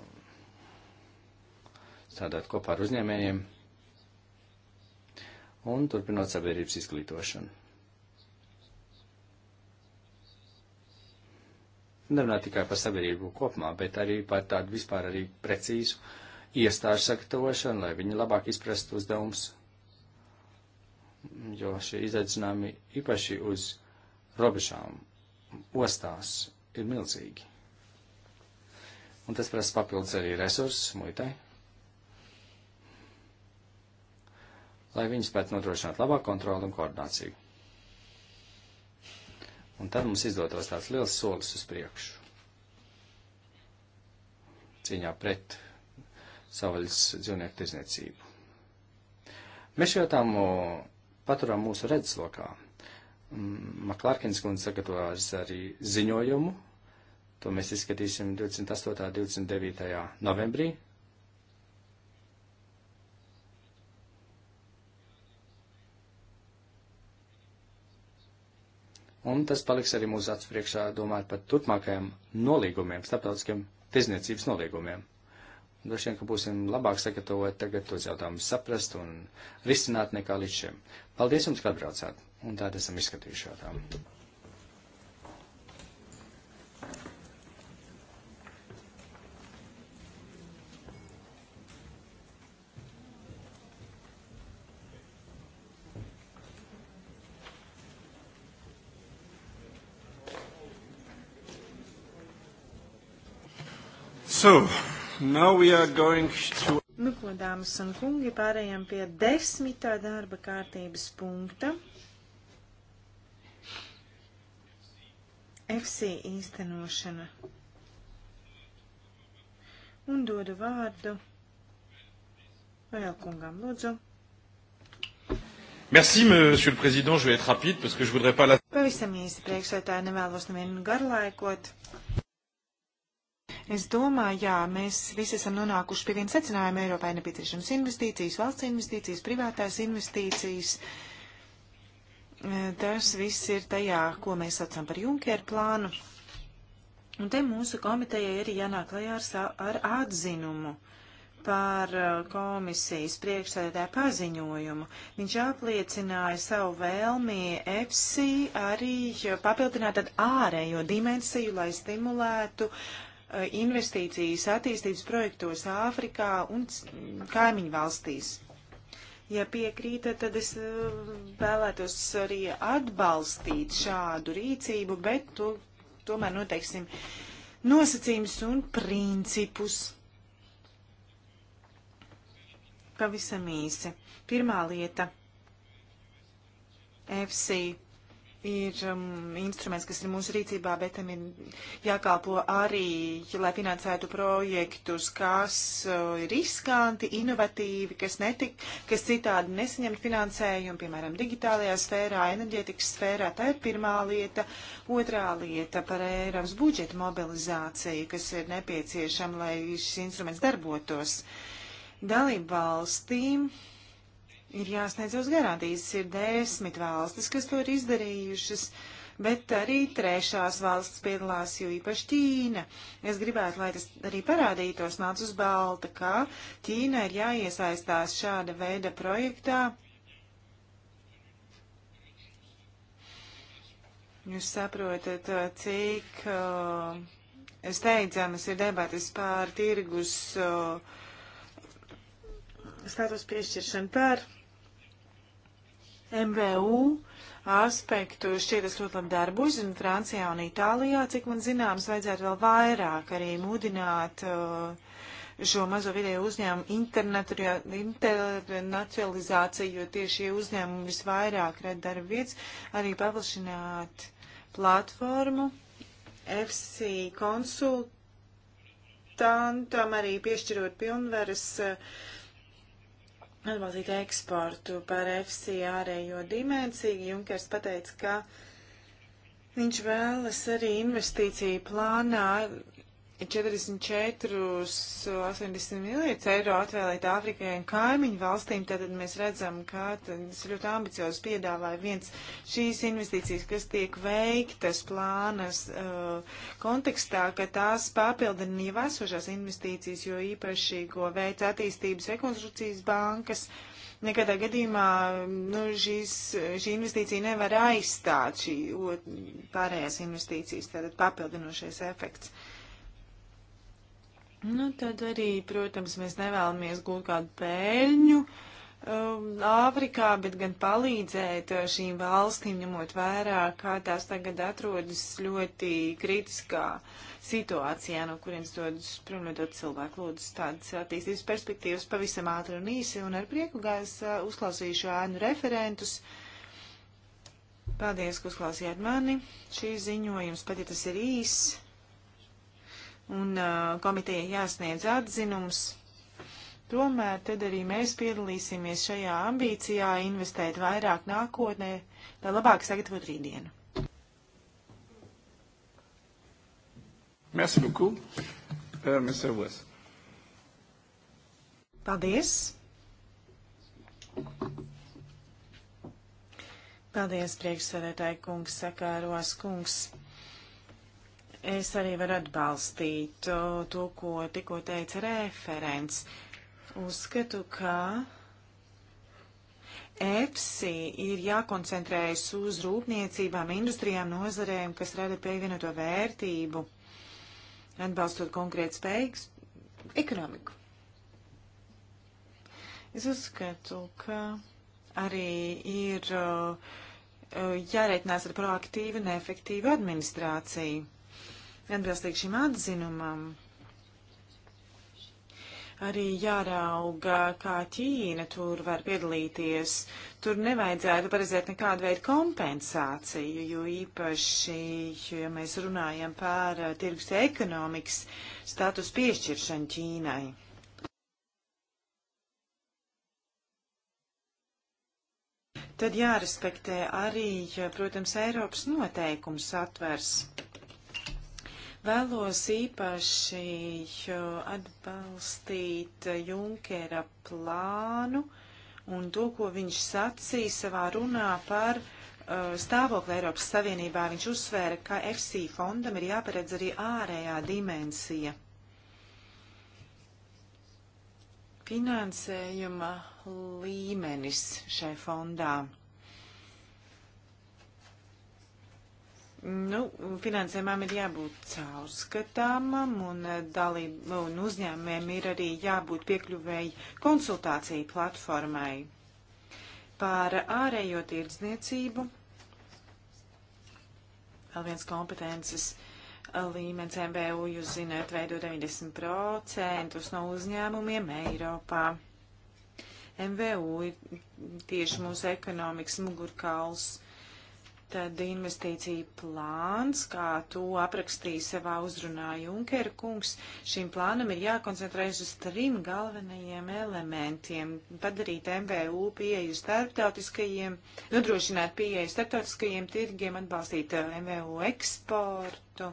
strādāt kopā ar uzņēmējiem un turpinot sabiedrības izglītošanu. Nerunā tikai par sabiedrību kopumā, bet arī par tādu vispār arī precīzu iestāžu sagatavošanu, lai viņi labāk izprastu uzdevumus, jo šie izaicinājumi īpaši uz robežām, ostās ir milzīgi. Un tas prasa papildus arī resursus muitai, lai viņi spētu nodrošināt labāku kontroli un koordināciju. Un tad mums izdotos tāds liels solis uz priekšu. Cīņā pret savvaļas dzīvnieku tirzniecību. Mēs šo jautājumu paturām mūsu redzeslokā. Mm, Maklārkins kundze sagatavās arī ziņojumu. To mēs izskatīsim 28. un 29. novembrī un tas paliks arī mūsu acu priekšā domāt par turpmākajiem nolīgumiem, starptautiskiem tirzniecības nolīgumiem. Droši vien, ka būsim labāk sagatavot tagad tos jautājumus saprast un risināt nekā līdz šim. Paldies jums, ka atbraucāt, un tādā esam izskatījuši jautājumu. So, now we are going to. Nu, ko dāmas un kungi, pārējām pie desmitā darba kārtības punkta. FC īstenošana. Un dodu vārdu vēl kungam, lūdzu. Merci, monsieur le président. Je vais être rapide parce que je voudrais pas la. Pavisam īsi priekšsētāji nevēlos nevienu garlaikot. Es domāju, jā, mēs visi esam nonākuši pie viena secinājuma. Eiropai nepieciešams investīcijas, valsts investīcijas, privātās investīcijas. E, tas viss ir tajā, ko mēs saucam par Junkeru plānu. Un te mūsu komitejai ir jānāk lajā ar, ar atzinumu par e, komisijas priekšsēdētāju paziņojumu. Viņš apliecināja savu vēlmi EFSI arī papildināt ar ārējo dimensiju, lai stimulētu uh, Eh, investīcijas attīstības projektos Āfrikā un mm, kaimiņu valstīs. Ja piekrītat, tad es eh, vēlētos arī atbalstīt šādu rīcību, bet to, tomēr noteiksim nosacījums un principus. Pavisam īsi. Pirmā lieta - FC ir um, instruments, kas ir mūsu rīcībā, bet tam ir jākalpo arī, lai finansētu projektus, kas uh, ir riskanti, inovatīvi, kas, netik, kas citādi nesaņem finansējumu, piemēram, digitālajā sfērā, enerģētikas sfērā. Tā ir pirmā lieta. Otrā lieta par Eiropas budžeta mobilizāciju, kas ir nepieciešama, lai šis instruments darbotos. Dalību valstīm ir jāsniedz uz garantijas. Ir desmit valstis, kas to ir izdarījušas, bet arī trešās valsts piedalās, jo īpaši Ķīna. Es gribētu, lai tas arī parādītos nāc uz balta, ka Ķīna ir jāiesaistās šāda veida projektā. Jūs saprotat, cik uh, eh, steidzamas ir debatas pār tirgus uh, status piešķiršanu par MVU aspektu šķietas ļoti labi darbus, un Francijā un Itālijā, cik man zināms, vajadzētu vēl vairāk arī mudināt uh, šo mazo vidēju uzņēmumu internacionalizāciju, jo tieši šie uzņēmumi visvairāk rada darba vietas, arī paplašināt platformu FC konsultantam, arī piešķirot pilnveras uh, atbalstīt eksportu par FC ārējo dimensiju. Junkers pateica, ka viņš vēlas arī investīciju plānā 44,80 miljonus eiro atvēlēt Āfrikai un kaimiņu valstīm, tad mēs redzam, ka tas ļoti ambiciozs piedāvāja viens šīs investīcijas, kas tiek veiktas plānas uh, kontekstā, ka tās papildina jau esošās investīcijas, jo īpaši, ko veic attīstības rekonstrukcijas bankas, nekādā gadījumā nu, šīs, šī investīcija nevar aizstāt šī pārējās investīcijas, tātad papildinošais efekts. Uh, Nu, tad arī, protams, mēs nevēlamies gūt kādu pēļņu um, Āfrikā, um, bet gan palīdzēt uh, šīm valstīm, ņemot vērā, kā tās tagad atrodas ļoti kritiskā situācijā, no kurienes dodas prom ļoti cilvēku. Lūdzu, tādas attīstības perspektīvas pavisam ātri un īsi, un ar prieku gājas uh, uzklausīšu ēnu referentus. Paldies, ka uzklausījāt mani. Šī ziņojums, pat ja tas ir īss un komitejai jāsniedz atzinums. Tomēr tad arī mēs piedalīsimies šajā ambīcijā investēt vairāk nākotnē, lai labāk sagatavotu rītdienu. Merci beaucoup, uh, Mr. West. Paldies. Paldies, priekšsēdētāji kungs, sakāros kungs. Es arī varu atbalstīt to, ko tikko teica referents. Uzskatu, ka EPSI ir jākoncentrējas uz rūpniecībām, industrijām, nozarēm, kas rada pievienoto vērtību, atbalstot konkrēt spējīgas ekonomiku. Es uzskatu, ka arī ir jāreitinās ar proaktīvu un efektīvu administrāciju atbilstīgi šim atzinumam arī jārauga, kā Ķīna tur var piedalīties. Tur nevajadzētu paredzēt nekādu veidu kompensāciju, jo īpaši, ja mēs runājam par eh, tirgus ekonomikas status piešķiršanu Ķīnai. Tad jārespektē arī, eh, protams, Eiropas noteikums atvers Vēlos īpaši atbalstīt Junkera plānu un to, ko viņš sacīja savā runā par uh, stāvokli Eiropas Savienībā. Viņš uzsvēra, ka FC fondam ir jāparedz arī ārējā dimensija. Finansējuma līmenis šai fondām. Nu, finansējumam ir jābūt caurskatāmam un, eh, dalību, un uzņēmumiem ir arī jābūt piekļuvēji konsultāciju platformai par ārējo tirdzniecību. Vēl viens kompetences eh, līmenis MBU, jūs zināt, veido 90% no uzņēmumiem Eiropā. MVU ir tieši mūsu ekonomikas mugurkauls. Tad investīcija plāns, kā to aprakstīja savā uzrunā Junkera kungs, šim plānam ir jākoncentrējas uz trim galvenajiem elementiem - padarīt MVU pieeju starptautiskajiem, nodrošināt pieeju starptautiskajiem tirgiem, atbalstīt eh, MVU eksportu.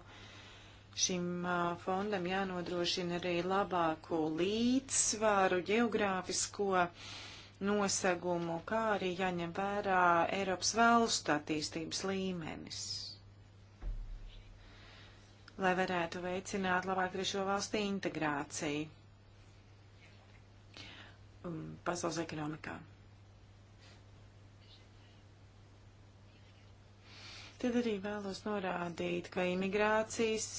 Šim eh, fondam jānodrošina arī labāku līdzsvaru geogrāfisko uh, nosegumu, kā arī jāņem vērā Eiropas valstu attīstības līmenis, lai varētu veicināt labāk trešo valstu integrāciju um, pasaules ekonomikā. Tad arī vēlos norādīt, ka imigrācijas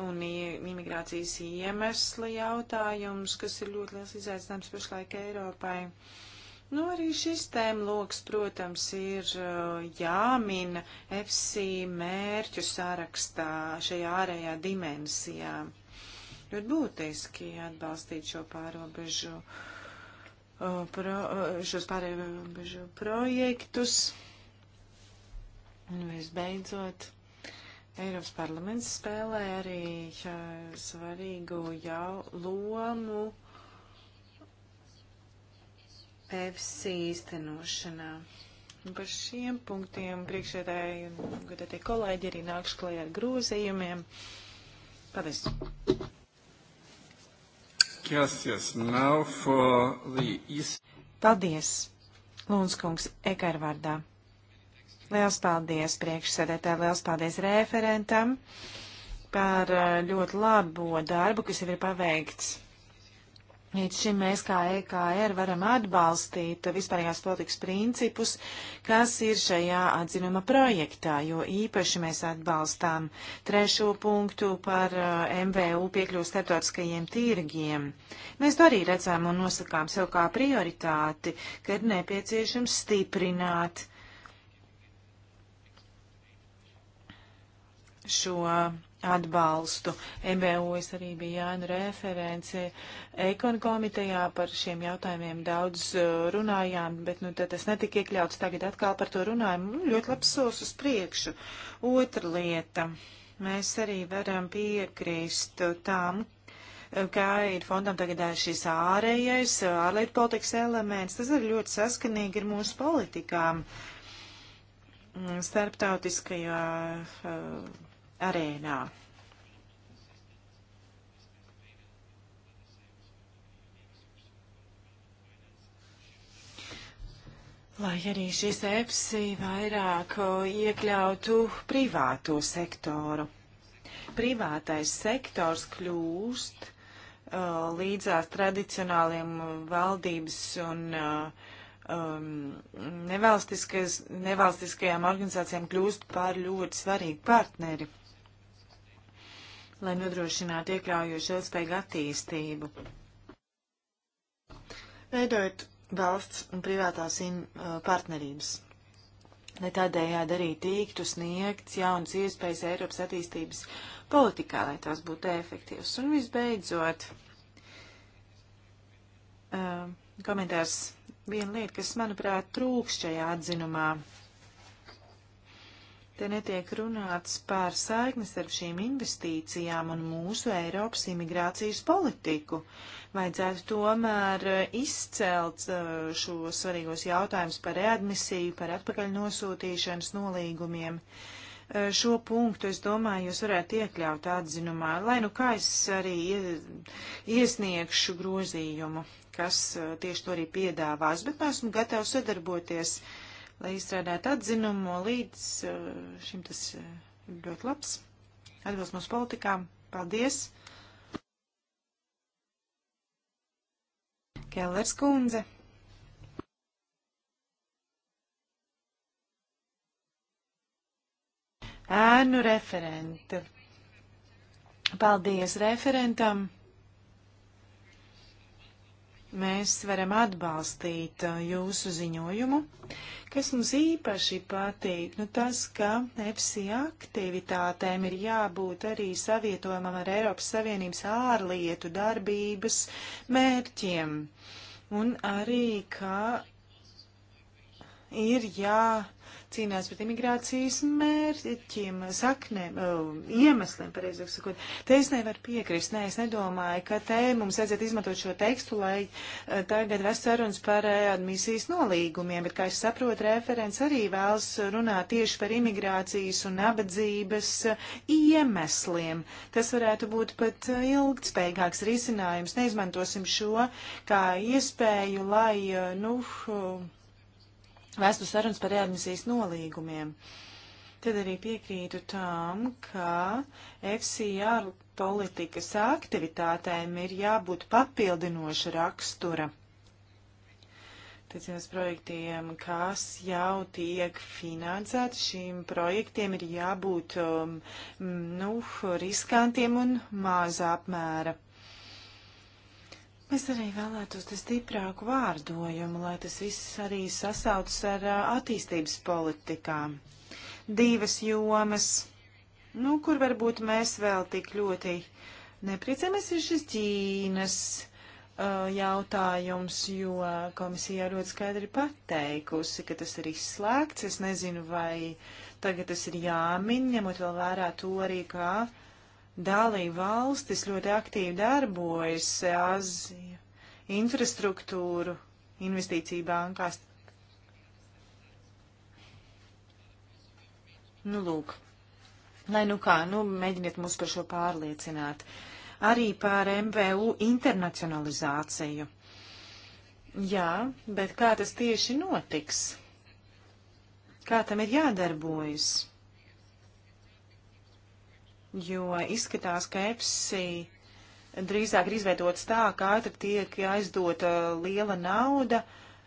un imigrācijas iemesli jautājums, kas ir ļoti liels izaicinājums pašlaik Eiropai. Nu, arī šis tēma loks, protams, ir uh, jāmina FC mērķu sarakstā šajā ārējā dimensijā. Ļoti būtiski atbalstīt šo pārobežu, uh, pro, uh, šos pārobežu projektus. Un visbeidzot. Nu, Eiropas parlaments spēlē arī uh, svarīgu jau lomu PFC īstenošanā. Un par šiem punktiem priekšēdēji un godētie kolēģi arī nākšu klajā ar grozījumiem. Paldies! Gracias. Now for the East. Paldies, Lūnskungs, Ekārvārdā. Liels paldies priekšsēdētāji, liels paldies referentam par eh, ļoti labo darbu, kas jau ir paveikts. Līdz šim mēs kā EKR varam atbalstīt vispārējās politikas principus, kas ir šajā atzinuma projektā, jo īpaši mēs atbalstām trešo punktu par eh, MVU piekļuvu starptautiskajiem tirgiem. Mēs to arī redzam un nosakām sev kā prioritāti, kad nepieciešams stiprināt šo atbalstu. MBU es arī biju Jāna referenci Ekon komitejā par šiem jautājumiem daudz uh, runājām, bet nu tad tas netika iekļauts. Tagad atkal par to runājam. Nu, ļoti labs solis uz priekšu. Otra lieta. Mēs arī varam piekrist tām, uh, kā ir fondam tagad šis ārējais, uh, ārlietu politikas elements. Tas ir ļoti saskanīgi ar mūsu politikām mm, starptautiskajā. Uh, arēnā. Lai arī šis EPSI vairāk iekļautu privāto sektoru. Privātais sektors kļūst uh, līdzās tradicionāliem valdības un uh, um, nevalstiskajām organizācijām kļūst par ļoti svarīgu partneri lai nodrošinātu iekļaujošu ilgspējīgu attīstību. Veidojot valsts un privātās uh, partnerības, lai tādējādi arī tiktu sniegts jaunas iespējas Eiropas attīstības politikā, lai tās būtu efektīvas. Un visbeidzot, uh, komentārs viena lieta, kas, manuprāt, trūkst šajā atzinumā Te netiek runāts par saikni starp šīm investīcijām un mūsu Eiropas imigrācijas politiku. Vajadzētu tomēr izcelt uh, šos svarīgos jautājumus par readmisiju, par atpakaļnosūtīšanas nolīgumiem. Uh, šo punktu, es domāju, jūs varētu iekļaut atzinumā, lai nu kā es arī iesniegšu grozījumu, kas uh, tieši to arī piedāvās, bet nu esmu gatavs sadarboties. Uh, lai izstrādātu atzinumu līdz eh, šim tas eh, ir ļoti labs. Atbilst mūsu politikām. Paldies! Kellers kundze. Ēnu referente. Paldies referentam mēs varam atbalstīt uh, jūsu ziņojumu. Kas mums īpaši patīk, nu tas, ka EFSI aktivitātēm ir jābūt arī savietojumam ar Eiropas Savienības ārlietu darbības mērķiem. Un arī, ka ir jā. Ja cīnās pret imigrācijas mērķiem, saknēm, eh, iemesliem, pareizāk sakot. Te es nevaru piekrist, nē, ne, es nedomāju, ka te mums vajadzētu izmantot šo tekstu, lai eh, tagad vest sarunas par eh, admisijas nolīgumiem, bet, kā es saprotu, referents arī vēlas runāt tieši par imigrācijas un nabadzības iemesliem. Tas varētu būt pat ilgtspējīgāks risinājums. Neizmantosim šo kā iespēju, lai, nu, vēstu sarunas par readmisijas nolīgumiem. Tad arī piekrītu tam, ka FCR politikas aktivitātēm ir jābūt papildinoša rakstura ticības projektiem, kas jau tiek finansēti, šīm projektiem ir jābūt, um, nu, riskantiem un mazā apmēra. Mēs arī vēlētos te stiprāku vārdojumu, lai tas viss arī sasaucas ar attīstības politikām. Divas jomas, nu, kur varbūt mēs vēl tik ļoti nepriecāmies, ir šis Ķīnas uh, jautājums, jo komisija ļoti skaidri pateikusi, ka tas ir izslēgts. Es nezinu, vai tagad tas ir jāmin, ņemot vēl vērā to arī, kā. Ka dalību valstis ļoti aktīvi darbojas Azija infrastruktūru investīciju bankās. Nu, lūk. Lai nu kā, nu, mēģiniet mūs par šo pārliecināt. Arī par MVU internacionalizāciju. Jā, bet kā tas tieši notiks? Kā tam ir jādarbojas? jo izskatās, ka EPSI drīzāk ir izveidots tā, ka ātri tiek aizdota uh, liela nauda,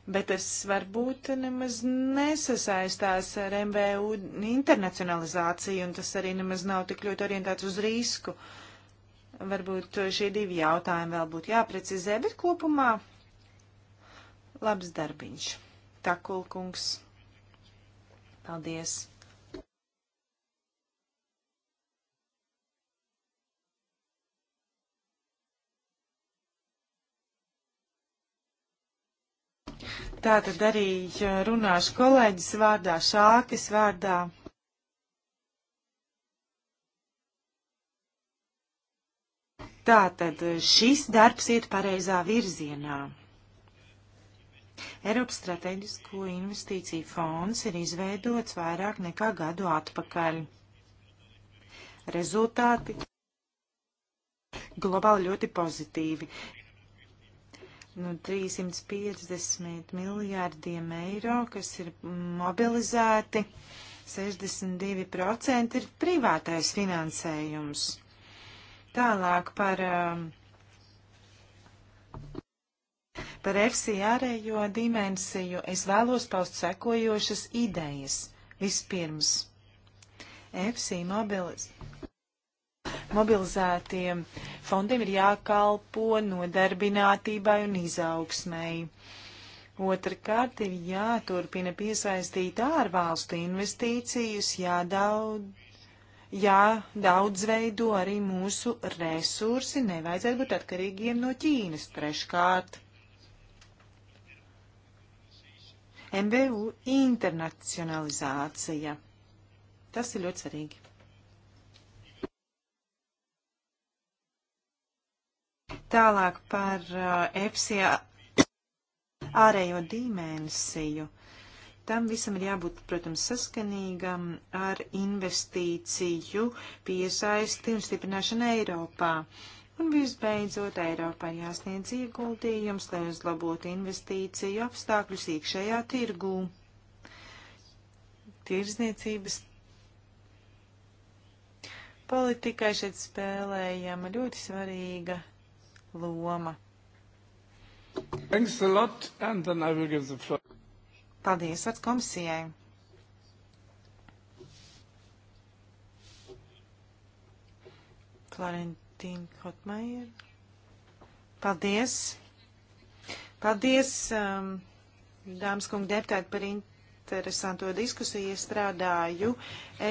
bet tas varbūt nemaz nesasaistās ar MVU internacionalizāciju, un tas arī nemaz nav tik ļoti orientēts uz risku. Varbūt uh, šie divi jautājumi vēl būtu jāprecizē, bet kopumā labs darbiņš. Takulkungs. Paldies! Tātad arī runāšu kolēģis vārdā, šākas vārdā. Tātad šis darbs iet pareizā virzienā. Eiropas strateģisko investīciju fonds ir izveidots vairāk nekā gadu atpakaļ. Rezultāti globāli ļoti pozitīvi no nu, 350 miljārdiem eiro, kas ir mobilizēti, 62% ir privātais finansējums. Tālāk par, um, par FC ārējo dimensiju es vēlos paust sekojošas idejas. Vispirms, FC mobiliz Mobilizētiem fondiem ir jākalpo nodarbinātībai un izaugsmēji. Otrakārt ir jāturpina piesaistīt ārvalstu investīcijas, jādaudz Jā, daudz veido arī mūsu resursi, nevajadzētu būt atkarīgiem no Ķīnas treškārt. MBU internacionalizācija. Tas ir ļoti svarīgi. Tālāk par EFSI uh, ārējo dimensiju. Tam visam ir jābūt, protams, saskanīgam ar investīciju piesaisti un stiprināšanu Eiropā. Un visbeidzot, Eiropā jāsniedz ieguldījums, lai uzlabotu investīciju apstākļus iekšējā tirgū. Tirzniecības politikai šeit spēlējama ļoti svarīga loma. Lot, Paldies vārds komisijai. Florentīna Hotmaier. Paldies. Paldies, um, dāmas kungi deputāti, par interesu interesanto diskusiju. Es strādāju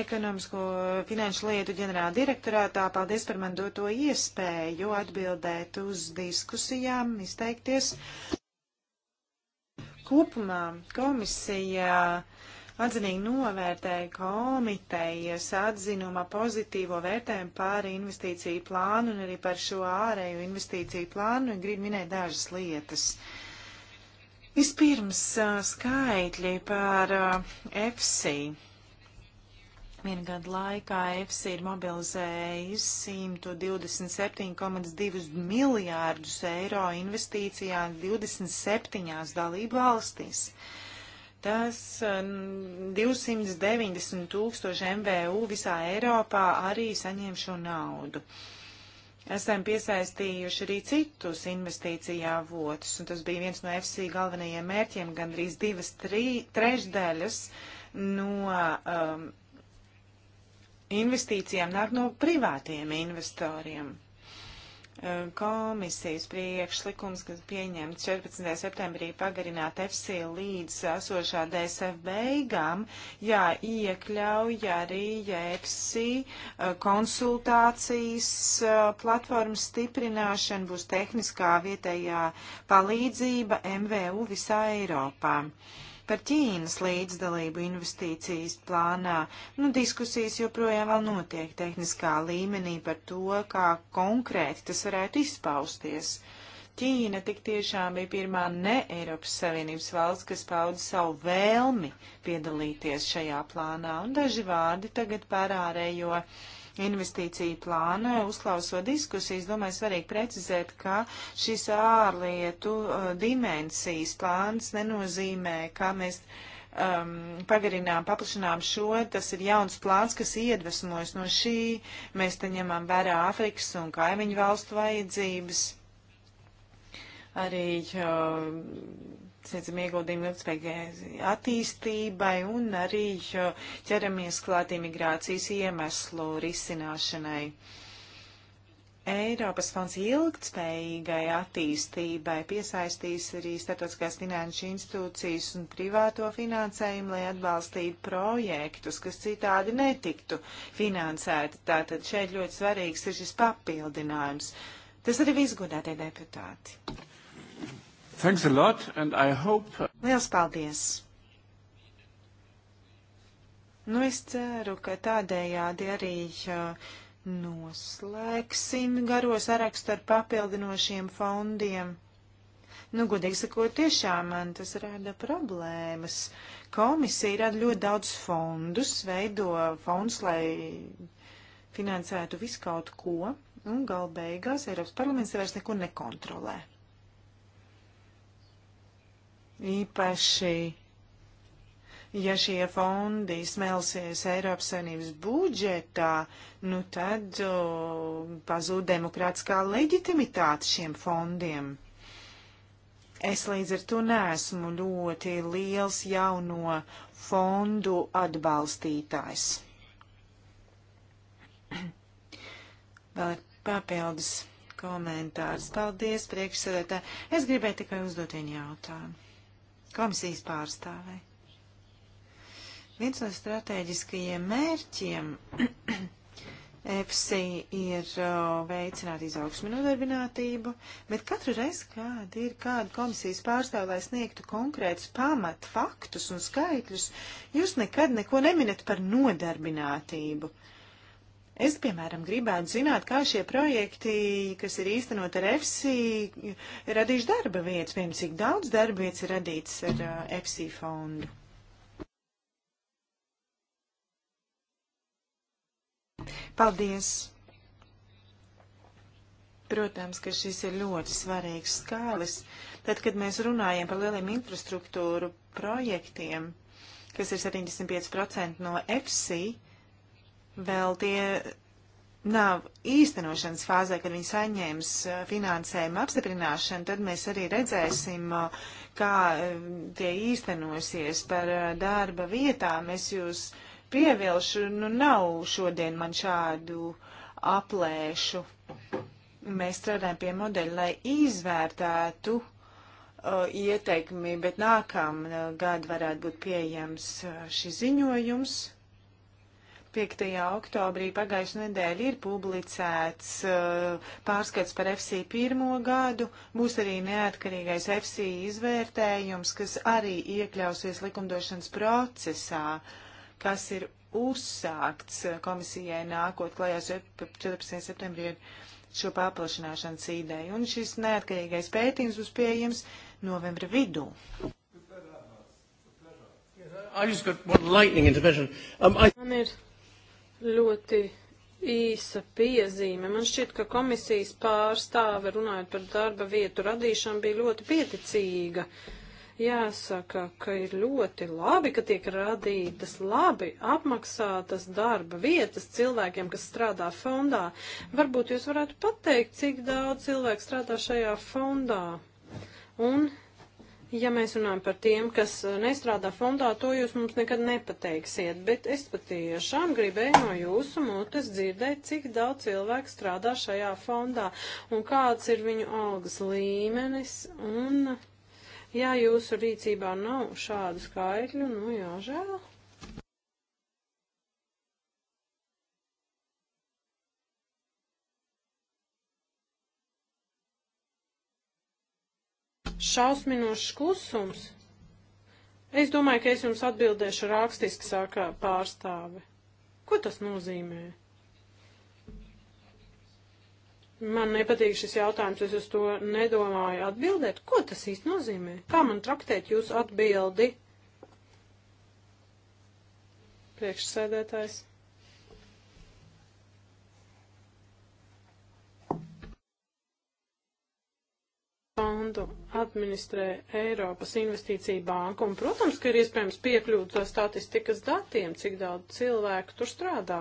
ekonomisko finanšu lietu ģenerāla direktorātā. Paldies par man doto iespēju atbildēt uz diskusijām, izteikties. Kopumā komisija atzinīgi novērtēja komitejas atzinumā pozitīvo vērtējumu pāri investīciju plānu un arī par šo ārēju investīciju plānu un grib minēt dažas lietas. Uh, Vispirms skaitļi par EFSI. Vienu gadu laikā EFSI ir mobilizējis 127,2 miljārdus eiro investīcijās 27 dalību valstīs. Tas 290 tūkstoši MVU visā Eiropā arī saņem šo naudu. Uh, esam piesaistījuši arī citus investīcijā avotus, un tas bija viens no FC galvenajiem mērķiem, gandrīz divas trī, trešdaļas no um, investīcijām nāk no privātiem investoriem komisijas priekšlikums, kas pieņemts 14. septembrī pagarināt FC līdz esošā DSF beigām, jā, iekļauj arī FC konsultācijas platformas stiprināšana, būs tehniskā vietējā palīdzība MVU visā Eiropā. Uh, par Ķīnas līdzdalību investīcijas plānā. Nu, diskusijas joprojām vēl notiek tehniskā līmenī par to, kā konkrēti tas varētu izpausties. Ķīna tik tiešām bija pirmā ne Eiropas Savienības valsts, kas pauda savu vēlmi piedalīties šajā plānā, un daži vārdi tagad par ārējo. Jo investīciju plānu. Uzklausot diskusijas, domāju, svarīgi precizēt, ka šis ārlietu uh, dimensijas plāns nenozīmē, kā mēs um, pagarinām, paplašinām šo, tas ir jauns plāns, kas iedvesmojas no šī. Mēs te ņemam vērā Āfrikas un kaimiņu valstu vajadzības. Arī uh, sniedzam ieguldījumu ilgspējīgai attīstībai un arī ķeramies klāt imigrācijas iemeslu risināšanai. Eiropas fonds ilgtspējīgai attīstībai piesaistīs arī starptautiskās finanšu institūcijas un privāto finansējumu, lai atbalstītu projektus, kas citādi netiktu finansēti. Tātad šeit ļoti svarīgs ir šis papildinājums. Tas arī viss godātie deputāti. Thanks a lot, and I hope. Uh, Liels paldies! Nu, es ceru, ka tādējādi arī uh, noslēgsim garo sarakstu ar papildinošiem fondiem. Nu, godīgi sakot, tiešām man tas rada problēmas. Komisija rada ļoti daudz fondus, veido fondus, lai finansētu visu kaut ko, un galbeigās Eiropas parlaments vairs neko nekontrolē. Īpaši, ja šie fondi smelsies Eiropas Savienības budžetā, nu tad o, pazūd demokrātiskā leģitimitāte šiem fondiem. Es līdz ar to neesmu ļoti liels jauno fondu atbalstītājs. Vēl ir papildus komentārs. Paldies, priekšsēdētāji. Es gribēju tikai uzdot vienu jautājumu komisijas pārstāvei. Viens no strateģiskajiem mērķiem EFSI ir uh, veicināt izaugsmu un nodarbinātību, bet katru reizi, kad ir kāda komisijas pārstāve, lai sniegtu konkrētus pamat faktus un skaitļus, jūs nekad neko neminat par nodarbinātību. Uh, Es, piemēram, gribētu zināt, kā šie projekti, kas ir īstenot ar EFSI, radīšu darba vietas, piemēram, cik daudz darba vietas ir radīts ar EFSI uh, fondu. Paldies! Protams, ka šis ir ļoti svarīgs skālis. Tad, kad mēs runājam par lieliem infrastruktūru projektiem, kas ir 75% no EFSI, vēl tie nav īstenošanas fāzē, kad viņi saņēmis eh, finansējumu apstiprināšanu, tad mēs arī redzēsim, eh, kā eh, tie īstenosies par darba vietām. Es jūs pievilšu, nu nav šodien man šādu aplēšu. Mēs strādājam pie modeļa, lai izvērtētu uh, ieteikumi, bet nākamgad varētu būt pieejams šis ziņojums. 5. oktobrī pagājušajā nedēļā ir publicēts uh, pārskats par FC pirmo gadu. Būs arī neatkarīgais FC izvērtējums, kas arī iekļausies likumdošanas procesā, kas ir uzsākts komisijai nākot klajās 14. septembrī ar šo paplašināšanas ideju. Un šis neatkarīgais pētījums būs pieejams novembra vidū. I just got one lightning intervention. Um, I... Man ir Ļoti īsa piezīme. Man šķiet, ka komisijas pārstāve runājot par darba vietu radīšanu bija ļoti pieticīga. Jāsaka, ka ir ļoti labi, ka tiek radītas labi apmaksātas darba vietas cilvēkiem, kas strādā fondā. Varbūt jūs varētu pateikt, cik daudz cilvēku strādā šajā fondā. Un Ja mēs runājam par tiem, kas eh, nestrādā fondā, to jūs mums nekad nepateiksiet, bet es patiešām gribēju no jūsu mutes dzirdēt, cik daudz cilvēku strādā šajā fondā un kāds ir viņu algas līmenis. Un, ja jūsu rīcībā nav šādu skaitļu, nu jāžēl. šausminošs klusums. Es domāju, ka es jums atbildēšu rakstiski, saka pārstāve. Ko tas nozīmē? Man nepatīk šis jautājums, es uz to nedomāju atbildēt. Ko tas īsti nozīmē? Kā man traktēt jūsu atbildi? Priekšsēdētājs. fondu administrē Eiropas investīcija banka, un, protams, ka ir iespējams piekļūt statistikas datiem, cik daudz cilvēku tur strādā.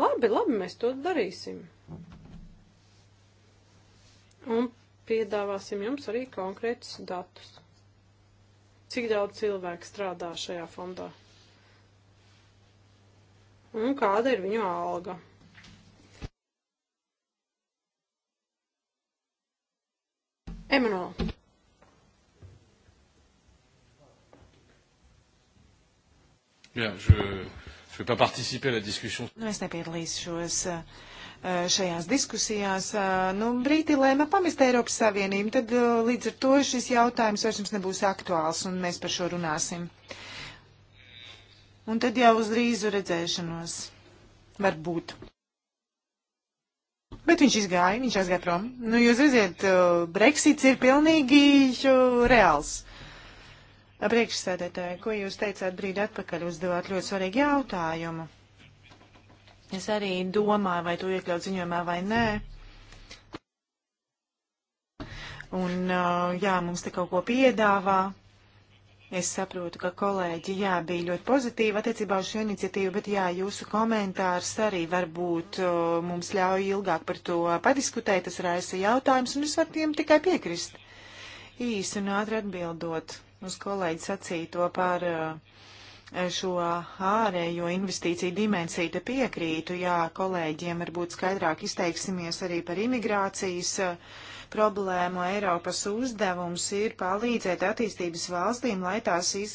Labi, labi, mēs to darīsim. Un piedāvāsim jums arī konkrētus datus. Cik daudz cilvēku strādā šajā fondā? Un kāda ir viņu alga? Emanuel. Bien, je ne vais pas participer à la discussion. Nu, es nepiedalīšos eh, šajās diskusijās. Eh, nu, Brīti lēma pamest Eiropas Savienību, tad eh, līdz ar to šis jautājums vairs mums nebūs aktuāls, un mēs par šo runāsim. Un tad jau uz drīzu redzēšanos. Varbūt. Bet viņš izgāja, viņš aizgāja prom. Nu, jūs redziet, uh, Brexits ir pilnīgi uh, reāls. Priekšsēdētāji, ko jūs teicāt brīdi atpakaļ, uzdevāt ļoti svarīgu jautājumu. Es arī domāju, vai to iekļaut ziņojumā vai nē. Un, uh, jā, mums te kaut ko piedāvā. Es saprotu, ka kolēģi, jā, bija ļoti pozitīva attiecībā uz šo iniciatīvu, bet jā, jūsu komentārs arī varbūt o, mums ļauj ilgāk par to padiskutēt, tas raisa jautājums, un es varu tiem tikai piekrist. Īsi un ātri atbildot uz kolēģi sacīto par uh, šo ārējo investīciju dimensiju te piekrītu, jā, kolēģiem varbūt skaidrāk izteiksimies arī par imigrācijas eh, problēmu. Eiropas uzdevums ir palīdzēt attīstības valstīm, lai tās iz,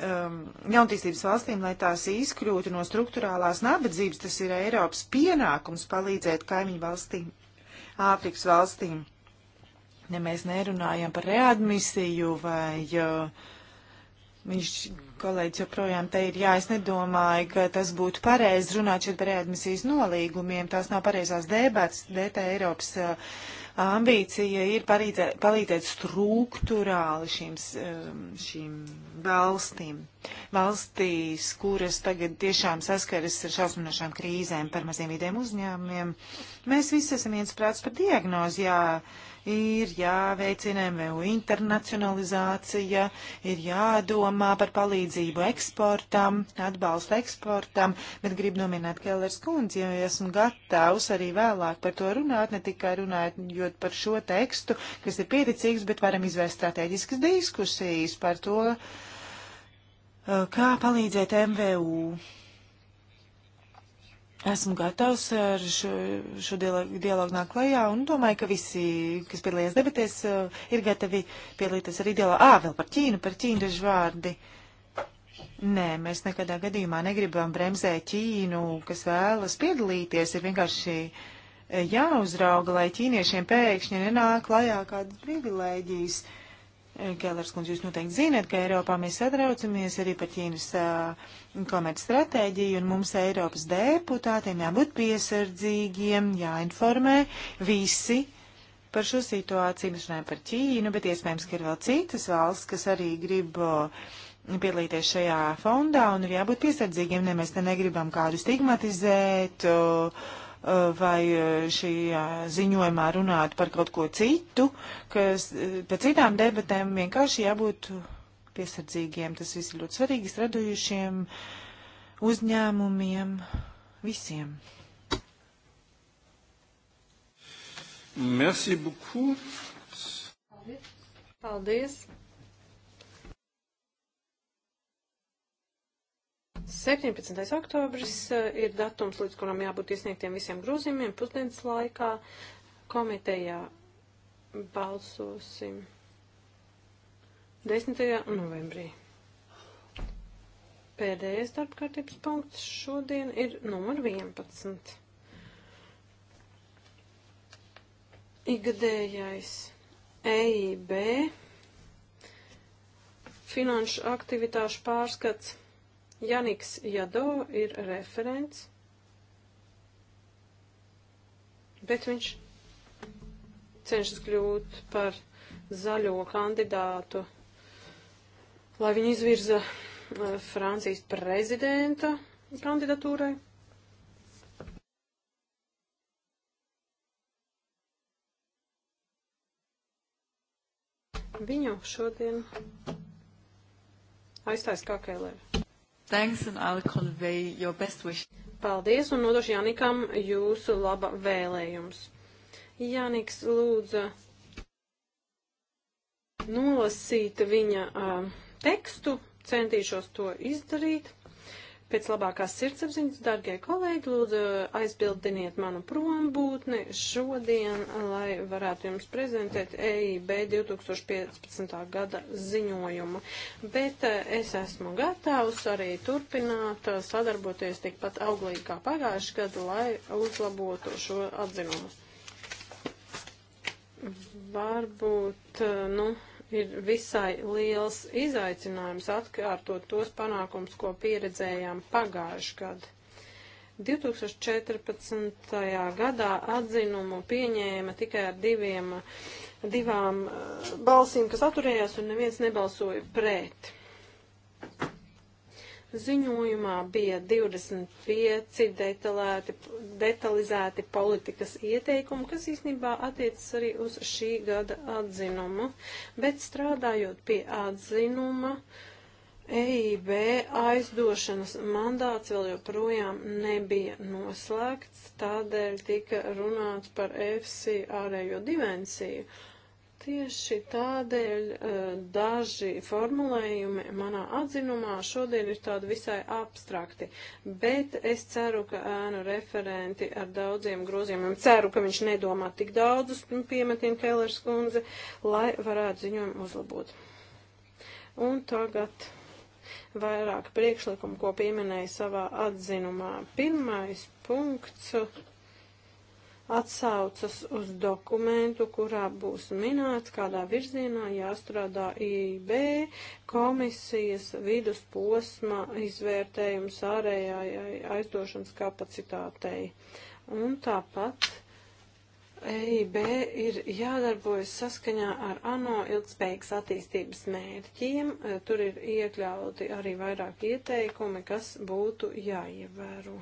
um, jaunatīstības valstīm, lai tās izkļūtu no struktūrālās nabadzības. Tas ir Eiropas pienākums palīdzēt kaimiņu valstīm, Āfrikas valstīm. Ja mēs nerunājam par readmisiju vai uh, viņš kolēģis joprojām te ir, jā, es nedomāju, ka tas būtu pareizi runāt šeit par readmisijas nolīgumiem. Tās nav pareizās debats. DT Eiropas uh, ambīcija ir parīdzē, palīdzēt struktūrāli šīm, um, šīm valstīm. Valstīs, kuras tagad tiešām saskaras ar šausminošām krīzēm par maziem vidiem uzņēmumiem. Mēs visi esam viens prāts par diagnozi, jā. Uh, ir jāveicina MVU internacionalizācija, ir jādomā par palīdzību eksportam, atbalstu eksportam, bet gribu nominēt Kellers kundzi, jo esmu gatavs arī vēlāk par to runāt, ne tikai runājot par šo tekstu, kas ir pieticīgs, bet varam izvērst strateģiskas diskusijas par to, uh, kā palīdzēt MVU. Esmu gatavs eh, ar šo, šo dialogu, dialogu nāk klajā un domāju, ka visi, kas piedalījās debatēs, eh, ir gatavi piedalīties arī dialogā. Ā, vēl par Ķīnu, par Ķīnu daži vārdi. Nē, mēs nekadā gadījumā negribam bremzēt Ķīnu, kas vēlas piedalīties. Ir vienkārši eh, jāuzrauga, lai ķīniešiem pēkšņi nenāk klajā kādas privilēģijas. Uh, Kēlers kundze, jūs noteikti zināt, ka Eiropā mēs satraucamies arī par Ķīnas komerc stratēģiju, un mums Eiropas deputātiem jābūt piesardzīgiem, jāinformē visi par šo situāciju. Mēs runājam par Ķīnu, bet iespējams, ka ir vēl citas valsts, kas arī grib piedalīties šajā fondā, un ir jābūt piesardzīgiem, ne mēs te negribam kādu stigmatizēt. Uh, vai eh, šī ziņojumā runāt par kaut ko citu, kas eh, pēc citām debatēm vienkārši jābūt piesardzīgiem. Tas viss ir ļoti svarīgi radojušiem uzņēmumiem visiem. Merci beaucoup. Paldies. Paldies. 17. oktobris eh, ir datums, līdz kuram jābūt iesniegtiem visiem grozījumiem pusdienas laikā. Komitejā balsosim 10. novembrī. Pēdējais darbkārtības punkts šodien ir numur 11. Igadējais EIB finanšu aktivitāšu pārskats Janiks Jado ir referents, bet viņš cenšas kļūt par zaļo kandidātu, lai viņu izvirza uh, Francijas prezidenta kandidatūrai. Viņu šodien aizstājas kā kēlēvi. Thanks and I'll convey your best wish. Paldies un nodošu Janikam jūsu laba vēlējums. Janiks lūdza nolasīt viņa uh, tekstu, centīšos to izdarīt. Pēc labākās sirdsapziņas, dargie kolēģi, lūdzu aizbildiniet manu prombūtni šodien, lai varētu jums prezentēt EIB 2015. gada ziņojumu. Bet eh, es esmu gatavs arī turpināt eh, sadarboties tikpat auglīgi kā pagājuši gadu, lai uzlabotu šo atzinumu. Varbūt, eh, nu ir visai liels izaicinājums atkārtot tos panākums, ko pieredzējām pagājuši gadu. 2014. gadā atzinumu pieņēma tikai ar diviem, divām eh, balsīm, kas atturējās, un neviens nebalsoja pret. Ziņojumā bija 25 detalēti, detalizēti politikas ieteikumi, kas īstenībā attiecas arī uz šī gada atzinumu, bet strādājot pie atzinuma, EIB aizdošanas mandāts vēl joprojām nebija noslēgts, tādēļ tika runāts par EFSI ārējo dimensiju Tieši tādēļ eh, daži formulējumi manā atzinumā šodien ir tādi visai abstrakti, bet es ceru, ka ēnu referenti ar daudziem grozījumiem, ceru, ka viņš nedomā tik daudzus piemetiem Kēlers kundze, lai varētu ziņojumu uzlabot. Un tagad vairāk priekšlikumu, ko pieminēja savā atzinumā. Pirmais punkts atsaucas uz dokumentu, kurā būs minēts, kādā virzienā jāstrādā IIB komisijas vidusposma izvērtējums ārējai aizdošanas kapacitātei. Un tāpat EIB ir jādarbojas saskaņā ar ANO ilgspējīgas attīstības mērķiem. Tur ir iekļauti arī vairāk ieteikumi, kas būtu jāievēro.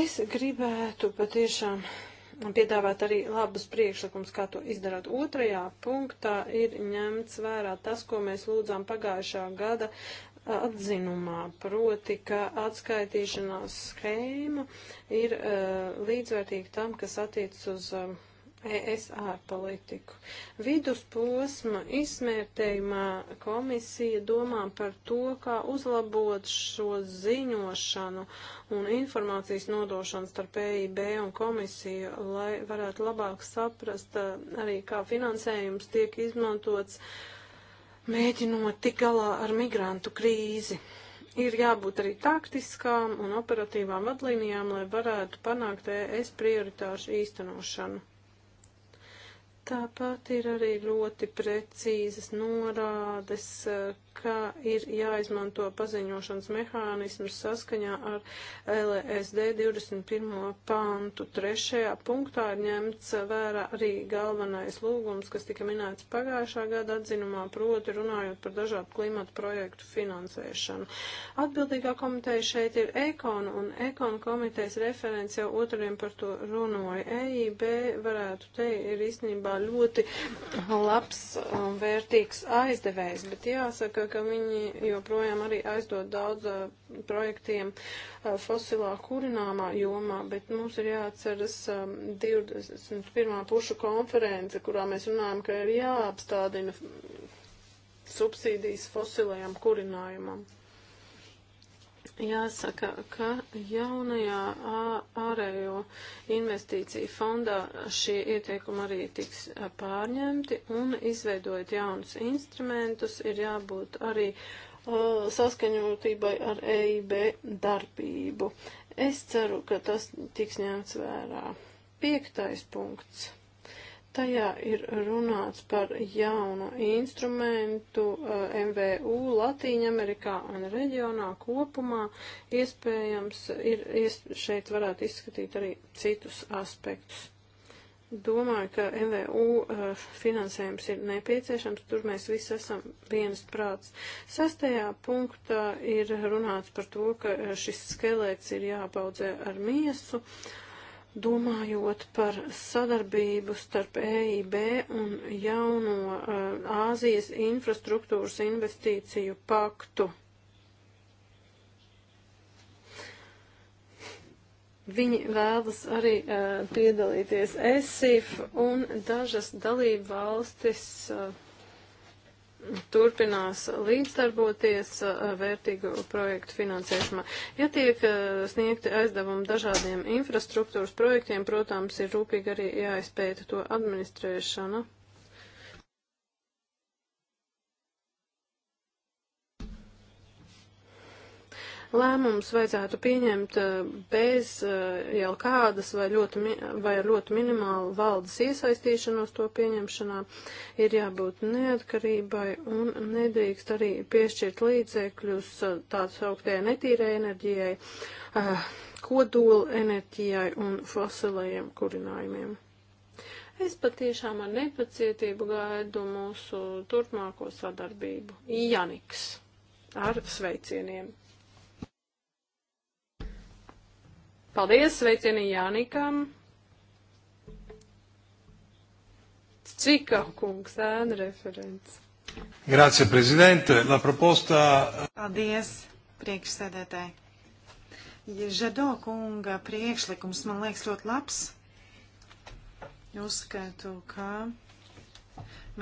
Es gribētu patiešām piedāvāt arī labus priekšlikumus, kā to izdarāt. Otrajā punktā ir ņemts vērā tas, ko mēs lūdzām pagājušā gada atzinumā, proti, ka atskaitīšanās schēma ir uh, līdzvērtīga tam, kas attiec uz uh, ES ārpolitiku. Vidusposma izmērtējumā komisija domā par to, kā uzlabot šo ziņošanu un informācijas nodošanu starp EIB un komisiju, lai varētu labāk saprast uh, arī, kā finansējums tiek izmantots, mēģinot tik galā ar migrantu krīzi ir jābūt arī taktiskām un operatīvām vadlīnijām, lai varētu panākt ES prioritāšu īstenošanu. Tāpat ir arī ļoti precīzas norādes, eh, ka ir jāizmanto paziņošanas mehānisms saskaņā ar LSD 21. pantu. Trešajā punktā ir ņemts vērā arī galvenais lūgums, kas tika minēts pagājušā gada atzinumā, proti runājot par dažādu klimatu projektu finansēšanu. Atbildīgā komiteja šeit ir Ekon, un Ekon komitejas referents jau otriem par to runāja. EIB varētu teikt, ir īstenībā ļoti labs un vērtīgs aizdevējs, bet jāsaka, ka viņi joprojām arī aizdod daudz uh, projektiem uh, fosilā kurināmā jomā, bet mums ir jāatceras um, eh, 21. pušu konference, kurā mēs runājam, ka ir jāapstādina subsīdijas fosilajam kurinājumam. Jāsaka, ka jaunajā ārējo investīciju fondā šie ieteikumi arī tiks pārņemti un izveidojot jaunus instrumentus, ir jābūt arī uh, saskaņotībai ar EIB darbību. Es ceru, ka tas tiks ņemts vērā. Piektais punkts. Tajā ir runāts par jaunu instrumentu eh, MVU Latīņamerikā un reģionā kopumā. Iespējams, ir, šeit varētu izskatīt arī citus aspektus. Domāju, ka MVU eh, finansējums ir nepieciešams, tur mēs visi esam vienas prāts. Sastajā punktā ir runāts par to, ka eh, šis skelets ir jāpaudzē ar miesu. Uh, Domājot par sadarbību starp EIB un jauno eh, Āzijas infrastruktūras investīciju paktu. Viņi vēlas arī uh, piedalīties ESIF un dažas dalību valstis. Uh, turpinās līdzdarboties eh, vērtīgu projektu finansēšanā. Ja tiek eh, sniegti aizdevumi dažādiem infrastruktūras projektiem, protams, ir rūpīgi arī jāizpēta to administrēšana. Lēmums vajadzētu pieņemt eh, bez eh, jau kādas vai, ļoti, vai ar ļoti minimālu valdes iesaistīšanos to pieņemšanā. Ir jābūt neatkarībai un nedrīkst arī piešķirt līdzekļus eh, tāds augtajai netīrai enerģijai, kodola enerģijai un fosilajiem kurinājumiem. Es patiešām ar nepacietību gaidu mūsu turpmāko sadarbību. Janiks ar sveicieniem! Paldies, sveicieni Jānikam. Cika kungs, ēna referents. Grazie, prezidente. La proposta. Paldies, priekšsēdētāji. Ja Žado kunga priekšlikums man liekas ļoti labs. Uzskatu, ka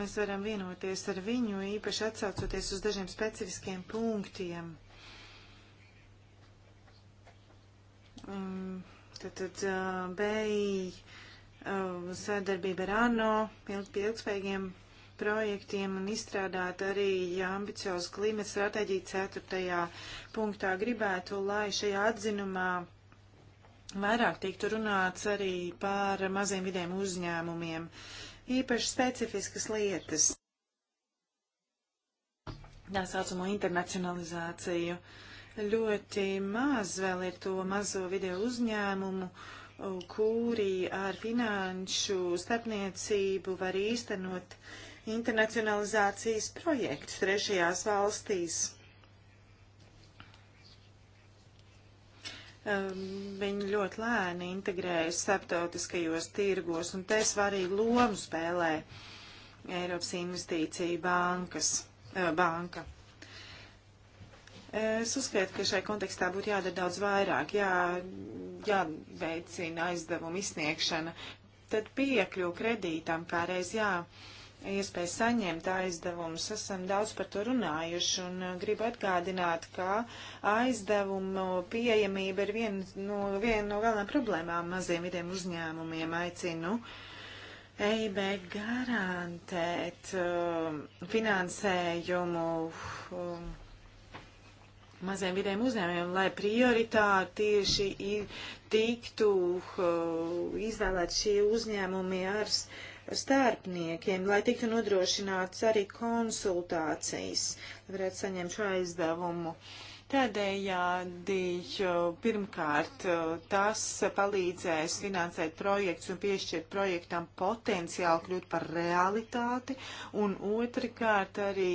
mēs varam vienoties ar viņu, īpaši atsaucoties uz dažiem specifiskiem punktiem Tātad BEI sadarbība ar ANO, ilgspējīgiem projektiem un izstrādāt arī ambiciozu klimata stratēģiju. Ceturtajā punktā gribētu, lai šajā atzinumā vairāk tiktu runāts arī par maziem vidiem uzņēmumiem. Īpaši specifiskas lietas. Tā saucamo internacionalizāciju. Uh, Ļoti maz vēl ir to mazo video uzņēmumu, kuri ar finanšu starpniecību var īstenot internacionalizācijas projektus trešajās valstīs. Um, viņi ļoti lēni integrējas starptautiskajos tirgos, un te svarīgi lomu spēlē Eiropas investīcija bankas, eh, banka. Es uzskatu, ka šai kontekstā būtu jādara daudz vairāk, jā, jāveicina aizdevumu izsniegšana, tad piekļuvu kredītam kāreiz jā, iespēja saņemt aizdevumus. Esam daudz par to runājuši un uh, gribu atgādināt, ka aizdevumu pieejamība ir viena no, nu, viena no galvenām problēmām maziem vidiem uzņēmumiem. Aicinu EIB garantēt um, finansējumu. Um, maziem vidiem uzņēmējiem, lai prioritāti tieši ir tiktu uh, izvēlēt šie uzņēmumi ar starpniekiem, lai tiktu nodrošināts arī konsultācijas, lai varētu saņemt šo aizdevumu. Uh, Tādējādi pirmkārt tas palīdzēs finansēt projekts un piešķirt projektam potenciāli kļūt par realitāti, un otrkārt arī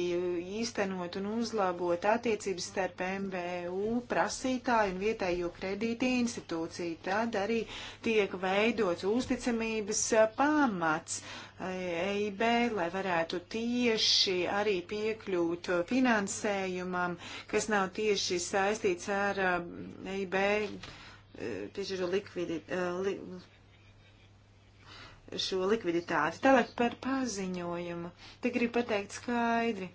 īstenot un uzlabot attiecības starp MVU prasītāju un vietējo kredīti institūciju. Tad arī tiek veidots uzticamības pamats EIB, lai varētu tieši arī piekļūt finansējumam, kas nav tieši saistīts ar um, EIB piešķiro uh, likviditāti. Uh, šo likviditāti. Tālāk par paziņojumu. Te gribu pateikt skaidri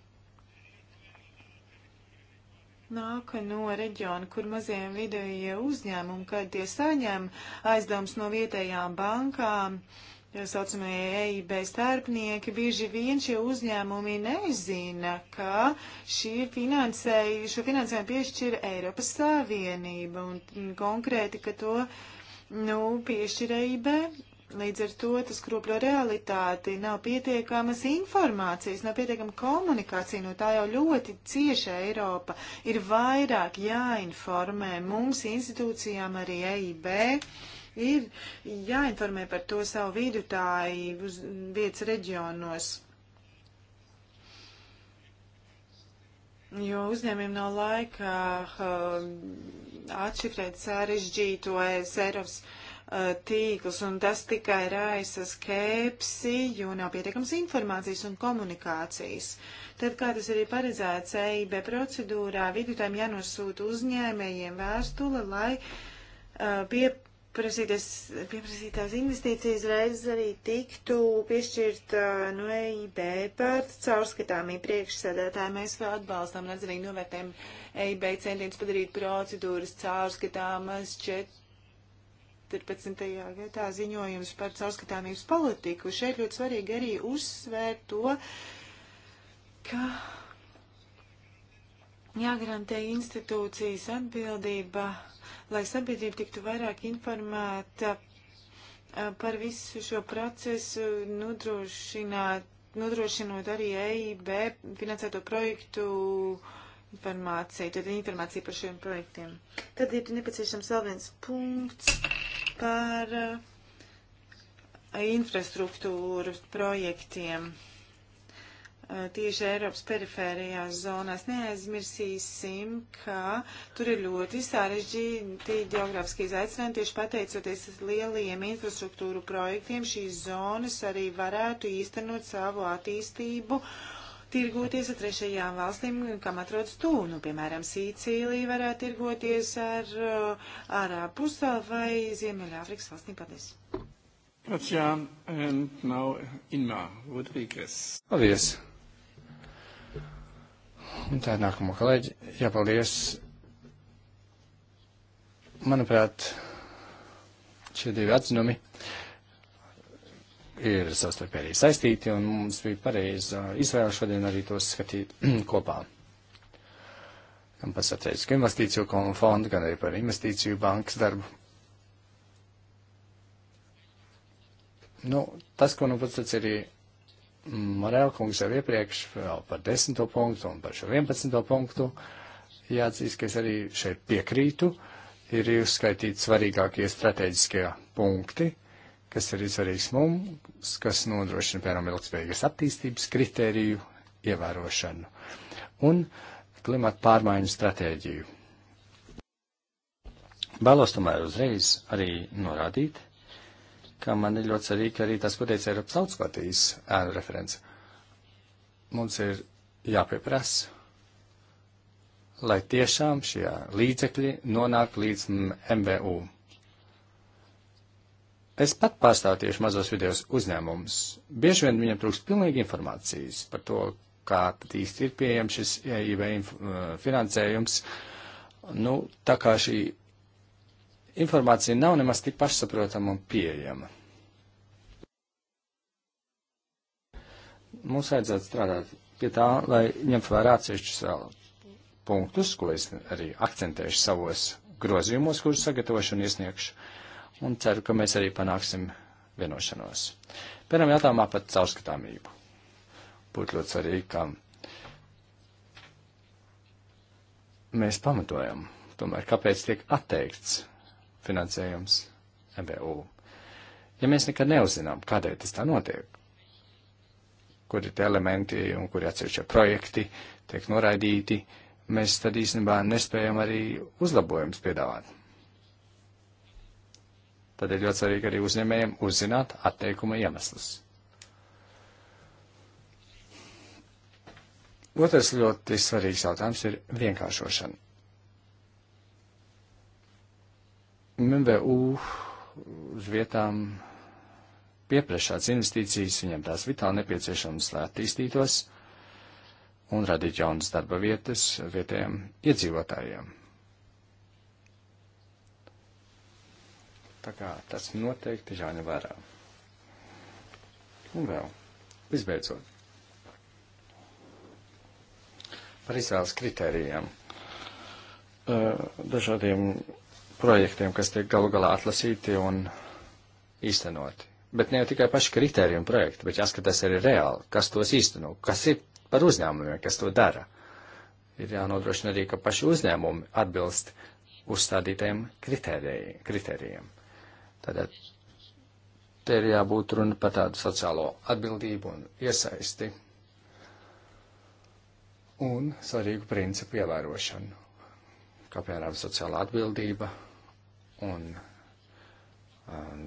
nāk no reģiona, kur maziem vidējie uzņēmumi, kad tie saņem aizdevums no vietējām bankām, uh, tā saucamie EIB starpnieki, bieži vien šie uzņēmumi nezina, ka finansēju, šo finansējumu piešķir Eiropas Savienība un, un konkrēti, ka to nu, piešķir EIB. Līdz ar to tas kropļo realitāti, nav pietiekamas informācijas, nav pietiekama komunikācija, no tā jau ļoti cieša Eiropa. Ir vairāk jāinformē mums, institūcijām, arī EIB Ir jāinformē par to savu vidutāju uz vietas reģionos. Jo uzņēmumiem nav laika uh, atšifrēt sarežģīto Eiropas uh, tīklus, un tas tikai raisa skepsi, jo nav pietiekams informācijas un komunikācijas. Tad, kā tas arī paredzēts EIB procedūrā, vidutājiem jānosūta uzņēmējiem vēstule, lai uh, pie pieprasītās investīcijas reizes arī tiktu piešķirt no EIB par caurskatāmību priekšsēdētāju. Mēs vēl atbalstām un atzinīgi novērtējam EIB centienus padarīt procedūras caurskatāmas 14. gadā ziņojums par caurskatāmības politiku. Šeit ļoti svarīgi arī uzsvērt to, ka jāgarantē institūcijas atbildība lai sabiedrība tiktu vairāk informēta par visu šo procesu, nodrošināt, nodrošinot arī EIB finansēto projektu informāciju, tad informāciju par šiem projektiem. Tad ir nepieciešams vēl viens punkts par infrastruktūru projektiem tieši Eiropas perifērijās zonās. Neaizmirsīsim, ka tur ir ļoti sarežģīti geogrāfiskie izaicinājumi. Tieši pateicoties lieliem infrastruktūru projektiem, šīs zonas arī varētu īstenot savu attīstību. Tirgoties ar trešajām valstīm, kam atrodas tūnu, nu, piemēram, Sīcīlija varētu tirgoties ar ārā pusē vai Ziemeļāfrikas valstīm. Paldies! Katja, and now Inma Rodriguez. Paldies! Un tā ir nākamā kolēģi. Jā, paldies. Manuprāt, šie divi atzinumi ir savstarpēji saistīti, un mums bija pareiza izvēle šodien arī tos skatīt kopā. Gan par strateģisku investīciju fondu, gan arī par investīciju bankas darbu. Nu, tas, ko nu pats tas arī Morēla kungs jau iepriekš vēl par desmito punktu un par šo vienpadsmito punktu. Jāatzīst, ka es arī šeit piekrītu. Ir uzskaitīti svarīgākie strateģiskie punkti, kas ir svarīgs mums, kas nodrošina, piemēram, ilgspējīgas attīstības kritēriju ievērošanu un klimata pārmaiņu stratēģiju. Vēlos tomēr uzreiz arī norādīt, ka man ir ļoti svarīgi arī tas, ko teica Eiropas augstskotīs ēnu referents. Mums ir jāpieprasa, lai tiešām šie līdzekļi nonāk līdz MVU. Es pat pārstāvu tieši mazos vidējos uzņēmumus. Bieži vien viņam trūks pilnīgi informācijas par to, kā tad īsti ir pieejams šis EIB uh, finansējums. Nu, tā kā šī informācija nav nemaz tik pašsaprotama un pieejama. Mums vajadzētu strādāt pie tā, lai ņemtu vērā atsevišķus vēl punktus, ko es arī akcentēšu savos grozījumos, kurus sagatavošu un iesniegšu, un ceru, ka mēs arī panāksim vienošanos. Pēram jautājumā par caurskatāmību. Būtu ļoti svarīgi, ka mēs pamatojam, tomēr kāpēc tiek atteikts finansējums MVU. Ja mēs nekad neuzinām, kādēļ tas tā notiek, kur ir tie elementi un kuri atsevišķi projekti tiek noraidīti, mēs tad īstenībā nespējam arī uzlabojumus piedāvāt. Tad ir ļoti svarīgi arī uzņēmējiem uzzināt atteikuma iemeslus. Otrs ļoti svarīgs jautājums ir vienkāršošana. MVU uz vietām pieprasa šādas investīcijas, viņam tās vitāli nepieciešamas, lai attīstītos un radīt jaunas darba vietas vietējiem iedzīvotājiem. Tā kā tas noteikti jāņem vērā. Un vēl, visbeidzot, par izvēles kritērijiem, dažādiem projektiem, kas tiek galu galā atlasīti un īstenoti. Bet ne jau tikai paši kriteriju un projekti, bet jāskatās arī reāli, kas tos īsteno, kas ir par uzņēmumiem, kas to dara. Ir jānodrošina arī, ka paši uzņēmumi atbilst uzstādītajiem kritērijiem. Tātad te ir jābūt runa par tādu sociālo atbildību un iesaisti un svarīgu principu ievērošanu kā piemēram sociālā atbildība un um,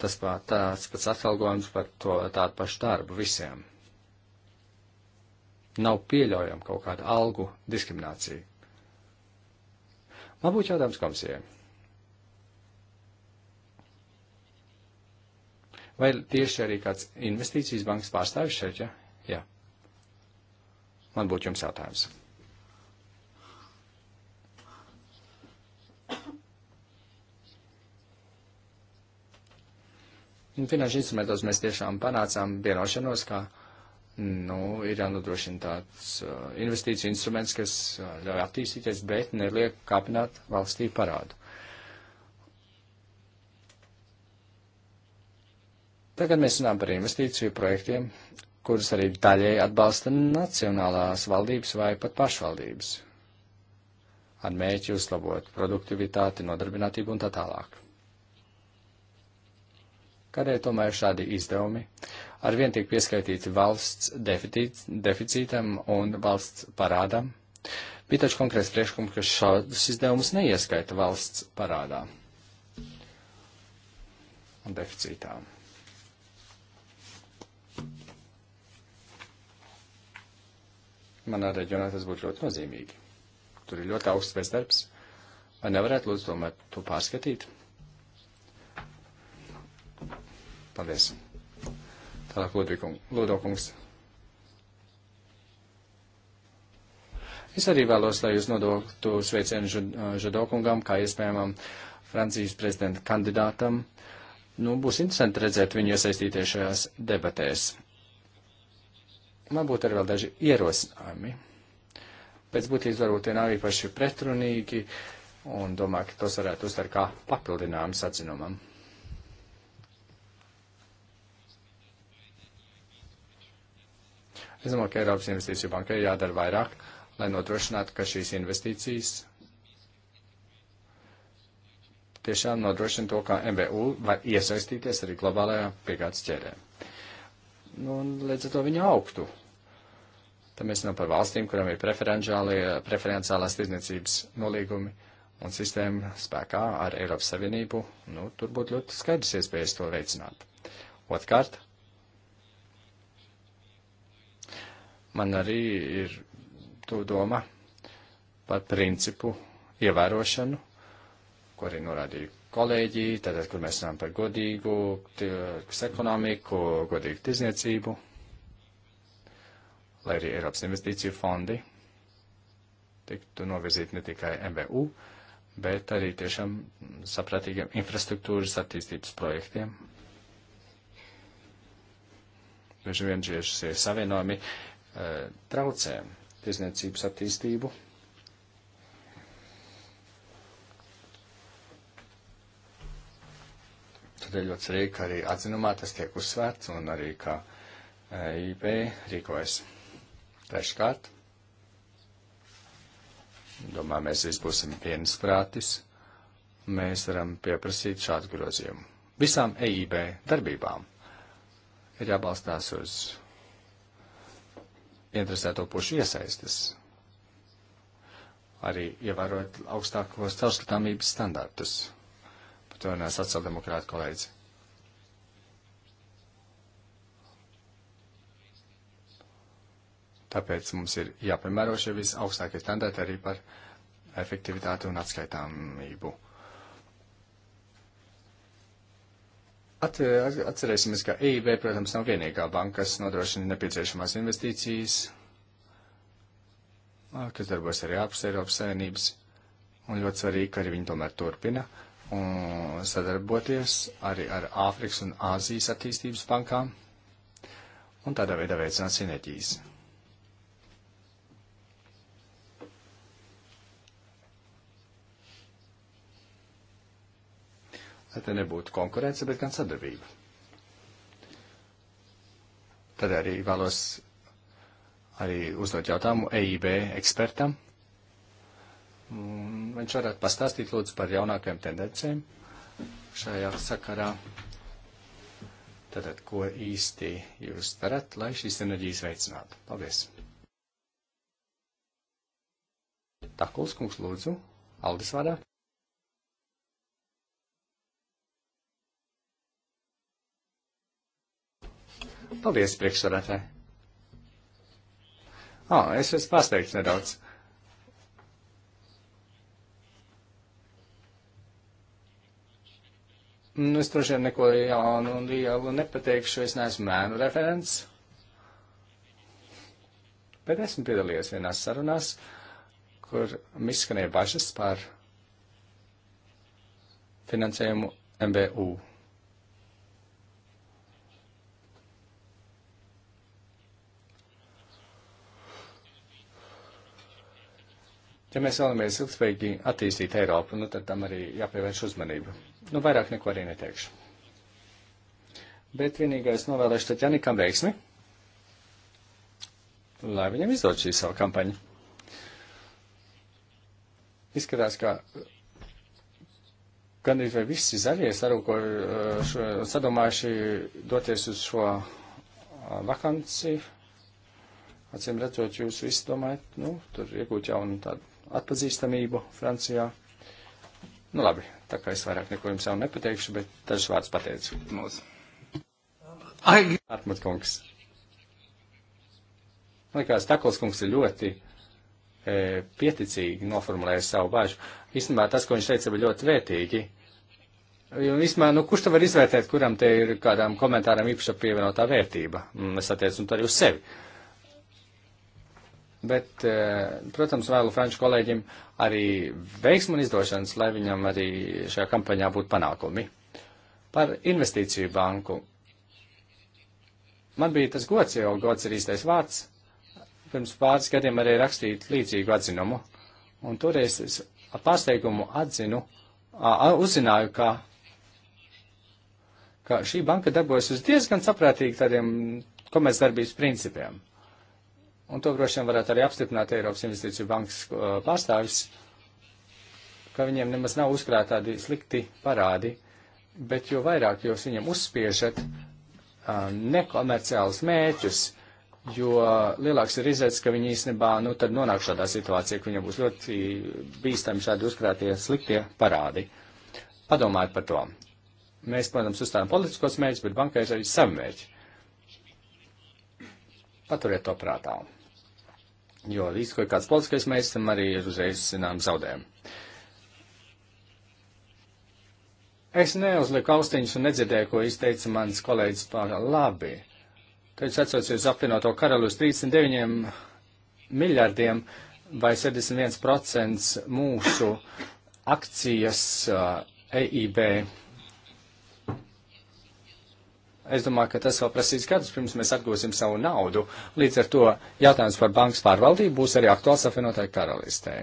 tas pā, tāds pats atalgojums par to tādu pašu darbu visiem. Nav pieļaujama kaut kāda algu diskriminācija. Man būtu jautājums komisijai. Vai tieši arī kāds investīcijas bankas pārstāvis šeit, ja? Jā. Man būtu jums jautājums. finanšu instrumentos mēs tiešām panācām vienošanos, ka nu, ir jānodrošina tāds uh, investīciju instruments, kas uh, ļauj attīstīties, bet neliek kāpināt valstī parādu. Tagad mēs runājam par investīciju projektiem, kurus arī daļēji atbalsta nacionālās valdības vai pat pašvaldības, ar mēķi uzlabot produktivitāti, nodarbinātību un tā tālāk. Kādēļ tomēr šādi izdevumi arvien tiek pieskaitīti valsts deficītam un valsts parādam? Bija taču konkrēts priekšlikums, ka šādus izdevumus neieskaita valsts parādā un deficītā. Manā reģionā tas būtu ļoti nozīmīgi. Tur ir ļoti augsts bezdarbs. Vai nevarētu lūdzu tomēr to pārskatīt? Paldies. Tālāk Lūdokungs. Es arī vēlos, lai jūs nodoktu sveicienu Žadokungam, kā iespējamam Francijas prezidenta kandidātam. Nu, būs interesanti redzēt viņu iesaistīties šajās debatēs. Man būtu arī vēl daži ierosinājumi. Pēc būtības varbūt tie nav īpaši pretrunīgi un domāju, ka tos varētu uztvert kā papildinājumu sacinumam. Es domāju, ka Eiropas investīciju bankai jādara vairāk, lai nodrošinātu, ka šīs investīcijas tiešām nodrošina to, ka MBU var iesaistīties arī globālajā piegādes ķērē. Nu, un līdz ar to viņi augtu. Tad mēs runājam par valstīm, kurām ir preferenciālās tirdzniecības nolīgumi un sistēma spēkā ar Eiropas Savienību. Nu, tur būtu ļoti skaidrs iespējas to veicināt. Otkārt, man arī ir tu doma par principu ievērošanu, ko arī norādīja kolēģi, tātad, kur mēs runājam par godīgu ekonomiku, godīgu tirzniecību, lai arī Eiropas investīciju fondi tiktu novirzīti ne tikai MBU, bet arī tiešām saprātīgiem infrastruktūras attīstības projektiem. Bieži vien šie savienojumi Eh, traucē tirzniecības attīstību. Tādēļ ļoti svarīgi, ka arī atzinumā tas tiek uzsvērts un arī, ka eh, IP rīkojas treškārt. Domāju, mēs visi būsim viensprātis. Mēs varam pieprasīt šādu grozījumu. Visām EIB darbībām ir jābalstās uz interesēto pušu iesaistas, arī ievērot augstākos caurskatāmības standartus. Par to runā sociāldemokrāta kolēģi. Tāpēc mums ir jāpiemēro šie visaugstākie standarti arī par efektivitāti un atskaitāmību. At, atcerēsimies, ka EIB, protams, nav vienīgā banka, kas nodrošina nepieciešamās investīcijas, kas darbojas arī ārpus Eiropas Savienības. Un ļoti svarīgi, ka arī viņi tomēr turpina un sadarboties arī ar Āfrikas un Āzijas attīstības bankām un tādā veidā veicināt sinerģijas. lai te nebūtu konkurence, bet gan sadarbība. Tad arī vēlos arī uzdot jautājumu EIB ekspertam. Viņš varētu pastāstīt lūdzu par jaunākajām tendencēm šajā sakarā. Tātad, ko īsti jūs darat, lai šīs enerģijas veicinātu? Paldies! Takuls kungs lūdzu, Aldis vārdā. Paldies, priekšsarētāji. Ā, oh, es esmu pārsteigts nedaudz. Nu, es droši vien neko jaunu un lielu nepateikšu, es neesmu mēnu referents. Bet esmu piedalījies vienās sarunās, kur izskanēja bažas par finansējumu MBU. Ja mēs vēlamies ilgspējīgi attīstīt Eiropu, nu tad tam arī jāpievērš uzmanību. Nu, vairāk neko arī neteikšu. Bet vienīgais novēlēšu tad Janikam veiksmi, lai viņam izdod šī savu kampaņu. Izskatās, ka gandrīz vai visi zaļie sarūko, eh, šo, sadomājuši doties uz šo eh, vakanci. Acīm redzot, jūs visi domājat, nu, tur iegūt jaunu tādu atpazīstamību Francijā. Nu labi, tā kā es vairāk neko jums jau nepateikšu, bet dažus vārdus pateicu. Mūsu. Atmat kungs. Man liekas, Takls kungs ir ļoti e, pieticīgi noformulējis savu bāžu. Īstenībā tas, ko viņš teica, bija ļoti vērtīgi. Jo vismaz, nu, kurš te var izvērtēt, kuram te ir kādām komentārām īpaša pievienotā vērtība? Mm, es attiecu to arī uz sevi. Uh, Bet, e, protams, vēlu franču kolēģim arī veiksmu un izdošanas, lai viņam arī šajā kampaņā būtu panākumi. Par investīciju banku. Man bija tas gods, jo gods ir īstais vārds. Pirms pāris gadiem arī rakstīt līdzīgu atzinumu. Un toreiz es ar pārsteigumu atzinu, a, uzzināju, ka, ka šī banka darbojas uz diezgan saprātīgi tādiem komercdarbības principiem. Un to droši vien varētu arī apstiprināt Eiropas Investīciju bankas uh, pārstāvis, ka viņiem nemaz nav uzkrāt tādi slikti parādi, bet jo vairāk jūs viņiem uzspiežat uh, nekomerciālus mēķus, jo lielāks ir izredzes, ka viņi īstenībā nu, tad nonāk šādā situācijā, ka viņiem būs ļoti bīstami šādi uzkrātie sliktie parādi. Padomājiet par to. Mēs, protams, uzstājam politiskos mērķus, bet bankai ir arī savi mērķi. Paturiet to prātā jo visu, ko ir kāds politiskais, mēs tam arī uzreiz, zinām, zaudējam. Es neuzliku austiņus un nedzirdēju, ko izteica mans kolēģis par labi. Tad es atsaucos uz apvienoto karalu uz 39 miljardiem vai 71% mūsu akcijas uh, EIB Es domāju, ka tas vēl prasīs gadus, pirms mēs atgūsim savu naudu. Līdz ar to jautājums par bankas pārvaldību būs arī aktuāls apvienotāju karalistē.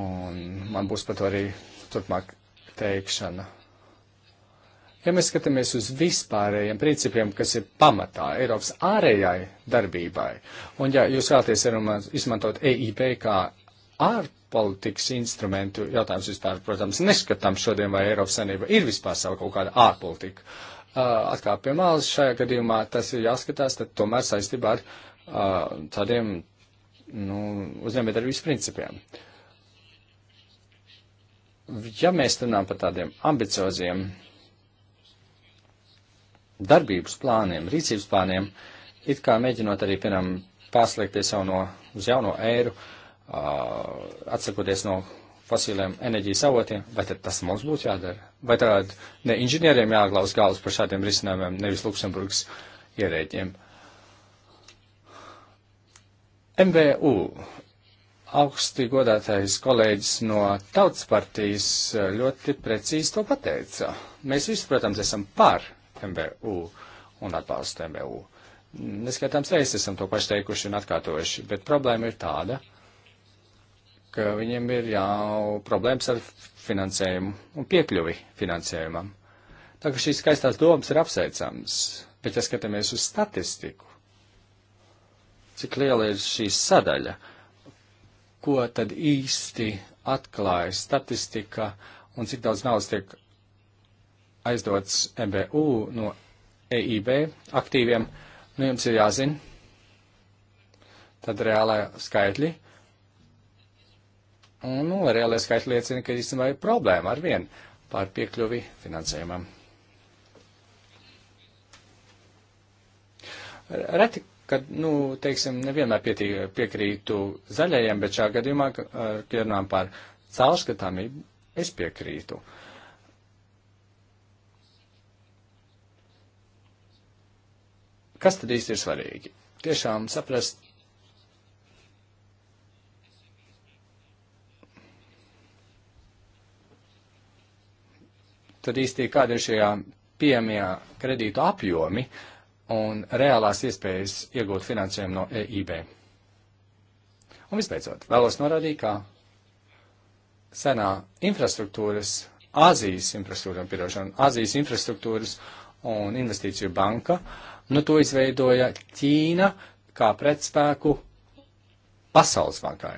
Un man būs par to arī turpmāk teikšana. Ja mēs skatāmies uz vispārējiem principiem, kas ir pamatā Eiropas ārējai darbībai, un ja jūs vēlaties izmantot EIB kā ārpolitikas instrumentu jautājums vispār, protams, neskatām šodien, vai Eiropas Sanība ir vispār savu kaut kādu ārpolitiku. Uh, Atkāp pie malas šajā gadījumā tas ir jāskatās, tad tomēr saistībā ar uh, tādiem nu, uzņēmējdarbības principiem. Ja mēs runājam par tādiem ambicioziem darbības plāniem, rīcības plāniem, it kā mēģinot arī, piemēram, pārslēgties jau no uz jauno ēru, uh, Uh, atsakoties no fosiliem enerģijas avotiem, vai tad tas mums būtu jādara? Vai tad ne inženieriem jāglauz galvas par šādiem risinājumiem, nevis Luksemburgas ierēģiem? MVU augsti godātais kolēģis no Tautas partijas uh, ļoti precīzi to pateica. Mēs visi, protams, esam par MVU un atbalstu MVU. Neskaitāms reizes esam to paši teikuši un atkārtojuši, bet problēma ir tāda, ka ka viņiem ir jau problēmas ar finansējumu un piekļuvi finansējumam. Tā ka šīs skaistās domas ir apsveicams, bet ja skatāmies uz statistiku, cik liela ir šī sadaļa, ko tad īsti atklāja statistika un cik daudz naudas tiek aizdots MBU no EIB aktīviem, nu jums ir jāzina tad reālā skaitļi Un nu, reālais skaits liecina, ka īstenībā ir problēma ar vienu pār piekļuvi finansējumam. Reti, kad, nu, teiksim, nevienmēr pietī, piekrītu zaļajiem, bet šā gadījumā, kad runājam par caurskatāmību, es piekrītu. Kas tad īsti ir svarīgi? Tiešām saprast, tad īsti kāda ir šajā pieejamie kredītu apjomi un reālās iespējas iegūt finansējumu no EIB. Un visbeidzot, vēlos norādīt, ka senā infrastruktūras, Āzijas infrastruktūra, pirošana, Āzijas infrastruktūras un investīciju banka, nu to izveidoja Ķīna kā pretspēku Pasaules bankai.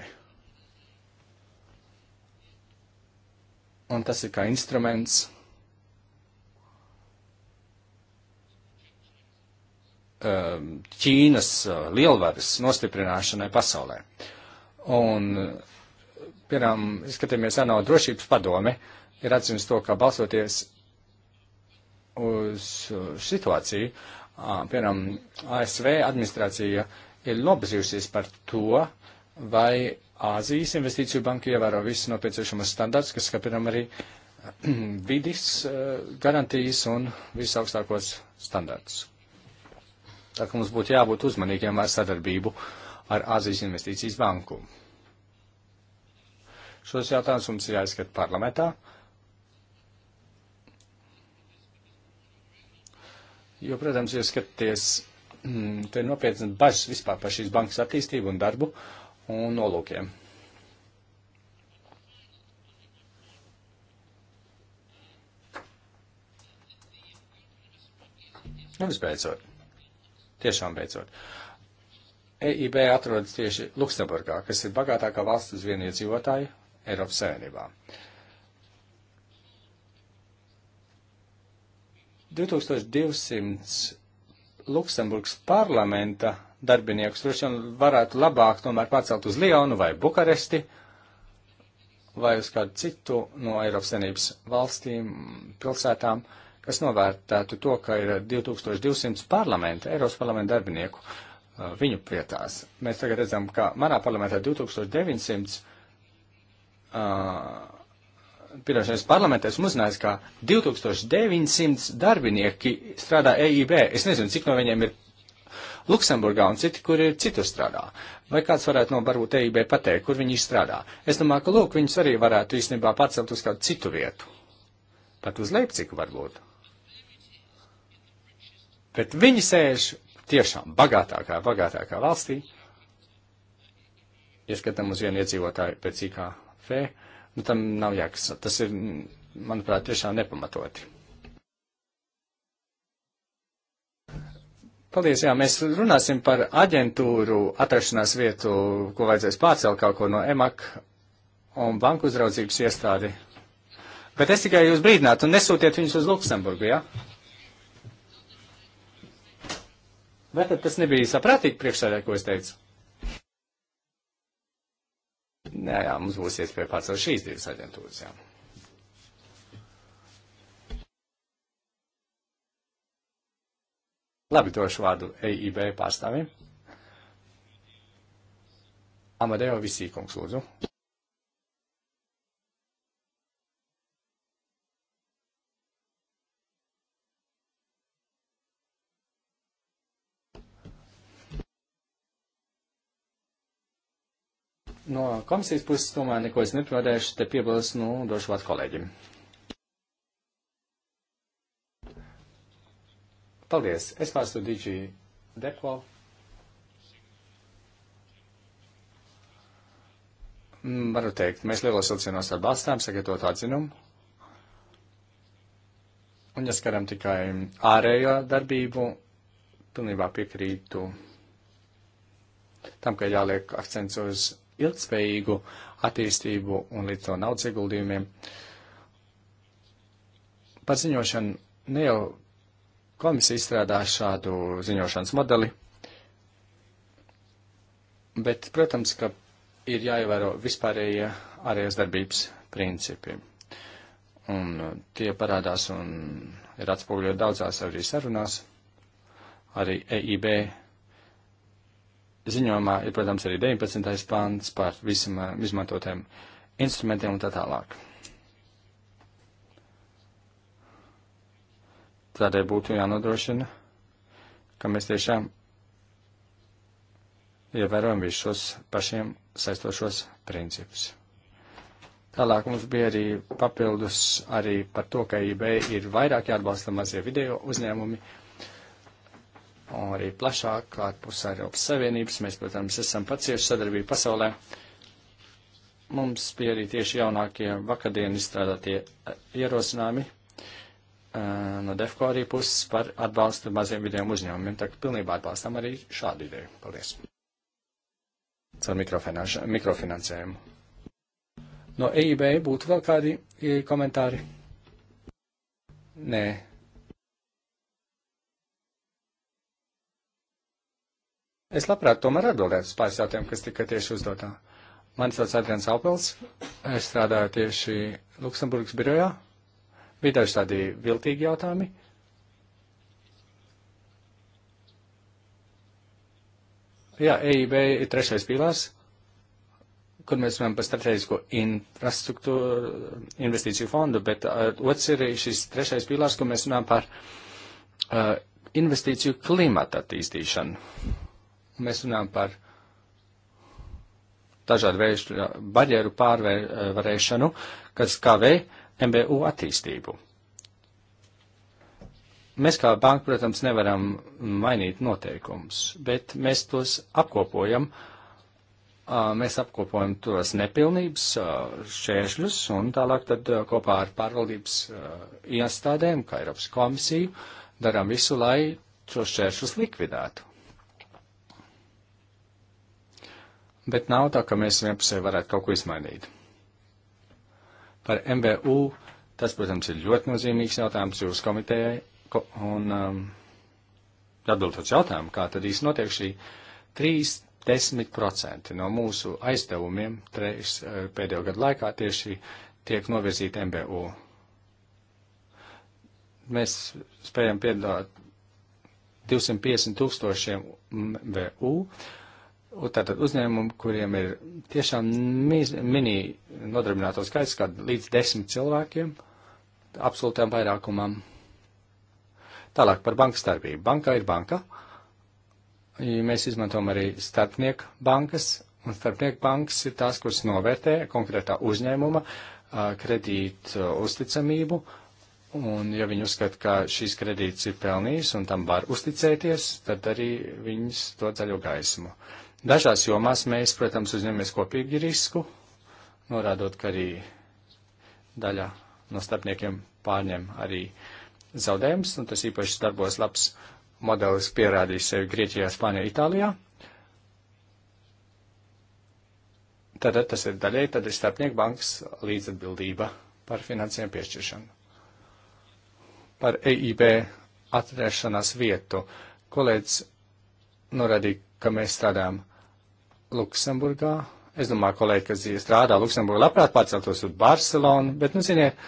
Un tas ir kā instruments Um, Ķīnas uh, lielvaras nostiprināšanai pasaulē. Un, piemēram, izskatāmies ANO drošības padome, ir atzīmes to, ka balsoties uz uh, situāciju, uh, piemēram, ASV administrācija ir nobezījusies par to, vai Āzijas investīciju banka ievēro visus nepieciešamos standarts, kas, kā piemēram, arī vidas garantijas un visaugstākos standartus. Tā ka mums būtu jābūt uzmanīgiem ar sadarbību ar Azijas investīcijas banku. Šos jautājumus mums ir jāizskat parlamentā. Jo, protams, ja skaties, mm, te ir nopietnas bažas vispār par šīs bankas attīstību un darbu un nolūkiem. Un visbeidzot, Tiešām beidzot. EIB atrodas tieši Luksemburgā, kas ir bagātākā valsts uz vienu iedzīvotāju Eiropas Savienībā. 2200 Luksemburgas parlamenta darbiniekus droši vien varētu labāk tomēr pacelt uz Lionu vai Bukaresti vai uz kādu citu no Eiropas Savienības valstīm, pilsētām. Uh, kas novērtētu to, ka ir 2200 parlamenta, Eiropas parlamenta darbinieku uh, viņu vietās. Mēs tagad redzam, ka manā parlamentā 2900 uh, Pirošanas parlamentā esmu uzzinājis, ka 2900 darbinieki strādā EIB. Es nezinu, cik no viņiem ir Luksemburgā un citi, kur ir citur strādā. Vai kāds varētu no varbūt EIB pateikt, kur viņi strādā? Es domāju, ka lūk, viņus arī varētu īstenībā pacelt uz kādu citu vietu. Pat uz Leipciku varbūt. Bet viņi sēž tiešām bagātākā, bagātākā valstī. Ieskatām uz vienu iedzīvotāju pēc IKF, nu tam nav jēgas. Tas ir, manuprāt, tiešām nepamatoti. Paldies, jā, mēs runāsim par aģentūru atrašanās vietu, ko vajadzēs pārcelt kaut ko no EMAK un banku uzraudzības iestādi. Bet es tikai jūs brīdinātu un nesūtiet viņus uz Luksemburgu, jā? Ja? Vai tad tas nebija saprātīgi priekšsēdē, ko es teicu? Nē, jā, mums būs iespēja pārcelt šīs divas aģentūras, jā. Labi, došu vārdu EIB pārstāvim. Amadeo Visīkungs, lūdzu. no komisijas puses tomēr neko es neprodēšu, te piebilst, nu, došu vārdu kolēģim. Paldies, es pārstu Digi Deko. Mm, varu teikt, mēs lielos vilcienos atbalstām sagatavot atzinumu. Un, ja skaram tikai ārējo darbību, pilnībā piekrītu tam, ka jāliek akcents uz ilgspējīgu attīstību un līdz to naudas ieguldījumiem. Par ziņošanu ne nu jau komisija izstrādā šādu ziņošanas modeli, bet, protams, ka ir jāievēro vispārējie ārējās darbības principi. Un tie parādās un ir atspoguļot daudzās arī sarunās, arī EIB ziņojumā ir, protams, arī 19. pāns par visam eh, izmantotiem instrumentiem un tā tālāk. Tādēļ būtu jānodrošina, ka mēs tiešām ievērojam visus šos pašiem saistošos principus. Tālāk mums bija arī papildus arī par to, ka IB ir vairāk jāatbalsta mazie video uzņēmumi un arī plašāk klātpusē Eiropas Savienības. Mēs, protams, esam pacieši sadarbību pasaulē. Mums bija arī tieši jaunākie vakardien izstrādātie eh, ierosinājumi eh, no DEFCO arī puses par atbalstu maziem vidiem uzņēmumiem. Tā kā pilnībā atbalstam arī šādu ideju. Paldies. Caur mikrofinansējumu. No EIB būtu vēl kādi e, komentāri? Nē, Es labprāt tomēr atbildētu uz pāris jautājumiem, kas tika tieši uzdotā. Mani sauc Adrians Alpels, es strādāju tieši Luksemburgas birojā. Bija daži tādi viltīgi jautājumi. Jā, EIB ir trešais pīlārs, kur mēs runājam par strateģisko infrastruktūru, investīciju fondu, bet uh, otrs ir šis trešais pīlārs, kur mēs runājam par uh, investīciju klimata attīstīšanu. Un mēs runājam par dažādu veidu barjeru pārvarēšanu, eh, kas kavē MBU attīstību. Mēs kā banka, protams, nevaram mainīt noteikumus, bet mēs tos apkopojam. Ah, mēs apkopojam tos nepilnības, ah, šķēršļus un tālāk tad eh, kopā ar pārvaldības eh, iestādēm, kā Eiropas komisiju, darām visu, lai šos šķēršļus likvidētu. bet nav tā, ka mēs vienpusē varētu kaut ko izmainīt. Par MVU tas, protams, ir ļoti nozīmīgs jautājums jūsu komitejai, ko, un um, atbildot jautājumu, kā tad īsti notiek šī 3-10% no mūsu aizdevumiem treis, eh, pēdējo gadu laikā tieši tiek novirzīti MBU. Mēs spējam piedāvāt 250 tūkstošiem MBU, Tātad uzņēmumi, kuriem ir tiešām miz, mini nodarbināto skaits, kad līdz desmit cilvēkiem, absolūtām vairākumam. Tālāk par bankas darbību. Bankā ir banka. Mēs izmantojam arī starpnieku bankas, un starpnieku bankas ir tās, kuras novērtē konkrētā uzņēmuma kredītu uzticamību, un ja viņi uzskata, ka šīs kredītas ir pelnījis un tam var uzticēties, tad arī viņas to zaļo gaismu. Uh, Dažās jomās mēs, protams, uzņemamies kopīgi risku, norādot, ka arī daļa no starpniekiem pārņem arī zaudējums, un tas īpaši darbos labs modelis pierādījis sevi Grieķijā, Spānijā, Itālijā. Tad tas ir daļai, tad ir starpnieku bankas līdzatbildība par finansējumu piešķiršanu. Par EIB atvēršanās vietu. Kolēģis norādīja, ka mēs strādājam Luksemburgā. Es domāju, kolēģi, kas strādā Luksemburgā, labprāt pārceltos uz Barcelonu, bet, nu, ziniet,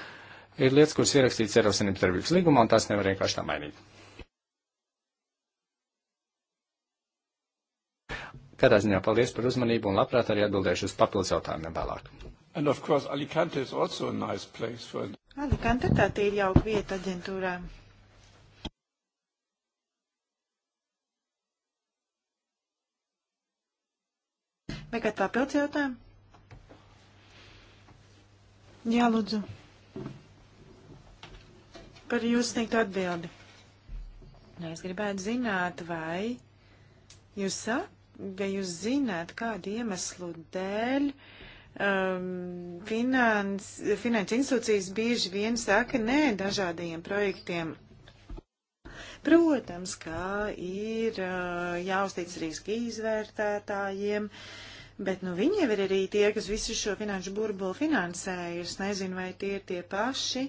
ir lietas, kuras ierakstīts Eiropas Savienības darbības līgumā, un tās nevar vienkārši tā mainīt. Katrā ziņā paldies par uzmanību un labprāt arī atbildēšu uz papildus jautājumiem vēlāk. Course, Alicante, nice for... Alicante tā ir jauka vieta aģentūrām. Vai kāds papildus jautājumu? Jā, lūdzu. Par jūsu sniegtu atbildi. Nu, es gribētu zināt, vai jūs, ja jūs zināt, kādu iemeslu dēļ um, finans, finanšu institūcijas bieži vien saka nē dažādiem projektiem. Protams, ka ir uh, jāuztic riski izvērtētājiem, uh, Bet nu, viņi jau ir arī tie, kas visu šo finanšu burbuli finansēja. Es nezinu, vai tie ir tie paši,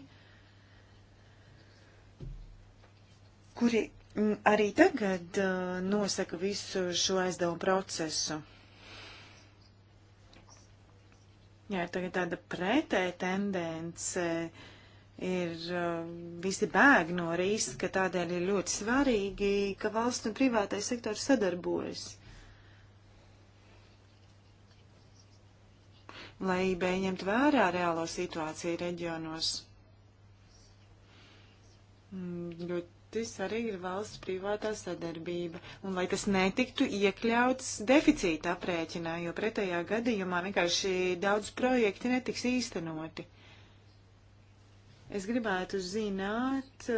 kuri mm, arī tagad uh, nosaka visu šo aizdevumu procesu. Jā, tagad tāda pretēja tendence ir uh, visi bēg no riska, tādēļ ir ļoti svarīgi, ka valsts un privātais sektors sadarbojas. lai IB ņemt vērā reālo situāciju reģionos. Mm, ļoti svarīgi ir valsts privātā sadarbība, un lai tas netiktu iekļauts deficīta aprēķinā, jo pretējā gadījumā vienkārši daudz projekti netiks īstenoti. Es gribētu zināt,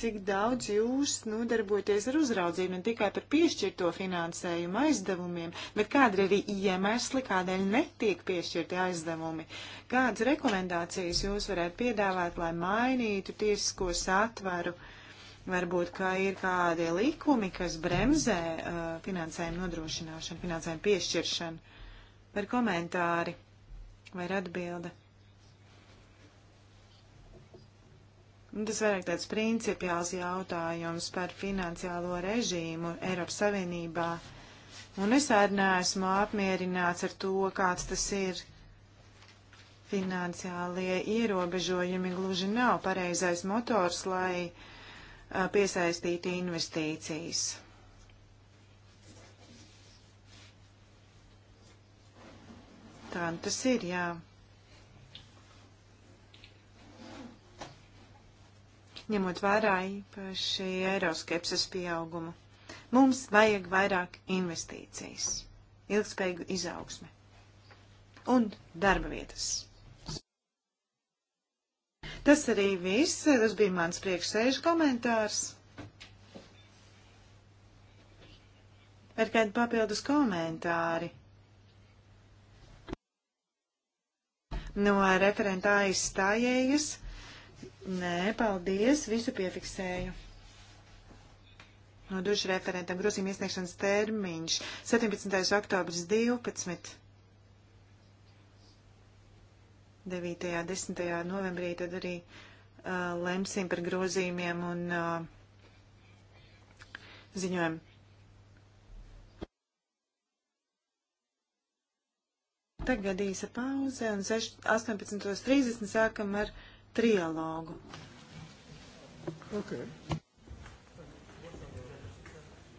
cik daudz jūs nodarboties nu, ar uzraudzību, ne tikai par piešķirto finansējumu aizdevumiem, bet kāda ir arī iemesli, kādēļ netiek piešķirti aizdevumi. Kādas rekomendācijas jūs varētu piedāvāt, lai mainītu tiesisko satvaru? Varbūt, ka ir kādi likumi, kas bremzē uh, finansējumu nodrošināšanu, finansējumu piešķiršanu. Vai komentāri, vai atbildi? Tas vairāk tāds principiāls jautājums par finansiālo režīmu Eiropas Savienībā. Un es arī neesmu apmierināts ar to, kāds tas ir. Finansiālie ierobežojumi gluži nav pareizais motors, lai piesaistītu investīcijas. Tā tas ir, jā. ņemot vērā īpaši eiroskepses pieaugumu. Mums vajag vairāk investīcijas, ilgspējīgu izaugsmi un darba vietas. Tas arī viss. Tas bija mans priekšsēžu komentārs. Vai kādi papildus komentāri? No referenta aizstājējas Nē, paldies, visu piefiksēju. No dušu referentam grozījuma iesniegšanas termiņš 17. oktobris 12. 9. 10. novembrī tad arī uh, lemsim par grozījumiem un uh, ziņojumu. Tagad īsa pauze un 18.30 sākam ar trialogu. Okay.